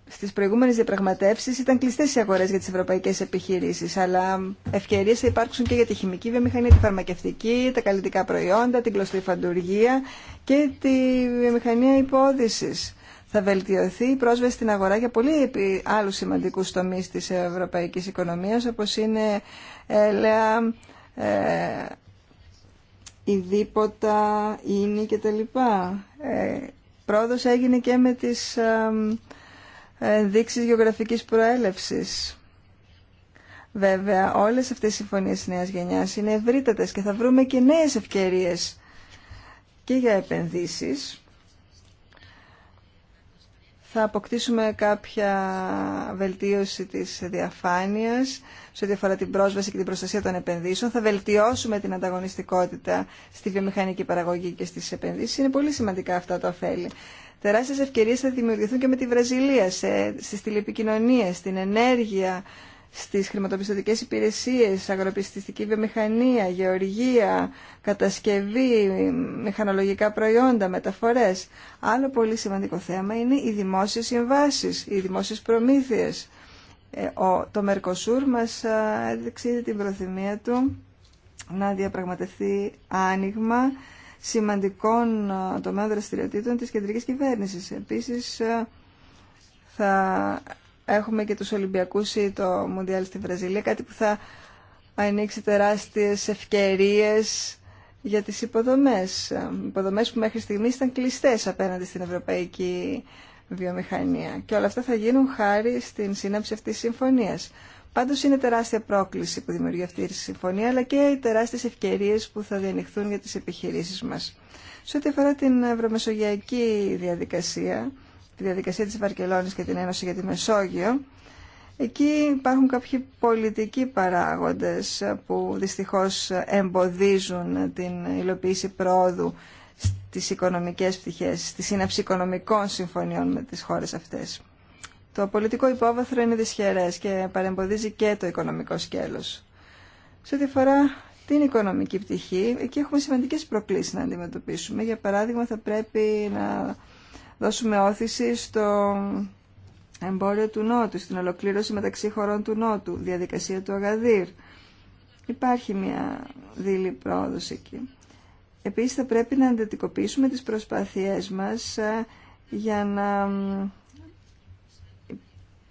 στις προηγούμενες διαπραγματεύσεις ήταν κλειστές οι αγορές για τις ευρωπαϊκές επιχειρήσεις, αλλά ευκαιρίες θα υπάρξουν και για τη χημική βιομηχανία, τη φαρμακευτική, τα καλλιτικά προϊόντα, την κλωστοϊφαντουργία και τη βιομηχανία υπόδησης. Θα βελτιωθεί η πρόσβαση στην αγορά για πολλοί άλλους σημαντικούς τομείς της ευρωπαϊκής οικονομίας, όπως είναι έλεα, ε, ειδήποτα, ίνι κτλ. Ε, ε έγινε και με τις... Ε, δείξεις γεωγραφικής προέλευσης. Βέβαια, όλες αυτές οι συμφωνίες της νέας γενιάς είναι ευρύτατες και θα βρούμε και νέες ευκαιρίες και για επενδύσεις. Θα αποκτήσουμε κάποια βελτίωση της διαφάνειας σε ό,τι αφορά την πρόσβαση και την προστασία των επενδύσεων. Θα βελτιώσουμε την ανταγωνιστικότητα στη βιομηχανική παραγωγή και στις επενδύσεις. Είναι πολύ σημαντικά αυτά τα ωφέλη τεράστιες ευκαιρίες θα δημιουργηθούν και με τη Βραζιλία, σε, στις τηλεπικοινωνίες, στην ενέργεια, στις χρηματοπιστωτικές υπηρεσίες, αγροπιστιστική βιομηχανία, γεωργία, κατασκευή, μηχανολογικά προϊόντα, μεταφορές. Άλλο πολύ σημαντικό θέμα είναι οι δημόσιες συμβάσεις, οι δημόσιες προμήθειες. Ε, το Μερκοσούρ μας έδειξε την προθυμία του να διαπραγματευτεί άνοιγμα σημαντικών τομέων δραστηριοτήτων της κεντρικής κυβέρνησης. Επίσης, θα έχουμε και τους Ολυμπιακούς ή το Μουντιάλ στη Βραζιλία, κάτι που θα ανοίξει τεράστιες ευκαιρίες για τις υποδομές. Υποδομές που μέχρι στιγμής ήταν κλειστές απέναντι στην ευρωπαϊκή βιομηχανία. Και όλα αυτά θα γίνουν χάρη στην σύναψη αυτή τη συμφωνία. Πάντως είναι τεράστια πρόκληση που δημιουργεί αυτή η συμφωνία, αλλά και οι τεράστιε ευκαιρίε που θα διανοιχθούν για τι επιχειρήσει μα. Σε ό,τι αφορά την ευρωμεσογειακή διαδικασία, τη διαδικασία τη Βαρκελόνη και την Ένωση για τη Μεσόγειο, εκεί υπάρχουν κάποιοι πολιτικοί παράγοντε που δυστυχώ εμποδίζουν την υλοποίηση πρόοδου στις οικονομικές πτυχές, στη σύναψη οικονομικών συμφωνιών με τις χώρες αυτές. Το πολιτικό υπόβαθρο είναι δυσχερές και παρεμποδίζει και το οικονομικό σκέλος. Σε ό,τι αφορά την οικονομική πτυχή, εκεί έχουμε σημαντικές προκλήσεις να αντιμετωπίσουμε. Για παράδειγμα, θα πρέπει να δώσουμε όθηση στο εμπόριο του Νότου, στην ολοκλήρωση μεταξύ χωρών του Νότου, διαδικασία του Αγαδίρ. Υπάρχει μια δίλη πρόοδος εκεί. Επίσης θα πρέπει να αντατικοποιήσουμε τις προσπάθειές μας ε, για να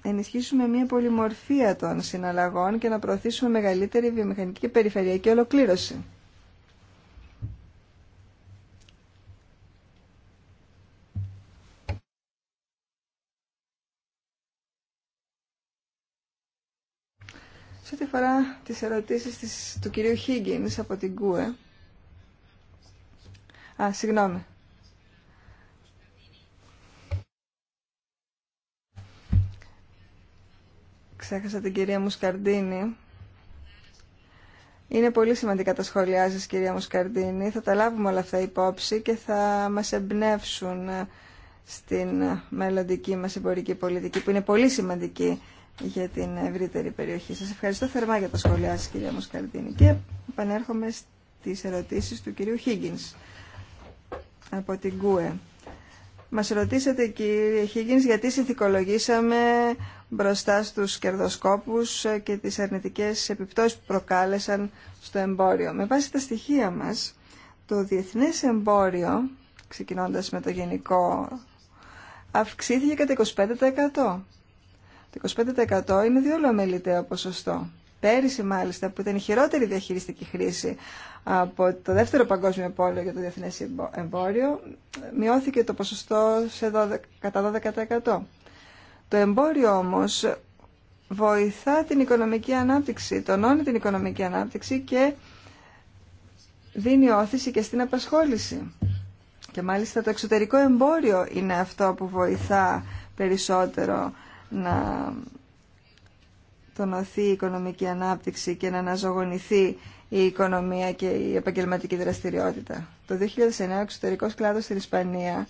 ενισχύσουμε μια πολυμορφία των συναλλαγών και να προωθήσουμε μεγαλύτερη βιομηχανική και περιφερειακή ολοκλήρωση. Σε ό,τι αφορά τις ερωτήσεις της, του κυρίου Higgins από την ΚΟΕ, Α, συγγνώμη. Ξέχασα την κυρία Μουσκαρντίνη. Είναι πολύ σημαντικά τα σχόλιά σας, κυρία Μουσκαρντίνη. Θα τα λάβουμε όλα αυτά υπόψη και θα μας εμπνεύσουν ε, στην ε, μελλοντική μας εμπορική πολιτική, που είναι πολύ σημαντική για την ευρύτερη περιοχή. Σας ευχαριστώ θερμά για τα σχόλιά σας, κυρία Μουσκαρντίνη. Και επανέρχομαι στις ερωτήσεις του κυρίου Χίγκινς από την ΚΟΕ. Μας ρωτήσατε κύριε Χίγγινς γιατί συνθηκολογήσαμε μπροστά στους κερδοσκόπους και τις αρνητικές επιπτώσεις που προκάλεσαν στο εμπόριο. Με βάση τα στοιχεία μας, το διεθνές εμπόριο, ξεκινώντας με το γενικό, αυξήθηκε κατά 25%. Το 25% είναι διόλου αμεληταίο ποσοστό πέρυσι μάλιστα, που ήταν η χειρότερη διαχειριστική χρήση από το δεύτερο παγκόσμιο πόλεμο για το Διεθνέ εμπόριο, μειώθηκε το ποσοστό σε 12, κατά 12%. Το εμπόριο όμως βοηθά την οικονομική ανάπτυξη, τονώνει την οικονομική ανάπτυξη και δίνει όθηση και στην απασχόληση. Και μάλιστα το εξωτερικό εμπόριο είναι αυτό που βοηθά περισσότερο να τονωθεί η οικονομική ανάπτυξη και να αναζωογονηθεί η οικονομία και η επαγγελματική δραστηριότητα. Το 2009 ο εξωτερικός κλάδος στην Ισπανία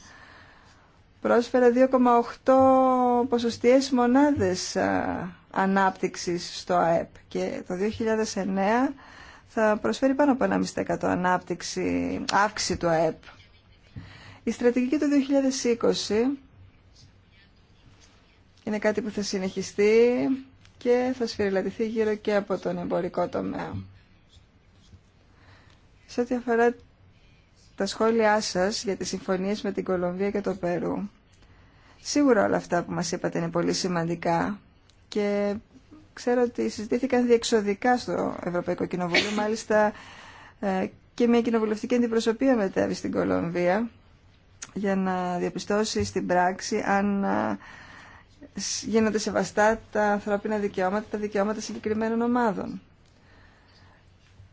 πρόσφερε 2,8 ποσοστιαίες μονάδες ανάπτυξης στο ΑΕΠ και το 2009 θα προσφέρει πάνω από 1,5% ανάπτυξη, αύξηση του ΑΕΠ. Η στρατηγική του 2020 είναι κάτι που θα συνεχιστεί και θα σφυριλατηθεί γύρω και από τον εμπορικό τομέα. Σε ό,τι αφορά τα σχόλιά σας για τις συμφωνίες με την Κολομβία και το Περού, σίγουρα όλα αυτά που μας είπατε είναι πολύ σημαντικά και ξέρω ότι συζητήθηκαν διεξοδικά στο Ευρωπαϊκό Κοινοβούλιο, μάλιστα ε, και μια κοινοβουλευτική αντιπροσωπεία μετέβη στην Κολομβία για να διαπιστώσει στην πράξη αν ε, γίνονται σεβαστά τα ανθρώπινα δικαιώματα, τα δικαιώματα συγκεκριμένων ομάδων.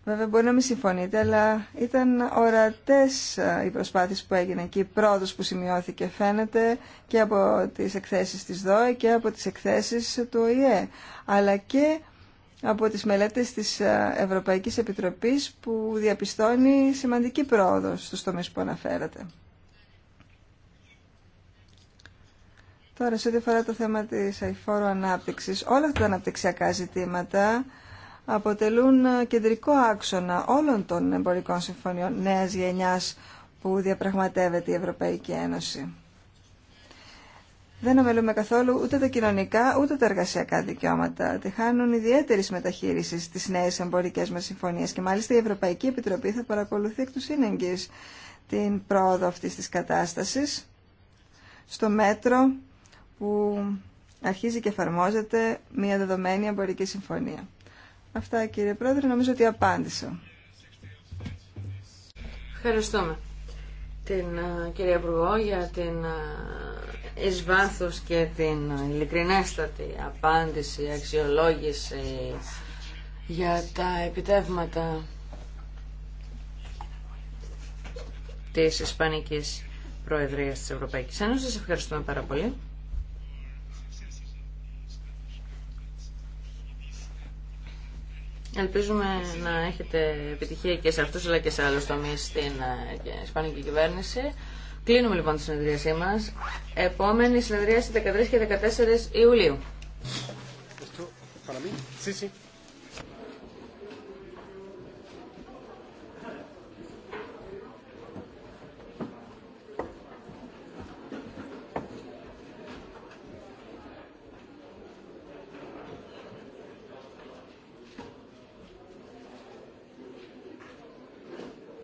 Βέβαια μπορεί να μην συμφωνείτε, αλλά ήταν ορατές ε, οι προσπάθειες που έγιναν και η που σημειώθηκε φαίνεται και από τις εκθέσεις της ΔΟΕ και από τις εκθέσεις του ΟΗΕ, αλλά και από τις μελέτες της ε, Ευρωπαϊκής Επιτροπής που διαπιστώνει σημαντική πρόοδο στους τομείς που αναφέρατε. Τώρα, σε ό,τι αφορά το θέμα τη αηφόρου ανάπτυξη, όλα αυτά τα αναπτυξιακά ζητήματα αποτελούν ε, κεντρικό άξονα όλων των εμπορικών συμφωνιών νέα γενιά που διαπραγματεύεται η Ευρωπαϊκή Ένωση. Δεν ομιλούμε καθόλου ούτε τα κοινωνικά ούτε τα εργασιακά δικαιώματα. Τη χάνουν ιδιαίτερη μεταχείριση στι νέε εμπορικέ μα συμφωνίε και μάλιστα η Ευρωπαϊκή Επιτροπή θα παρακολουθεί εκ του σύνεγγυ την πρόοδο αυτή τη κατάσταση στο μέτρο που αρχίζει και εφαρμόζεται μια δεδομένη εμπορική συμφωνία. Αυτά κύριε Πρόεδρε, νομίζω ότι απάντησα. Ευχαριστούμε την κυρία Υπουργό για την εις και την ειλικρινέστατη απάντηση, αξιολόγηση για τα επιτεύγματα της Ισπανικής Προεδρίας της Ευρωπαϊκής Ένωσης. Ευχαριστούμε πάρα πολύ. Ελπίζουμε να έχετε επιτυχία και σε αυτούς αλλά και σε άλλους τομείς στην ε, Ισπανική κυβέρνηση. Κλείνουμε λοιπόν τη συνεδρίασή μας. Επόμενη συνεδρίαση 13 και 14 Ιουλίου.